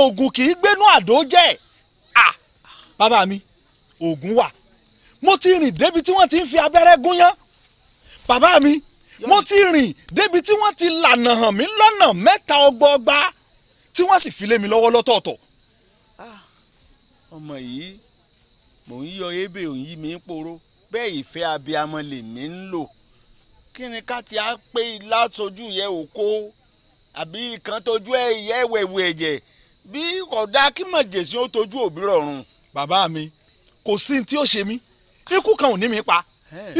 oògùn kì í gbénú àdó jẹ́ ah, bàbá mi oògùn wà mo ti rìn débi tí wọ́n ti ń fi abẹ́rẹ́ gúnyán bàbá mi mo ti rìn débi tí wọ́n ti lànà hàn mí lọ́nà mẹ́ta ọgbọọgba tí wọ́n sì fi lé mi lọ́wọ́ lọ́tọ̀ọ̀tọ̀. Ah, ọmọ yìí mò ń yọ ebè òun yí mi ń poro bẹ́ẹ̀ ìfẹ́ abiyamọ lèmi ń lò kí ni ká ti á pé látọjú yẹ òkó àbí ìkan tójú ẹ ìyẹ ìwẹ̀wẹ̀ ẹ̀jẹ̀ bí kò dáa kí mọ̀ jèsì ó tójú òbí rọrùn. bàbá mi kò sí ní tí ó ṣe mí ah. ikú kan ò ní mi pa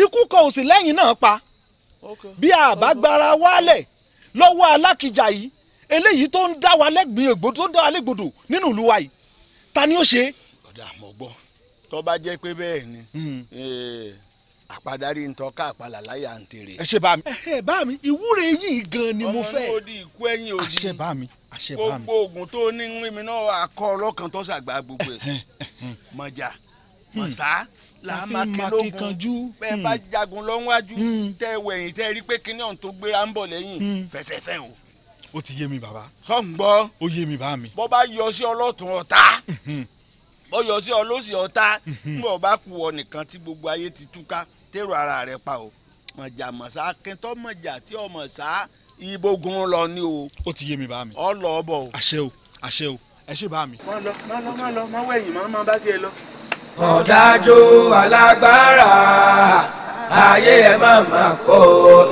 ikú kan ò sì lẹ́yìn náà pa bí àbágbára wálẹ̀ lọ́wọ́ alákìjà yìí eléyìí tó ń dá wa lẹ́gbìn ègbò tó ń dá wa lẹ́gbòdò nínú ìlú wa yìí ta ni ó ṣe. ọ̀dà àmọ́ gbọ́ tó bá jẹ́ pé bẹ́ẹ̀ ni hmm. eh, àpàdárí ń tọ́ka àpàlà láyà ń tèrè. ẹ ṣe bá mi. ẹ bá mi ìwúre yín gan ni mo fẹ́. ọmọ odi ìkú ẹyin odi. àṣẹ bá mi àṣẹ bá mi. gbogbo oògùn tó ní mímí náà akọ ọlọ́kan tó ṣàgbà gbogbo ẹ̀ mọ̀jà hmm. mọ̀sá la máa kí lógun bẹ́ẹ̀ bá hmm. jagun lọ́wájú hmm. tẹ́ wẹ̀yìn tẹ́ rí pé kíní ọ̀hún tó gbéra ń bọ̀ lẹ́yìn fẹsẹ̀fẹ́ o. ó ti yé mi bàbá. sọ́ǹgbọ́. ó yé mi bá mi. bọ́ bá yọ sí ọlọ́tún ọ̀tá bọ́yọ̀ sí ọ ló sì ọ ta mhm. nígbà ọba kú ọ nìkan tí gbogbo ayé ti túká tèrò ara rẹ pa o mọ̀jà mọ̀sá kẹntọ́ mọ̀jà tí ọ mọ̀sá ibogun lọ ni o. ó ti yé mi bá mi. ọ lọ bọ o. àṣẹ o àṣẹ o ẹ ṣe bá mi. má lọ má lọ má lọ má wẹ̀yìn má má bá tiẹ̀ lọ ọ̀dájú alágbára ayé ẹ máa ma kó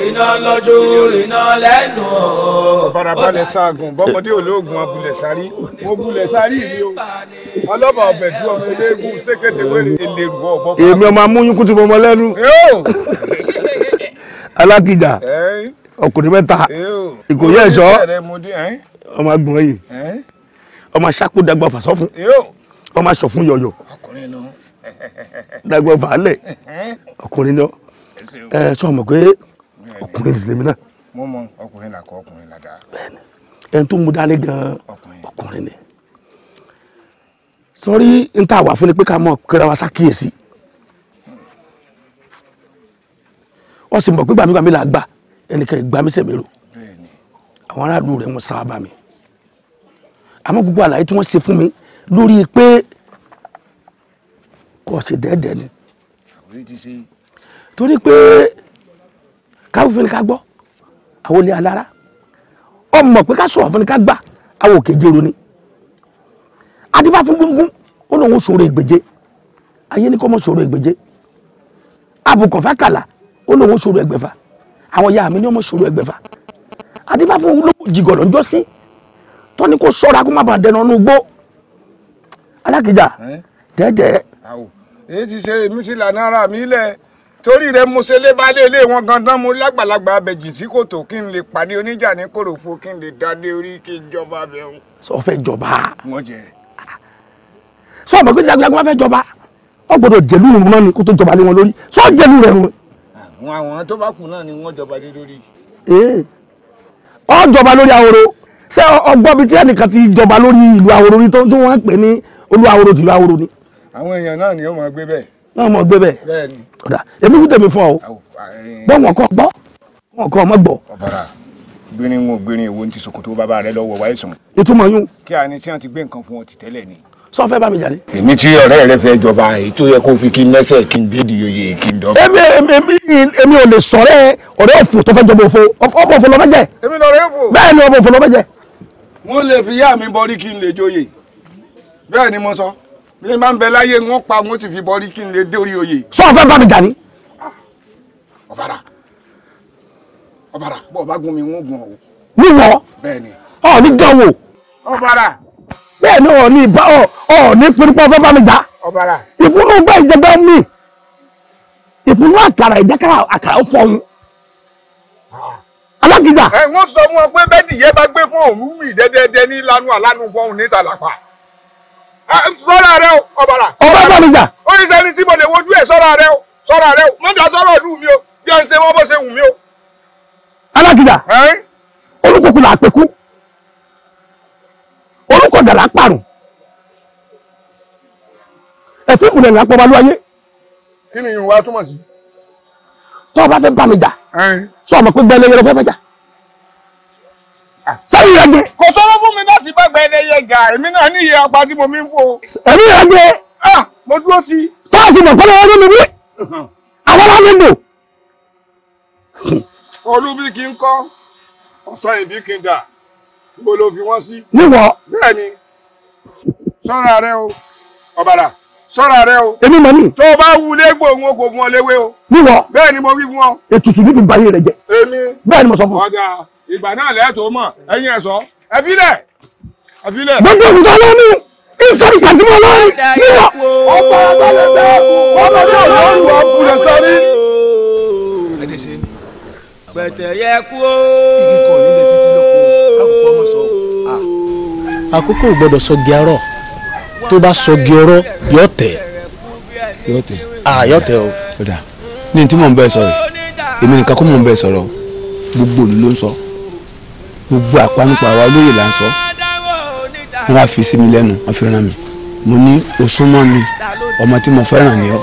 iná lójú iná lẹ́nu o. farabalẹ̀ ṣaagun bọ́mọdé olóògùn abulẹ̀ sáré mo bulẹ̀ sáré o ọlọ́ba ọbẹ̀ dúró ọmọ ṣékété wẹ́rẹ́ eléèrú ọ̀bọ. èmi ọmọ amúyún kùtù bọmọ lẹ́nu alákìjà ọkùnrin mẹ́ta ìkòyí ẹ̀ṣọ́ ọmọ agbọ̀n yìí ọmọ aṣákó dàgbà fàṣọ ọmọ aṣọ yọ̀yọ̀ dàgbọ́ fàálẹ̀ ọkùnrin náà ẹ sọ ọmọ pé ọkùnrin ìsìlẹ̀mí na mo mọ ọkùnrin làkọ ọkùnrin làdá. da ẹni tó mú dání gan ọkùnrin ni sọrí n ta wà fún ni pé ká mọ kíra wa ṣàkíyèsí ó sì mọ̀ pé gbàmígbàmí là gbà ẹnìkan ìgbàmísẹ̀ mi rò àwọn aráàlú rẹ̀ wọ́n sábà mi àmọ́ gbogbo àlàyé tí wọ́n ṣe fún mi lórí pé kò ṣe dẹ́dẹ́ ni torí pé káwọn fún ni ká gbọ́ àwọn ní alára ọmọ pé ká sọ̀rọ̀ fún ni ká gbà àwọn òkè jèrò ni adífá fún gbóngbóng ó lóun sòrò ìgbèje ayé ní kọ́ mọ́ sòrò ìgbèje abùkọ̀fà kàlà ó lóun sòrò ẹgbẹ̀fà àwọn ya mi ní ọmọ sòrò ẹgbẹ̀fà adífá fún olówó jìgọ̀lọ̀ ńjọ́ sí tọ́ni kò sọ́ra kó má bàa dẹnu ọ̀nù gbó alákìjà dẹ́dẹ́ èyí ti ṣe èmi ti lànà ara mi lẹ̀ torí rẹ mo ṣe lébálé ilé wọn gandan mo lágbàlagbà abẹjì sí kòtò kí n lè pàdé oníjà ní kòròfo kí n lè dáadé orí kí n jọba bẹ̀rù. sọ fẹ́ jọba. wọn jẹ. sọ ọmọ gbèsè agbègbè wọn fẹ́ jọba wọn gbọ́dọ̀ jẹlú rẹ mọ ni kó tó jọba lé wọn lórí sọ jẹlú rẹ rún. àwọn àwòrán tó bá kù náà ni wọn jọba lé lórí. ọ eh, jọba lórí ahoro ṣé ọgbọ́n bíi tí ẹnìkan ti jọba lórí ìlú ahoro ni tó wọ́n pè ní olú ahoro tìlú ahoro ni àwọn èèyàn náà ni ó mọ̀ gbé bẹ́ẹ̀. wọ́n mọ̀ gbé bẹ́ẹ̀. bẹ́ẹ̀ni. ọ̀dà èmi kú tèmi fún ọ o. bọ́ wọn kọ́ gbọ́ wọn kọ́ ọmọ gbọ́. ọ̀bàrà gbérin wọn gbérin èwo ti ṣòkòtò bàbá rẹ lọ́wọ́ wáyé sùn. ìtumọ̀ yún. kí a ní tí wọ́n ti gbé nǹkan fún ọ ti tẹ́lẹ̀ ni. sọ fẹ́ bá mi jà ní. èmi tí ọ̀rẹ́ rẹ fẹ́ jọba èyí tó yẹ kó fi kí n lẹ́sẹ̀ kí n dédìí oyè kí n dọ́gba. èmi èmi èmi ò lè sọ̀rẹ́ ọ̀rẹ́ òfò tó fẹ́ jọba òfò ọ̀bọ̀ òfò lọ́fẹ́ jẹ. èmi lọ́rẹ́ òfò. bẹ́ẹ̀ ni ọ̀bọ̀ òfò lọ́fẹ́ jẹ. wọ́n lè fi yá mi bọ́rí kí n lè joyè bẹ́ẹ̀ ni mo sọ ní máa ń bẹ láyé wọn pa wọn sì fi bọrí kí n lè dé orí oyè. sọ fẹ́ bá mi jà ní. Ah, ọ̀bàrà ọ̀bàrà bọ́ ọba gun mi wọ́n gun ọ̀. níwọ̀ bẹ́ẹ̀ni. ọ ní dánwò. ọ̀bàrà. bẹ́ẹ̀ni ọ ní ìbá ọ ọ ní pínpín ọfẹ́ bá mi jà. ọ̀bàrà. ìfúnnú gbọ́ ìjẹgbẹ́ mi ìfúnnú àkàrà ìjẹkàrà àkàrà ó fọ́ọ̀hún ah. alákìjà. ẹ wọ́n sọ fún ọ pé bẹ́ẹ̀ nìyẹn bá gbé fún òun mí dẹ́dẹ́dẹ́ ní lanu àlanu fún òun níta Ah, sọ́ra rẹ o ọ̀bàrà. ọba bá mi jà. ó ní sẹ́ni tí mo lè wojú ẹ̀ sọ́ra rẹ o sọ́ra rẹ o mọ́tò sọ́rọ̀ ìlú mi o bí ọ̀n ṣe wọ́n bó ṣe wù mí o. alákìjà olùkókò là á pẹ́kú olùkọ́ dà là á pààrùn ẹ̀fín fúnlẹ̀ là á pọ̀ balùwẹ̀ ayé. kí ni ìwà túmọ̀ sí. tó o bá fẹ́ bá mi jà sọ ma pé bẹ́ẹ̀ lè fẹ́ mi jà sẹ́yìn rẹ̀ gbé. kò sọ́wọ́ fún mi láti bá gba ẹni ẹyẹ gà èmi náà ní iye apá tí mo mi ń fò. èmi rẹ̀ gbé. mo dúró sí. tọ́ọ̀sì mọ̀ fọ́lọ́wọ́ ní mi wí. àwọn ará mi lò. olúbi kì í kọ́ ọ̀sán ìbí kì í dà níbo ló fi wọ́n sí. níwọ̀. bẹ́ẹ̀ni sọ́ra rẹ o ọ̀bàrà sọ́ra rẹ o. èmi mọ̀ ní. tó o bá wulé gbòògùn okòògùn ọ̀lẹ́wé o. níwọ̀. bẹ́ẹ̀ ni mo wí fún ọ. ètùtù ní fi báyé rẹ jẹ. èmi. bẹ́ẹ̀ mo sọ fún ọ. ọjà ìgbà náà lẹ́ẹ̀tọ́ mọ̀ ẹ̀yin ẹ̀ sọ ẹ fi lẹ̀ ẹ fi lẹ̀. gbogbo olùdá ló ní ìsọ̀rọ̀ ìgbà tí mo lọ rí nínú. ọba abalẹ̀ sẹ́ ọba ní ọ̀yọ́ ìlú abúlé sáré. pẹ̀tẹ̀ yẹ kú o. igi kan nílé títí ló kó àkókò ọmọ sọ. àkókò gbọ́dọ̀ sọ gẹ arọ tó bá sọ gẹ ọ̀rọ̀ yọ tẹ. yọ tẹ. ah yọ tẹ o. ní tí mò ń bẹ́ẹ̀ sọ̀rọ̀ èmi nìkan kó mò ń bẹ́ẹ̀ sọ̀rọ̀ gbogbo olú ló ń sọ gbogbo àpanupọ̀ àwa olóyè là ń sọ wọn á fi sí mi lẹ́nu wọn fi ràn mí mo ní o súnmọ́ mi ọmọ tí mo fẹ́ràn ni ọ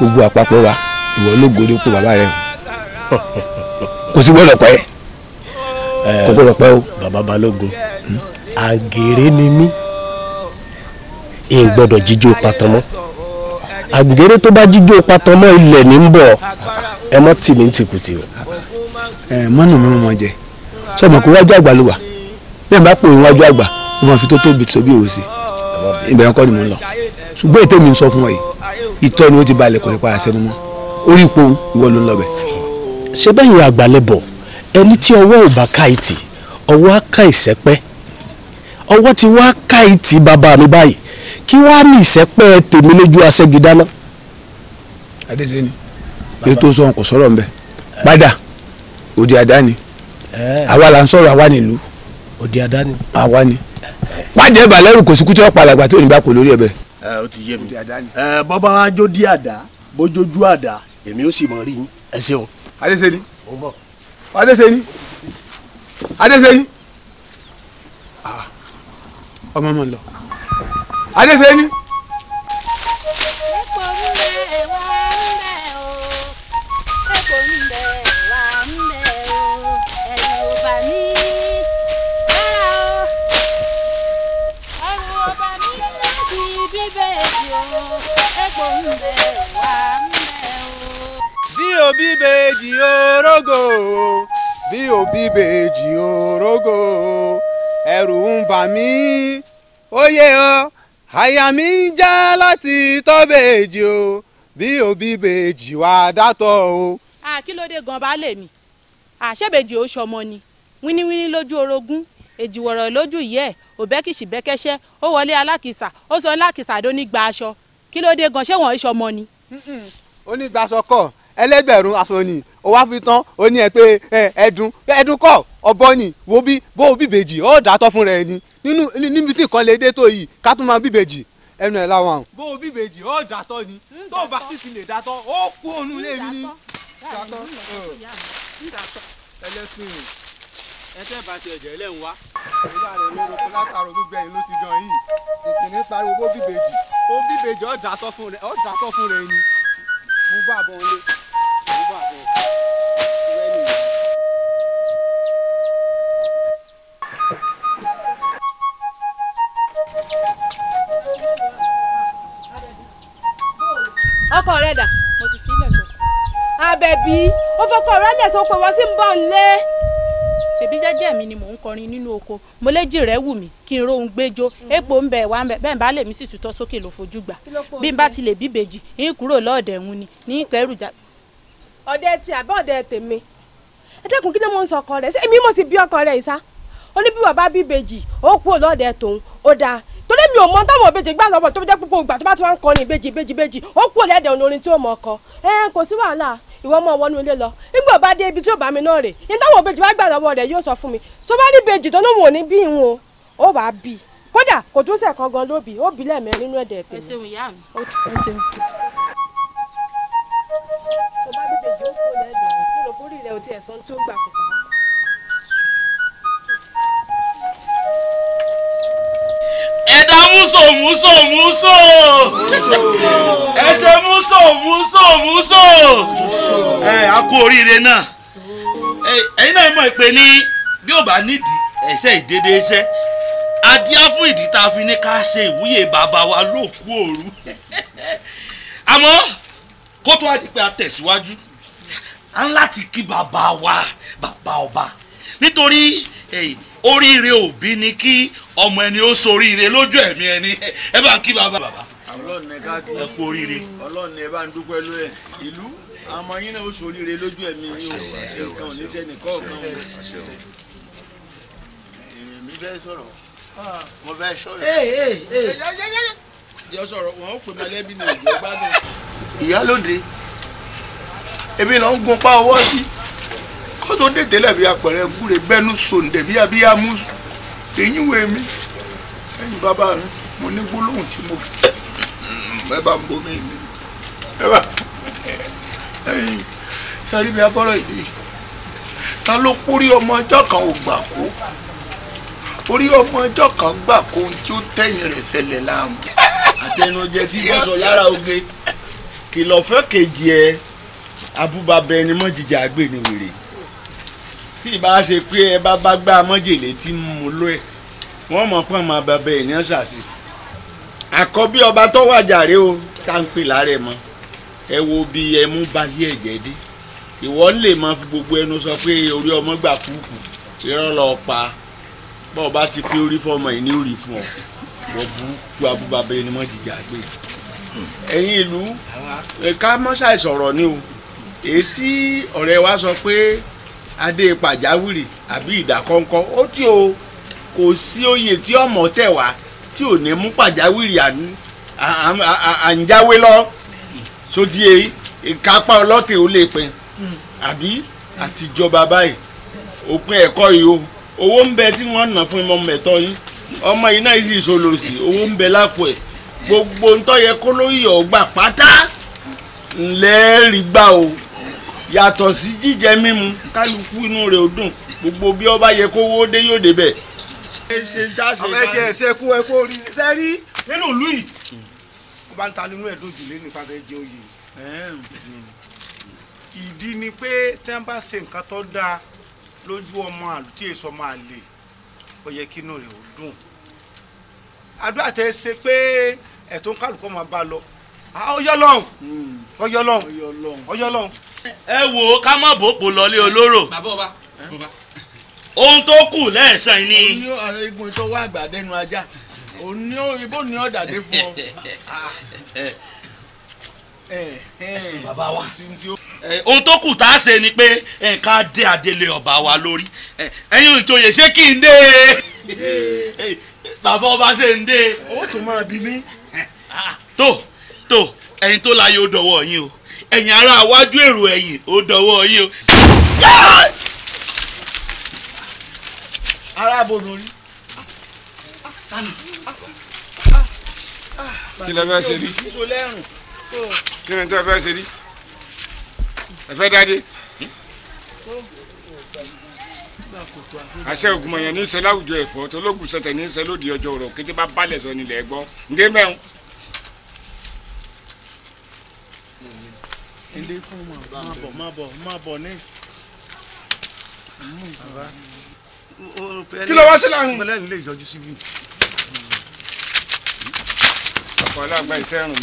gbogbo àpapọ̀ wa ìwọ ló gòdè pé bàbá rẹ kò sí gbọ́dọ̀ pẹ́ kò gbọ́dọ̀ pẹ́ o. Eh, bàbá balógun hmm, àgèrè ni mí èyí gbọ́dọ̀ jíjó patan mọ́ àgèrè tó bá jíjó patan mọ́ ilẹ̀ ní ń bọ̀ ẹ mọ́ tì mí tìkùtì o. ẹ eh, mọ́nà mi ò mọ jẹ sọ̀bọ̀ kó wájú àgbà ló wà bí ẹ̀ bá pè wájú àgbà ó máa fi tó tóbi tóbi òwe sí ibẹ̀ yẹn kọ́ ni mò ń lọ ṣùgbọ́n ètò mi ń sọ fún ọ yìí ìtọ́ ni ó ti balẹ̀ kò ní para sẹ́nu mọ́ orí ipò ìwọ ló ń lọ bẹ̀. ṣé bẹ́yìn àgbàlẹ̀bọ̀ ẹni tí ọwọ́ ò bá ká ìtì ọwọ́ á ká ìsẹ́pẹ́ ọwọ́ ti wá ká ìtì bàbá mi báyìí kí wàá ní ìsẹ́pẹ́ tèmi lójú aṣẹ́gidáná. adéṣe ni ètò sọ̀hún kò sọ̀rọ̀ ń bẹ̀ padà òde àdáni àwa là ń sọ̀rọ̀ àwa nílùú. òde àdá ni. àwa ni. wájẹ balẹ̀rù kò sí kú tí wọ́n palàgbà tó nígbà kò lórí ẹ̀ bẹ́ẹ̀. ẹ o ti yé mi ẹ bọ́bá wa jó dí àdá bójójú àdá èmi ó sì mọ̀ rí yín ẹ ṣeun. adéṣeni adéṣeni adéṣeni ah, ọmọ mọ lọ adéṣeni. epo mbe wa mbe o. bí òbí bèjì orógò bí òbí bèjì orógò ẹ̀rù ń bà mí ó yé ọ àyà mi ń já láti tọ́ bèjì o bí òbí bèjì wà dátọ̀ o. àkìlódé gan-an bá lè ó ṣọmọ ni wíníwíní lójú orogún èjìwọ̀rọ̀ lójú yìí ẹ̀ òbẹ́kìsì bẹ́kẹ́ṣẹ́ ó wọlé alákìsà ó sọ alákìsà ló ní gba aṣọ kí ló dé gan ṣé wọ́n iṣọ ọmọ ni. ó ní gbaṣọ kọ ẹlẹ́gbẹ̀rún aṣọ ni ó wá fi tán ó ní ẹ pé ẹdun ẹdun kọ ọbọ ni wo bí bó o bíbèjì ó dàtọ fún rẹ ni nínú níbi tí nǹkan lè dé tó yìí ká tún máa bíbèjì ẹnu ẹ láwọn bó o bíbèjì ó dàtọ ni tó o bá sì ti lè dàtọ ó kú òun lé mi ní. dàtọ ẹlẹ́sìn ẹtẹ́ bá ti ẹ̀jẹ̀ ilé ń wá. ìyá rẹ̀ lérò pé látàrò gbígbẹ yìí ló ti gan yìí ìkíní pariwo bó bíbejì ó bíbejì ó dàtọ́ fún rẹ̀ ó dàtọ́ fún rẹ̀ ni mo bá bọ̀ ọ́lé mo bá bọ̀ ọ́lé nìyẹn. ọkọ rẹ dà. mo ti fi ilẹ̀ sọ. Àbẹ̀bí ó fọkọ rẹ lẹ̀ tó pé wọ́n sì ń bọ̀ ń lé ṣèbí jẹ́jẹ́ mi ni mò ń kọrin nínú oko mo léjì rẹ̀ wù mí kí n rohun gbẹ́jọ́ epo ń bẹ ẹ̀wà ń bẹ bẹ́ẹ̀ bá lèmi sì tutọ́ sókè ló fojú gbà bí n bá ti lè bíbejì ń kúrò lọ́ọ̀dẹ̀ ń ni ní ìkẹrùjà. ọ̀dẹ ti àbẹ́ ọ̀dẹ tèmi ẹ dẹ́kun kí ló mọ̀ ń sọ ọkọ rẹ̀ ṣé èmi mo sì bí ọkọ rẹ̀ ìsá ó ní bí bàbá bíbejì ó kúrò lọ́ọ̀dẹ̀ tòun ó dáa torí mi ò mọ táwọn ìbejì gbà lọ́wọ́ tó fi jẹ́ púpọ̀ ìgbà tó bá ti wá ń kọrin ìbejì ìbejì ìbejì ó kúrò lẹ́ẹ̀dẹ̀ orin tí ó mọ̀ ọkọ ẹ kò sí wàhálà ìwọ mọ wọnú ilé lọ nígbà bá dé ibi tí ò bá mi náà rè ní táwọn òbejì bá gbà lọ́wọ́ rẹ̀ yóò sọ fún mi tó bá rí ìbejì tó lóun ò ní bí ìwọn ó bá bí kódà kò tún sẹ̀kan gan ló bí ó bí lẹ́ẹ̀mẹ́rin nínú ẹ̀dẹ̀ ẹ̀pẹ́ mi. ẹ ṣeun ìyá mi. ẹ bá rí ìbejì ó kú lẹ́ẹ̀dẹ̀ rẹ̀ kúrò kórìí rẹ̀ ò tó gbà fún ẹ̀dá múso múso múso ẹsẹ̀ múso múso múso ẹ a kú oríire náà ẹ̀yin náà mọ̀ pé ní bí ò bá nídìí ẹ̀ṣẹ̀ ìdédé iṣẹ́ adíá fún ìdí tá a fi ní ká ṣe ìwúyè bàbá wa lóòkú òru àmọ́ kó tó àdìpé a tẹ̀síwájú à ń láti kí bàbá wa bàbá ọba nítorí. Hey, oríire òbí ni kí ọmọ ẹni ó soríire lójú ẹ̀mí ẹni ẹ bá kí bàbá. ọlọ́run ẹ ká kí ọlọ́run ẹ bá ń dúpẹ́ lóyè ìlú àmọ́ yín náà ó soríire lójú ẹ̀mí yín o nǹkan ò ní sẹ́ni kọ́ọ̀kan o. èmi fẹ́ sọ̀rọ̀ ah, mo fẹ́ sọ̀rọ̀. ìyá sọ̀rọ̀ wọn ó pè mọ́lẹ́bí ní ìgbẹ́ gbádùn. ìyálóde ebi náà ń gunpá ọwọ́ sí i tó dètè lẹ́bi apẹ̀rẹ̀ fúre bẹ́nu sòǹdè bí abíyá mùsù tèyín wo èmi ẹ̀yìn bàbá mi mo ní gbólóhùn tí mo fi mm, ẹ bá ń bomi mi ẹ bá ẹ̀yìn sẹ́rí bí abọ́rọ̀ ìdí ta ló kórí ọmọ ọjọ́ kan ò gbà kó orí ọmọ ọjọ́ kan gbà kó ohun tí ó tẹ̀yìn rẹ̀ ṣẹlẹ̀ láàmú. àtẹnujẹ tí wọ́n sọ lára oge kìlọ̀ fẹ́ kejì ẹ abúbabẹ ni mọ́ jìjà àgbè ni wèrè tí ì bá ṣe pé ẹ bá bá gbá mọ́jèlé tí mo lọ ẹ wọ́n mọ̀ pọ́n máa bàbá ẹ̀ ní ọ̀sà sí i àkọ́bí ọba tó wàjà rèé o tá ń pè lára ẹ mọ́ ẹ wo bí ẹ mú báyé ẹ̀jẹ̀ dé ìwọ ń lè mọ fi gbogbo ẹnu sọ pé orí ọmọ gbà kúkú irọ́ lọ pa bọ́ọ̀ bá ti fi orí fọmọ ẹ̀ ní orí fún ọ wọ́n burúkú abúbabẹ́ ẹni mọ́ jìjà gbé ẹ̀yin ìlú ẹ̀ka mọ́ṣáì sọ̀rọ̀ ni o èyí tí ọ̀rẹ́ wa sọ pé adé pàjáwìrì àbí ìdákọ́ńkọ́ ó tí o kò sí oyè tí ọmọ tẹ̀ wá tí ò ní mú pàjáwìrì àǹjáwé lọ sódì èyí ìkápá ọlọ́tẹ̀ ó lè pin àbí àtijọba báyìí òpin ẹ̀kọ́ yìí o owó ń bẹ tí wọ́n ná fún ọmọ ẹ̀tọ́ yín ọmọ yìí náà sì solòsì owó ń bẹ lápò ẹ̀ gbogbo ń tó yẹ kó lóyè ọgbà pátá ńlẹ́ẹ̀rí gbà o yàtọ̀ sí jíjẹ mímu kálukú inú rẹ̀ ó dùn gbogbo bí ọba yẹ kó wó dé yóò débẹ̀. ọmọ ẹsẹ ẹsẹ kú ẹ kó rí ṣe rí nínú ìlú yìí wọn bá ń ta nínú ẹ lójú lé nípa fẹẹ jẹ oyè ìdí ni pé tí wọn bá ṣe nǹkan tó dáa lójú ọmọ àlùtí èso ọmọ àlè ó yẹ kí inú rẹ̀ ó dùn àdúrà tẹ ṣe pé ẹ̀tọ́ kálukú máa bá lọ ọyọ́ lọ́hùn ọyọ́ hmm. lọ́hùn ọyọ́ lọ́hùn. ẹ wo ká má bò pò lọlé olóró ohun tó kù lẹ́ẹ̀sán ni. òní igun tó wá àgbàdẹnu ajá òní ibò ní ọ̀dàdé fún ọ. ohun tó kù tá a ṣe ni pé ká dé adele ọba wa lórí ẹ̀yin ìjòyè ṣé kí n dé bàbá ọba ṣe ń dé. ó tún máa bí mi. Ah, tó tó ẹ̀yin tó láyé ó dọwọ́ yín o. ẹ̀yin ará iwájú èrò ẹ̀yìn ó dọwọ́ yín o. ara abodun orí. kí lẹ fẹ́ ṣe rí kí ni tó fẹ́ ṣe rí ẹ fẹ́ dáadé àṣẹ ògùnmọ̀yàn ní í ṣe láwùjọ ẹ̀fọ́ tó lóògùn ṣẹ̀tẹ̀ ní í ṣe lóde ọjọ́ rọ̀ kété bá balẹ̀ sọ nílẹ̀ ẹ̀gbọ́n ǹdẹ́ mẹ́rin. ndé fún ma má bọ̀ má bọ̀ má bọ̀ ní. kí ló wá sí láàrin. mo lẹ́nu lè yọjú síbí. ọ̀pọ̀ alágbá iṣẹ́ ẹ̀rùn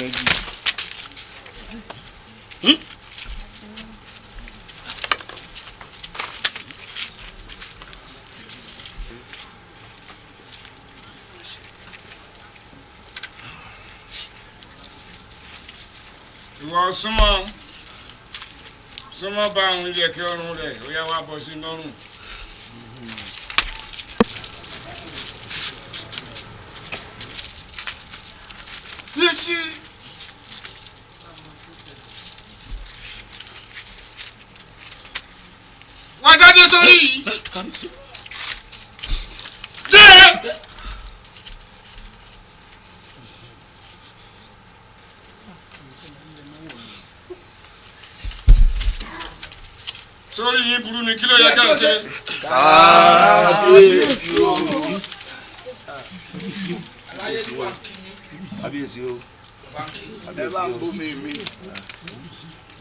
méjì. ìwọ súnmọ́ súnmọ́ bá òun yẹ kí ọrùn rẹ̀ ó yá wá bọ́ sí lọ́rùn. Yẹ́sí. Wà á dájọ́ sórí sórí yín burú ni kí ló yẹ ká ṣe. kábíyèsí o kábíyèsí o kábíyèsí o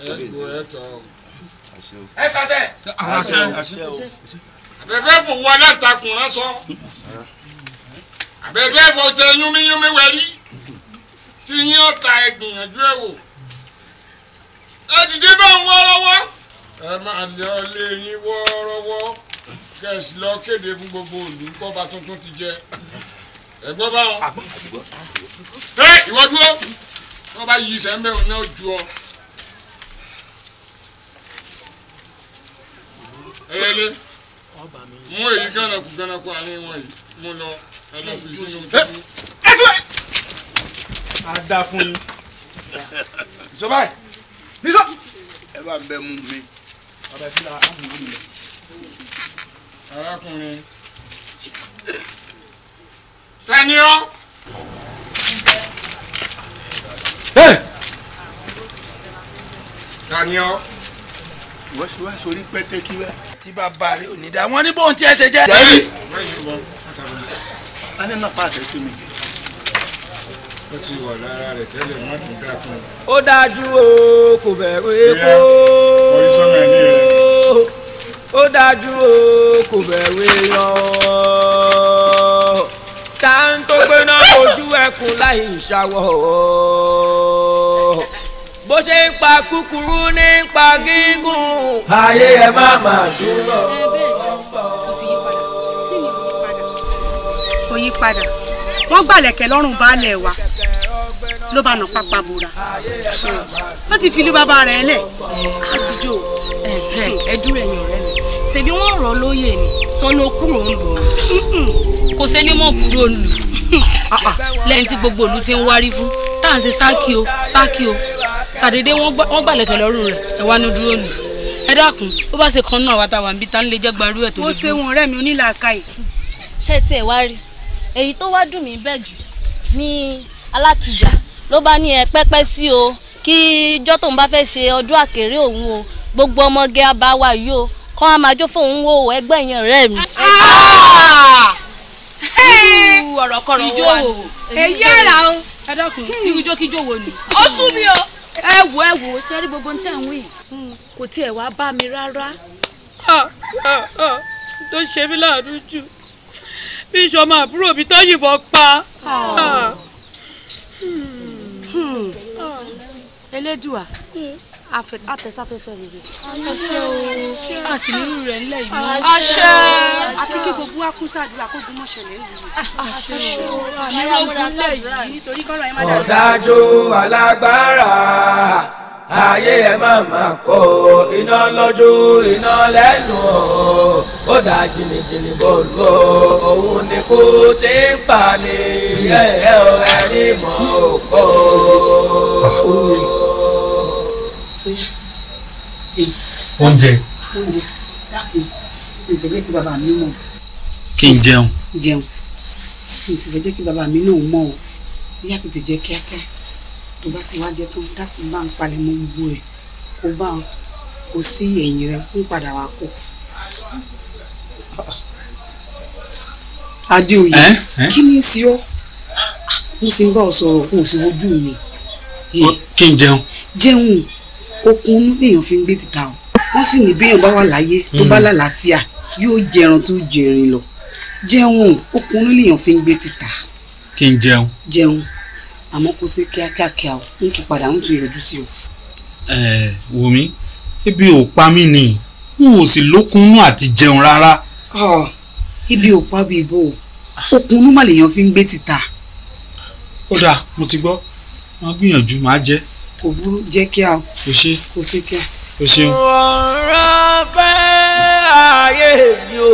kábíyèsí o ẹ sasẹ abẹfẹ fò wọ alátakùn rán sọ abẹfẹ fò ṣe yúnmíyúnmí wẹrí tí yín ọta ẹ gbìyànjú ẹ wò ẹ dìde bá ń wọ lọ́wọ́ ẹ máa lọ lé yín wọ́ọ́rọ́wọ́ kẹ̀sì lọ kéde fún gbogbo ìlú kọ́ba tuntun ti jẹ ẹ̀gbọ́n bá wọn. ẹ ìwọ dúró wọn bá yí sẹ́ńbẹ́ wọn náà ju ọ. ẹyẹlé mú èyí gánàkú gánàkú àárín wọn yìí mú lọ ẹ lọ fi sínú títí. a dá fún yín. ìsọ̀bá yìí nísọ̀. ẹ bá ń bẹ mú mi ọbẹ fúlà áhùn yìí lẹ. arákùnrin tani ọ. tani ọ. wọ́n ṣe wá sórí pẹ́tẹ́kí wá. tí bàbá rẹ ò ní dá wọn ní bóun tí ẹ ṣe jẹ́. jẹ́rìí. wọ́n yìí ní nàpa àṣẹ sí mi ó ti wà lára rẹ̀ tẹ́lẹ̀ má tún dá fún un. ó dájú o kò bẹ̀rù epo ó dájú o kò bẹ̀rù èèyàn tá à ń tó gbé náà ojú ẹkùn láì ṣàwọ̀ bó ṣe ń pa kúkúrú ní pa gígùn. ayé ẹ má máa dùn lọ. wọ́n gbàlẹ̀kẹ̀ lọ́rùn baálẹ̀ wa ló bá nà pápá bora ó ti fi ilé bàbá rẹ̀ lẹ̀ àtijọ́ ẹ dúró ẹ̀yìn ọ̀rẹ́ mi ṣèbí wọ́n rọ̀ lóyè ni sọ́nà okúrò ń lò ó kò sẹ́ni mọ̀ kúrò ń lò lẹ́yìn tí gbogbo ìlú ti ń wárí fún tá à ń ṣe sáàkì o sáàkì o ṣàdédé wọ́n gbàlẹ̀kẹ̀ lọ́rùn rẹ̀ ẹ̀ wá ní dúró nù ẹ dákun bó bá ṣe kan náà wá táwa níbi tá ń lè jẹ́ gbarú ẹ̀ tó lójú. ó ṣe wọn ọ̀rẹ́ mi onílàákàyè. ṣé tiẹ̀ wá rí èyí tó wá dùn mí bẹ́ẹ̀ jù ní alákìjà ló bá ní ẹ pẹ́pẹ́ sí o kí ijọ́ tóun bá fẹ́ ṣe ọdún àkèrè òun o gbogbo ọmọge abáwa yìí o kọ́ á máa jó fóun wo ẹgbẹ́ yẹn rẹ̀ mi. irú ọ̀rọ̀ kọ̀rọ̀ wo wa èyí ẹ̀rà o ẹ dákun irú hmm. jókíjó ni. ó sún mi o. ẹ wo ẹ wo sẹ́rí gbogbo ní tẹ̀wé yìí kò tiẹ̀ wá bá mi rárá. tó ṣe mí láàánú jù bí ìṣọmọ àbúrò mi tó yìnbọn pa. Oh. Hmm. Hmm. elédùà àtẹ̀sáfẹ́fẹ́ rere a sì nínú rẹ̀ ńlẹ̀ yìí mọ́ àṣẹ àti kí gbogbo wa kún sàdúrà kó gbọmọ ṣẹlẹ̀ ìlú àṣẹ ìlú ògùn ńlẹ̀ yìí nítorí kọ́ra ẹ̀ má dàgbà. ọ̀dájú alágbára ayé ẹ máa ma kó iná lójú iná lẹ́nu o ó dà jìnnìjìnnì bòlò òun ni kú ti ń pa ni ẹ ò ẹni mọ̀ kó. oúnjẹ. oúnjẹ dákun ìṣẹ̀lẹ̀ kí bàbá mi mọ̀. kí n jẹun. jẹun ìṣẹ̀lẹ̀ jẹ́ kí bàbá mi náà mọ̀ o bí a tètè jẹ kíákíá tó bá ti wá jẹ tán dákun bá ń palẹ̀ mọ́ gbogbo rẹ̀ kó bá kó sí ẹ̀yìn rẹ̀ kó padà wá kó. Adéoyè kí ni sí ọ mo sì ń bá ọ sọ̀rọ̀ kó o sì wojú mi. kí n jẹun. jẹun okun inú lèèyàn fi ń gbé títà o wọ́n sì ní béèyàn bá wà láyé tó bá hmm. lálàáfíà yóò jẹran tó jẹrin lọ jẹun okun inú lèèyàn fi ń gbé títà. kí n jẹun. jẹun àmọ́ kó ṣe kíákíákíá o n tún padà n tún yọjú sí o. ẹ wò mí ebi ò pa mí ni n ò sì lókunnú àti jẹun rárá. ibi ò pa bíi bò okunnú mà lèèyàn fi ń gbé títà. ó dáa mo ti gbọ́ máa gbìyànjú máa jẹ́. kò burú jẹ́ kí a. kò ṣe kò ṣe kí a. kò ṣeun. ọ̀rọ̀ bẹ́ẹ̀ ayé mi ò.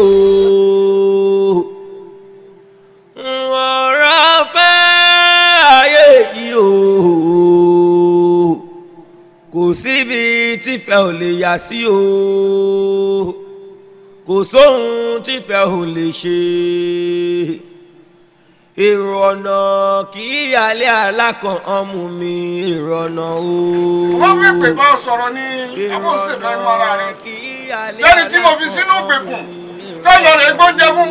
ọ̀rọ̀ bẹ́ẹ̀. kò síbi tífẹ́ ò lè yà sí o kò sóhun tífẹ́ ò lè ṣe èrò ọ̀nà kì í yálé alákan ọmú mi èrò ọ̀nà o. wọ́n fi pè bá ọ sọ̀rọ̀ ní abóhùnsèfẹ́ inú ara rẹ̀ lẹ́ni tí mo fi sínú gbèkùn tọ́lọ̀ rẹ̀ gbóúnjẹ fún.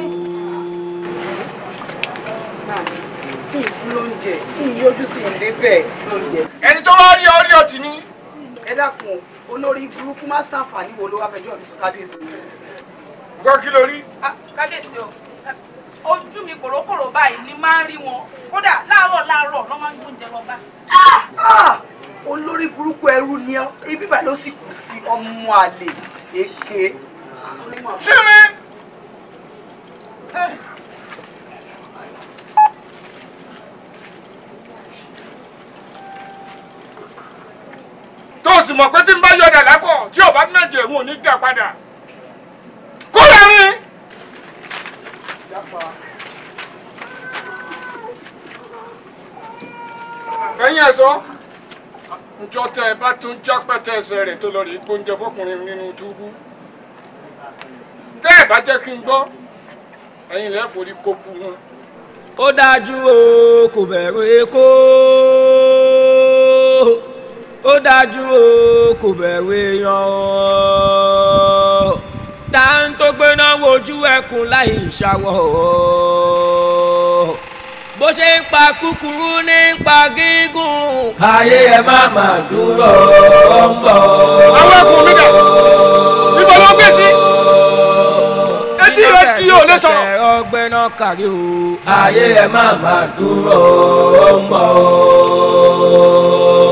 ẹni tó bá rí ọ rí ọtí ni ẹ dákun olórí burúkú má ṣàǹfààní wo ló wá fẹjọ́ mi sùn kábíyèsí. gbọ́ kí lórí. Ah, kábíyèsí o ojú mi kòrókòrò báyìí ni máa ń rí wọn kódà láàárọ̀ láàárọ̀ lọ́ máa ń gbóúnjẹ lọ bá. Ah! Ah! olórí burúkú ẹrú ni ọ ibi báyìí ló sì kù sí ọmọ àlè èké. ṣé tó sì mọ̀ pé tí n bá yọ̀dà lápọ̀ tí ọba méje òun ò dà padà kó lẹ́rìn. ẹ̀yin ẹ̀sọ́ njọ́ tẹ ẹ bá tún já pẹ́tẹ́ ẹsẹ̀ rẹ̀ tó lọ rí gbóúnjẹ fọkùnrin nínú túbú tẹ́ ẹ bá wọn. o kò bẹ̀rù ó dájú o kò bẹ̀rù èèyàn o ta ń tó gbéná wojú ẹkùn láì ṣàwọ̀ o bó ṣe ń pa kúkúrú ní ń pa gígùn. ayé ẹ má má dúró ó ń bọ̀. àwọn ẹkùn mi dà níbo ló gbé sí etí rẹ kí o lè sọ̀rọ̀. ẹ̀rọ gbẹ́ná kárí o. ayé ẹ má má dúró ó ń bọ̀.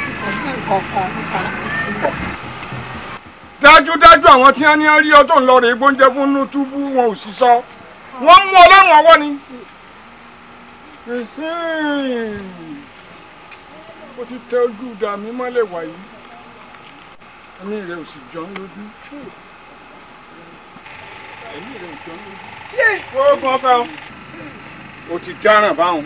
dájúdájú àwọn tí wọ́n ní rí ọdún ń lọ rè gbóúnjẹ fún inú túbú wọn ò sì sọ wọ́n mú ọlọ́run ọwọ́ ni. ó ti tẹ ojú ìdá mi mọ́lẹ̀ wáyé ẹ̀mí rẹ̀ ò sì jọ lójú. ẹ̀mí rẹ̀ ò o ti dáràn báwọn.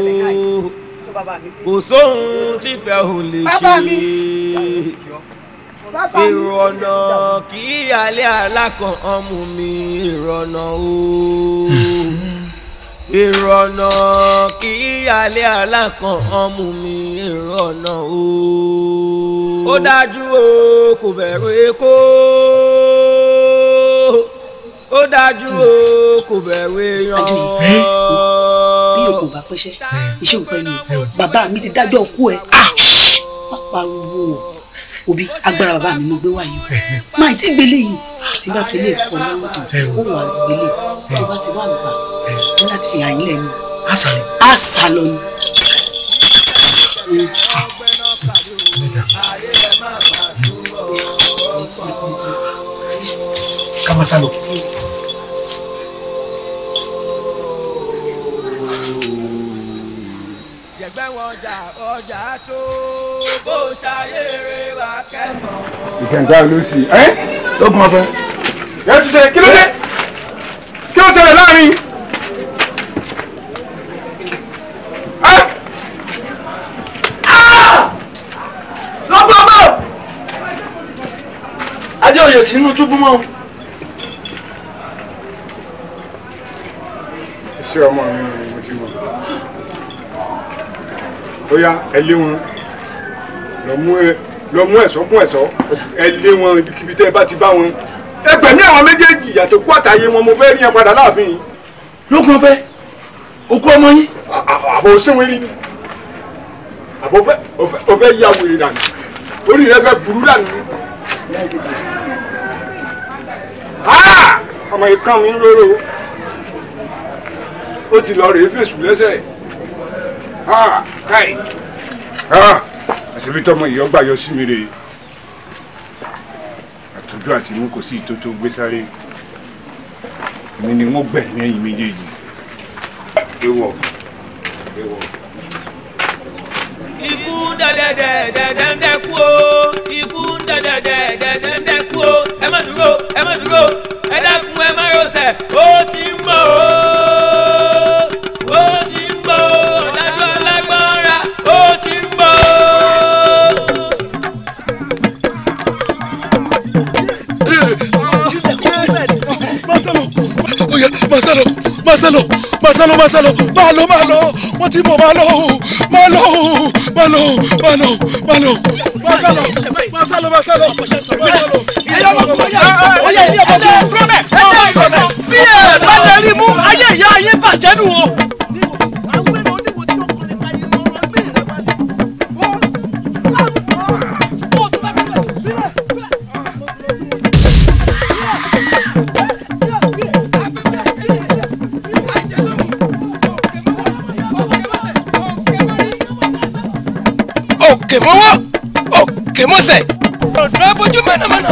kò sóhun tí fẹ́ òun lè ṣe èrò ọ̀nà kí alẹ́ alákan ọmú mi èrò o èrò ọ̀nà kí alẹ́ alákan ọmú mi èrò o ó dájú o kò bẹ̀rù èkó ó dájú o kò bẹ̀rù èèyàn. bí o kò bá pẹ́ṣẹ́ iṣẹ́ òpẹ́ ni bàbá mi ti dájọ́ kú ẹ ah, pariwo òbí agbára bàbá mi mo gbé wáyé o máa ti gbélé yìí tí bá fi lè kọ lọ́wọ́ tán ó wà gbélé tó bá ti wà gbà ní láti fi hàn yín lẹ́nu àṣàlọ́ ni. ká ọjà tó bó ṣayére wa kẹsàn-án. ìkẹ̀ǹdà olóṣì ẹ́ ló gbọ́n fẹ́. yẹ́n ti ṣe kí ló dé kí ló ṣẹlẹ̀ láàrin. Eh? Adéoyè ah! sínú túbú mọ́. Iṣẹ́ ọmọ mi ni. ó yá ẹ lé wọn lọ mú ẹ̀sọ́ kún ẹ̀sọ́ ẹ lé wọn ibikíbi tẹ́ ẹ bá ti bá wọn ẹ gbẹ̀mí àwọn méjèèjì yàtọ̀ kú àtàyè wọn mo fẹ́ rí ẹ padà láàfin yìí. lókun fẹ́ okú ọmọ yín. àbò sínwìn rí àbò o fẹ́ ya wèrè dànù orí rẹ fẹ́ burú dànù. ọmọ yìí kàn mí róró ó ti lọ rèé fèsù lẹ́sẹ̀ káì àṣebí tọmọ yìí ọgbà yọ sí mi rèé àtọjú àti mú kò sí ìtò tó gbé sáré mi ni wọn gbẹ̀mí ẹ̀yin méjèèjì ewọ ewọ. ikú dẹdẹdẹdẹdẹdẹ kú o ikú dẹdẹdẹdẹdẹdẹ kú o ẹ má dúró ẹ má dúró ẹ dákun ẹ má yọ sẹ ó ti ń o. Masalo, Marcelo Marcelo Marcelo Marcelo máa lọ máa lọ wọ́n ti mọ̀ máa lọ o máa lọ o máa lọ máa lọ máa lọ. Marcelo Marcelo Marcelo Marcelo. ẹ yọ ọmọ kò yẹ ọ yẹ ẹ lẹ rọmẹ ẹ lẹ rọmẹ bí ẹ bá lè rí mú ayé ìyá ayé bàjẹ́ nù o. òkè mọ́wọ́ òkè mọ́sẹ̀. ọ̀dọ́ abojú mọ̀nàmọ́ná.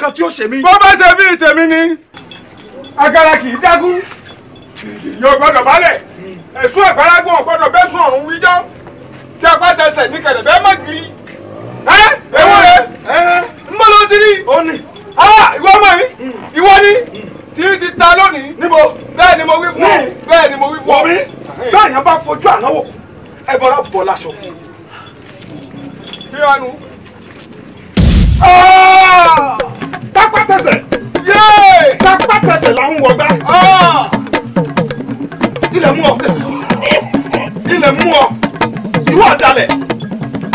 kan tí ó ṣe mí. bó bá ṣe bí tèmi ni agara kì í dágún yóò gbọ́dọ̀ balẹ̀ ẹ̀sùn àgbàlagbọ̀n gbọ́dọ̀ bẹ́ sùn ọ̀run wíjọ́ tí a bá tẹsẹ̀ ní kẹlẹ̀ bẹ́ẹ̀ má giri. ẹ ewu rẹ n bọ́ ló ti rí ìwọ mọ̀ yín hmm. ìwọ ni hmm. tí ti ta lónìí níbo bẹ́ẹ̀ ni mo wí fún ọ bẹ́ẹ̀ ni mo wí fún ọ. bẹ́ẹ̀ yẹn bá fojú ànáwó ẹ bọ́ra bọ̀ láṣọ. ilẹ̀ là ń wọgbá ilẹ̀ mú ọ ilẹ̀ mú ọ ìwọ ọ̀dàlẹ̀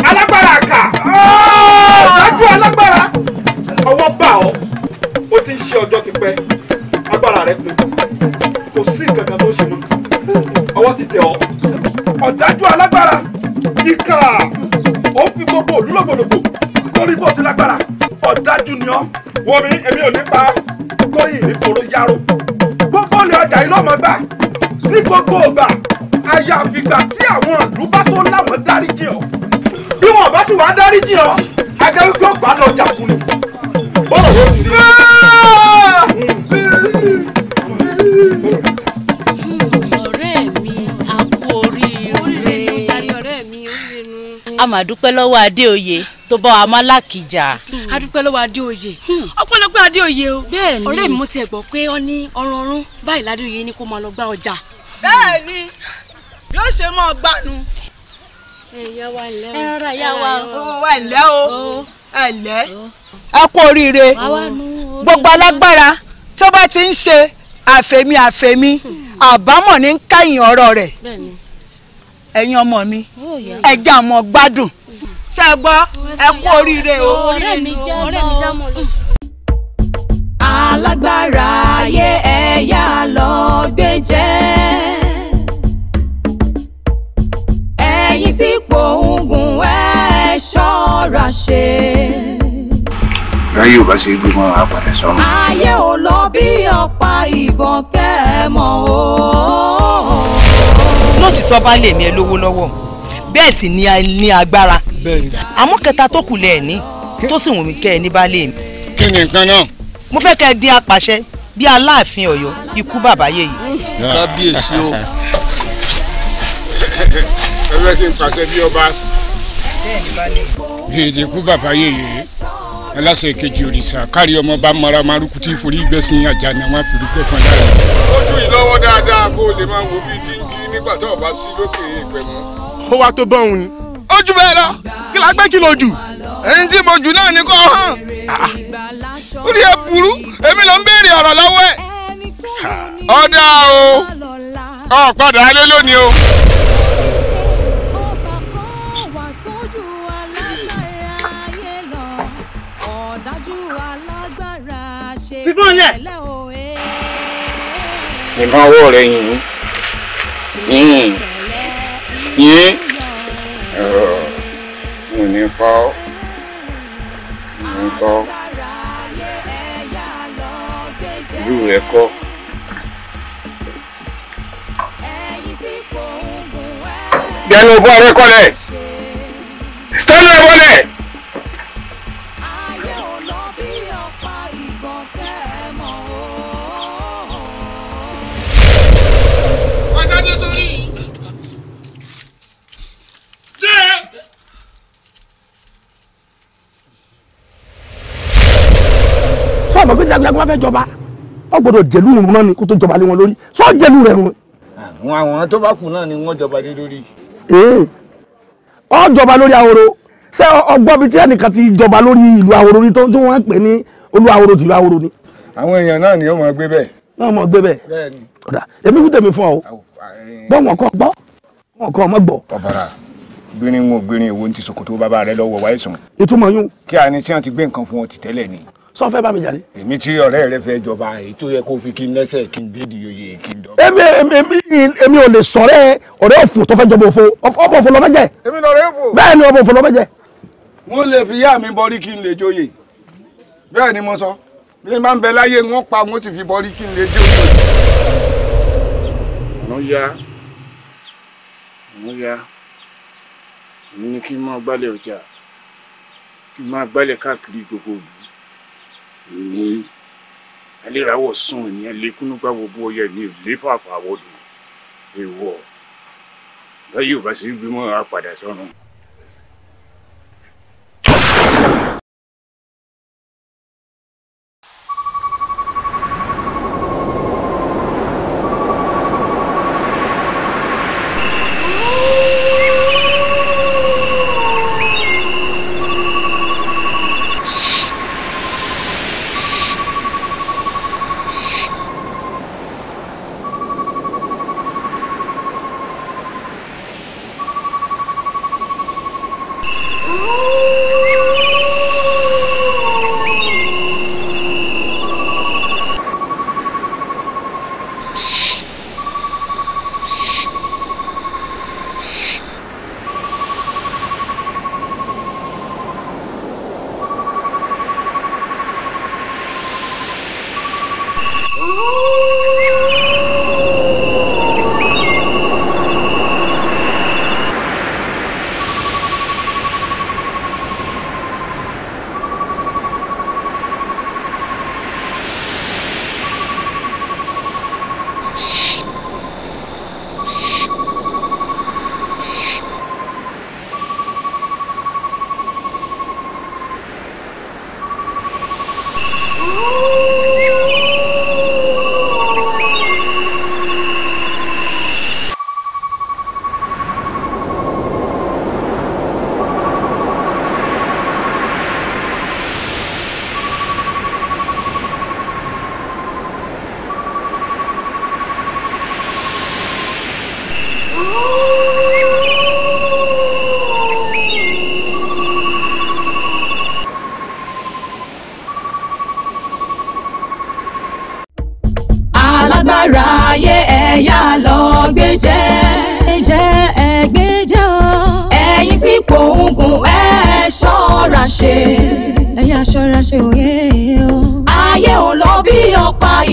alágbára àkà ṣáájú alágbára ọwọ́ bá ọ ó ti ń ṣe ọjọ́ tipẹ́ agbára rẹ pin kò sí nǹkan kan tó ṣe mọ́ ọwọ́ ti tẹ̀ ọ́ ọ̀dájú alágbára ìkà ó fi gbogbo òlúlògbòlògbò lórí bó ti lágbára ọ̀dájú ni ọ́ wọ́n mi èmi ò ní pa á kóyìn níforo yáró gbogbo olè ọjà yìí lọ́mọ bá ní gbogbo ògbà àyàfìgbà tí àwọn ìlú bá tó láwọn dáríjì ọ bí wọn bá sì wá dáríjì ọ ajẹ́ wípé ọgbà fún ni. mà dúpẹ́ lọ́wọ́ adéoyè tó bá wa mọ́ lákìjà. a dúpẹ́ lọ́wọ́ adéoyè hmm. ọpọlọpẹ adéoyè o ọ̀rẹ́ mi mo tiẹ̀ gbọ́ pé ọ ní ọrùn ọrùn báyìí ládéoyè ni kó máa lọ gbá ọjà. bẹ́ẹ̀ ni yóò ṣe mọ́ gbanu. ẹ̀yà wa ńlẹ́ o ẹ̀rọ ya wa o wa ńlẹ́ o ẹ̀lẹ́ ẹ kú oríire gbogbo alágbára tó bá ti ń ṣe àfẹ̀mí àfẹ̀mí hmm. àbámọ̀ ní ń ọ̀rọ̀ rẹ̀. bẹ́ẹ̀ ẹ̀yin ọmọ mi oh, ẹ jẹ́ àmọ́ gbádùn ṣe gbọ́ ẹ kú oríire o. ọ̀rẹ́ mi já mọ́ alágbára ayé ẹ̀yà lọ gbé jẹ́ ẹ̀yin tí pòǹgùn ẹ̀ ṣọ́ra ṣe. ráyè ò bá ṣe é gbémọ àpàdé sọrùn. ayé ò lọ bí ọ̀pá ìbọn kẹ́ ẹ mọ̀ o olótìtọ́ bá lè ní ẹ lówó lọ́wọ́ bẹ́ẹ̀ sì ni ní agbára àmọ́ kẹta tó kù lẹ̀ ní tó sì wù mí kẹ́ ẹ ní bá lè mi. kí ni nǹkan náà. mo fẹ́ kẹ́ ẹ dín apàṣẹ bí aláàfin ọ̀yọ́ ikú bàbá yèyí. Ah. kábíyèsí o. ẹ fẹ́ kí pàṣẹ bí ọba. yèyí ikú bàbá yèyí aláṣẹ kejì òrìṣà kárí ọmọ bá mara maruku forí gbẹ̀sìn àjà ni wọ́n fi rí pẹ́ fún ẹ láàrin. ojú ìlọ́wọ́ dáadáa kó o lè máa wo bíi nígbà tó o bá sí lókè ìpè mọ́. ó wá tó bọ́ òun ni. ó jù bẹ́ẹ̀ lọ. kí la gbé kí lo jù. ẹni tí mo jù náà ni kò hàn. Ah. ó ní ẹ burú èmi ló ń béèrè ọ̀rọ̀ lọ́wọ́ ẹ̀. ọ̀dà o ọ̀ padà alé lónìí o. fífọ́n lẹ̀. ìbọn ọwọ́ rẹ̀ yìnyín. Hmm. yín mo ní pa ọ́ ní pa ìlú rẹ̀ kọ́. dẹnu bọ́ kọ́lẹ̀ tẹ́lẹ̀ bọ́lẹ̀. ọmọ pé jagunjagun bá fẹ́ jọba ó gbọ́dọ̀ jẹ̀lú rẹ̀ náà ni kó tó jọba lé wọn lórí sọ jẹ̀lú rẹ̀ run. àwọn àwọn tó bá kù náà ni wọ́n jọba lé lórí. ọ jọba lórí ahoro ṣé ọgbọ́n bíi tí ẹnìkan ti jọba lórí ìlú ahoro ni tí wọ́n ń pè ní olú ahoro tìlú ahoro ni. àwọn èèyàn náà ni ó máa gbé bẹ́ẹ̀. náà máa gbé bẹ́ẹ̀ ọ̀dà èmi kú tèmi fún ọ bọ́ wọn kọ́ gbọ́ wọn kọ́ ọmọ gbọ́. ọ̀bàrà gbinrin wọn gbinrin èwo ti ṣòkòtò bàbá rẹ lọ́wọ́ wáyé sùn. ìtumọ̀ yún. kí a ní tí wọ́n gbé nǹkan fún ọ ti tẹ́lẹ̀ ni sọ fẹ́ bá mi jà ní. èmi tí ọ̀rẹ́ rẹ fẹ́ jọba èyí tó yẹ kó fi kí n lẹ́sẹ̀ kí n dédi oyè kí n dọ́. èmi èmi èmi ò lè sọ̀rẹ́ ọ̀rẹ́ òfò tó fẹ́ jọba òfò ọ̀pọ̀ òfò lọ́fẹ́ jẹ. èmi lọ̀rẹ́ òfò. bẹ́ẹ̀ ni ọ̀pọ̀ òfò lọ́fẹ́ mo lè fi yá mi bọrí kí n lè joyè bẹ́ẹ̀ ni mo sọ bí n ń bẹ láyé wọn pa wọn ti fi bọrí kí n lè joyè. mo ya mo ya mo ní kí n máa gbálẹ̀ ọjà kí n máa gbálẹ̀ káàkiri gbogbo òbí ní alérawọ̀ sùn ìyẹn lẹ́kúnnúgbà gbogbo ọyẹ ní ìléfàfà wọ̀dù èèwọ̀ lọ́yẹ̀ ò bá ṣe gbé mọ́ apàdà sọ́run.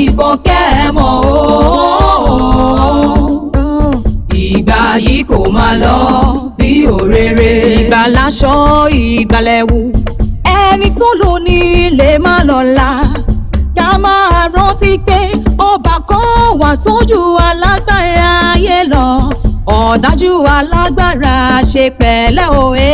ìbọn kẹ́ẹ̀mọ́ o. ìgbà yìí kò máa lọ bí òréré. ìgbà láṣọ ìgbàlẹ̀wò ẹni tó lò ní lè má lọ́la ká máa rántí pé ọba kan wà tójú alágbára ayé lọ ọ̀dájú alágbára ṣe pẹ̀lẹ́ òwe.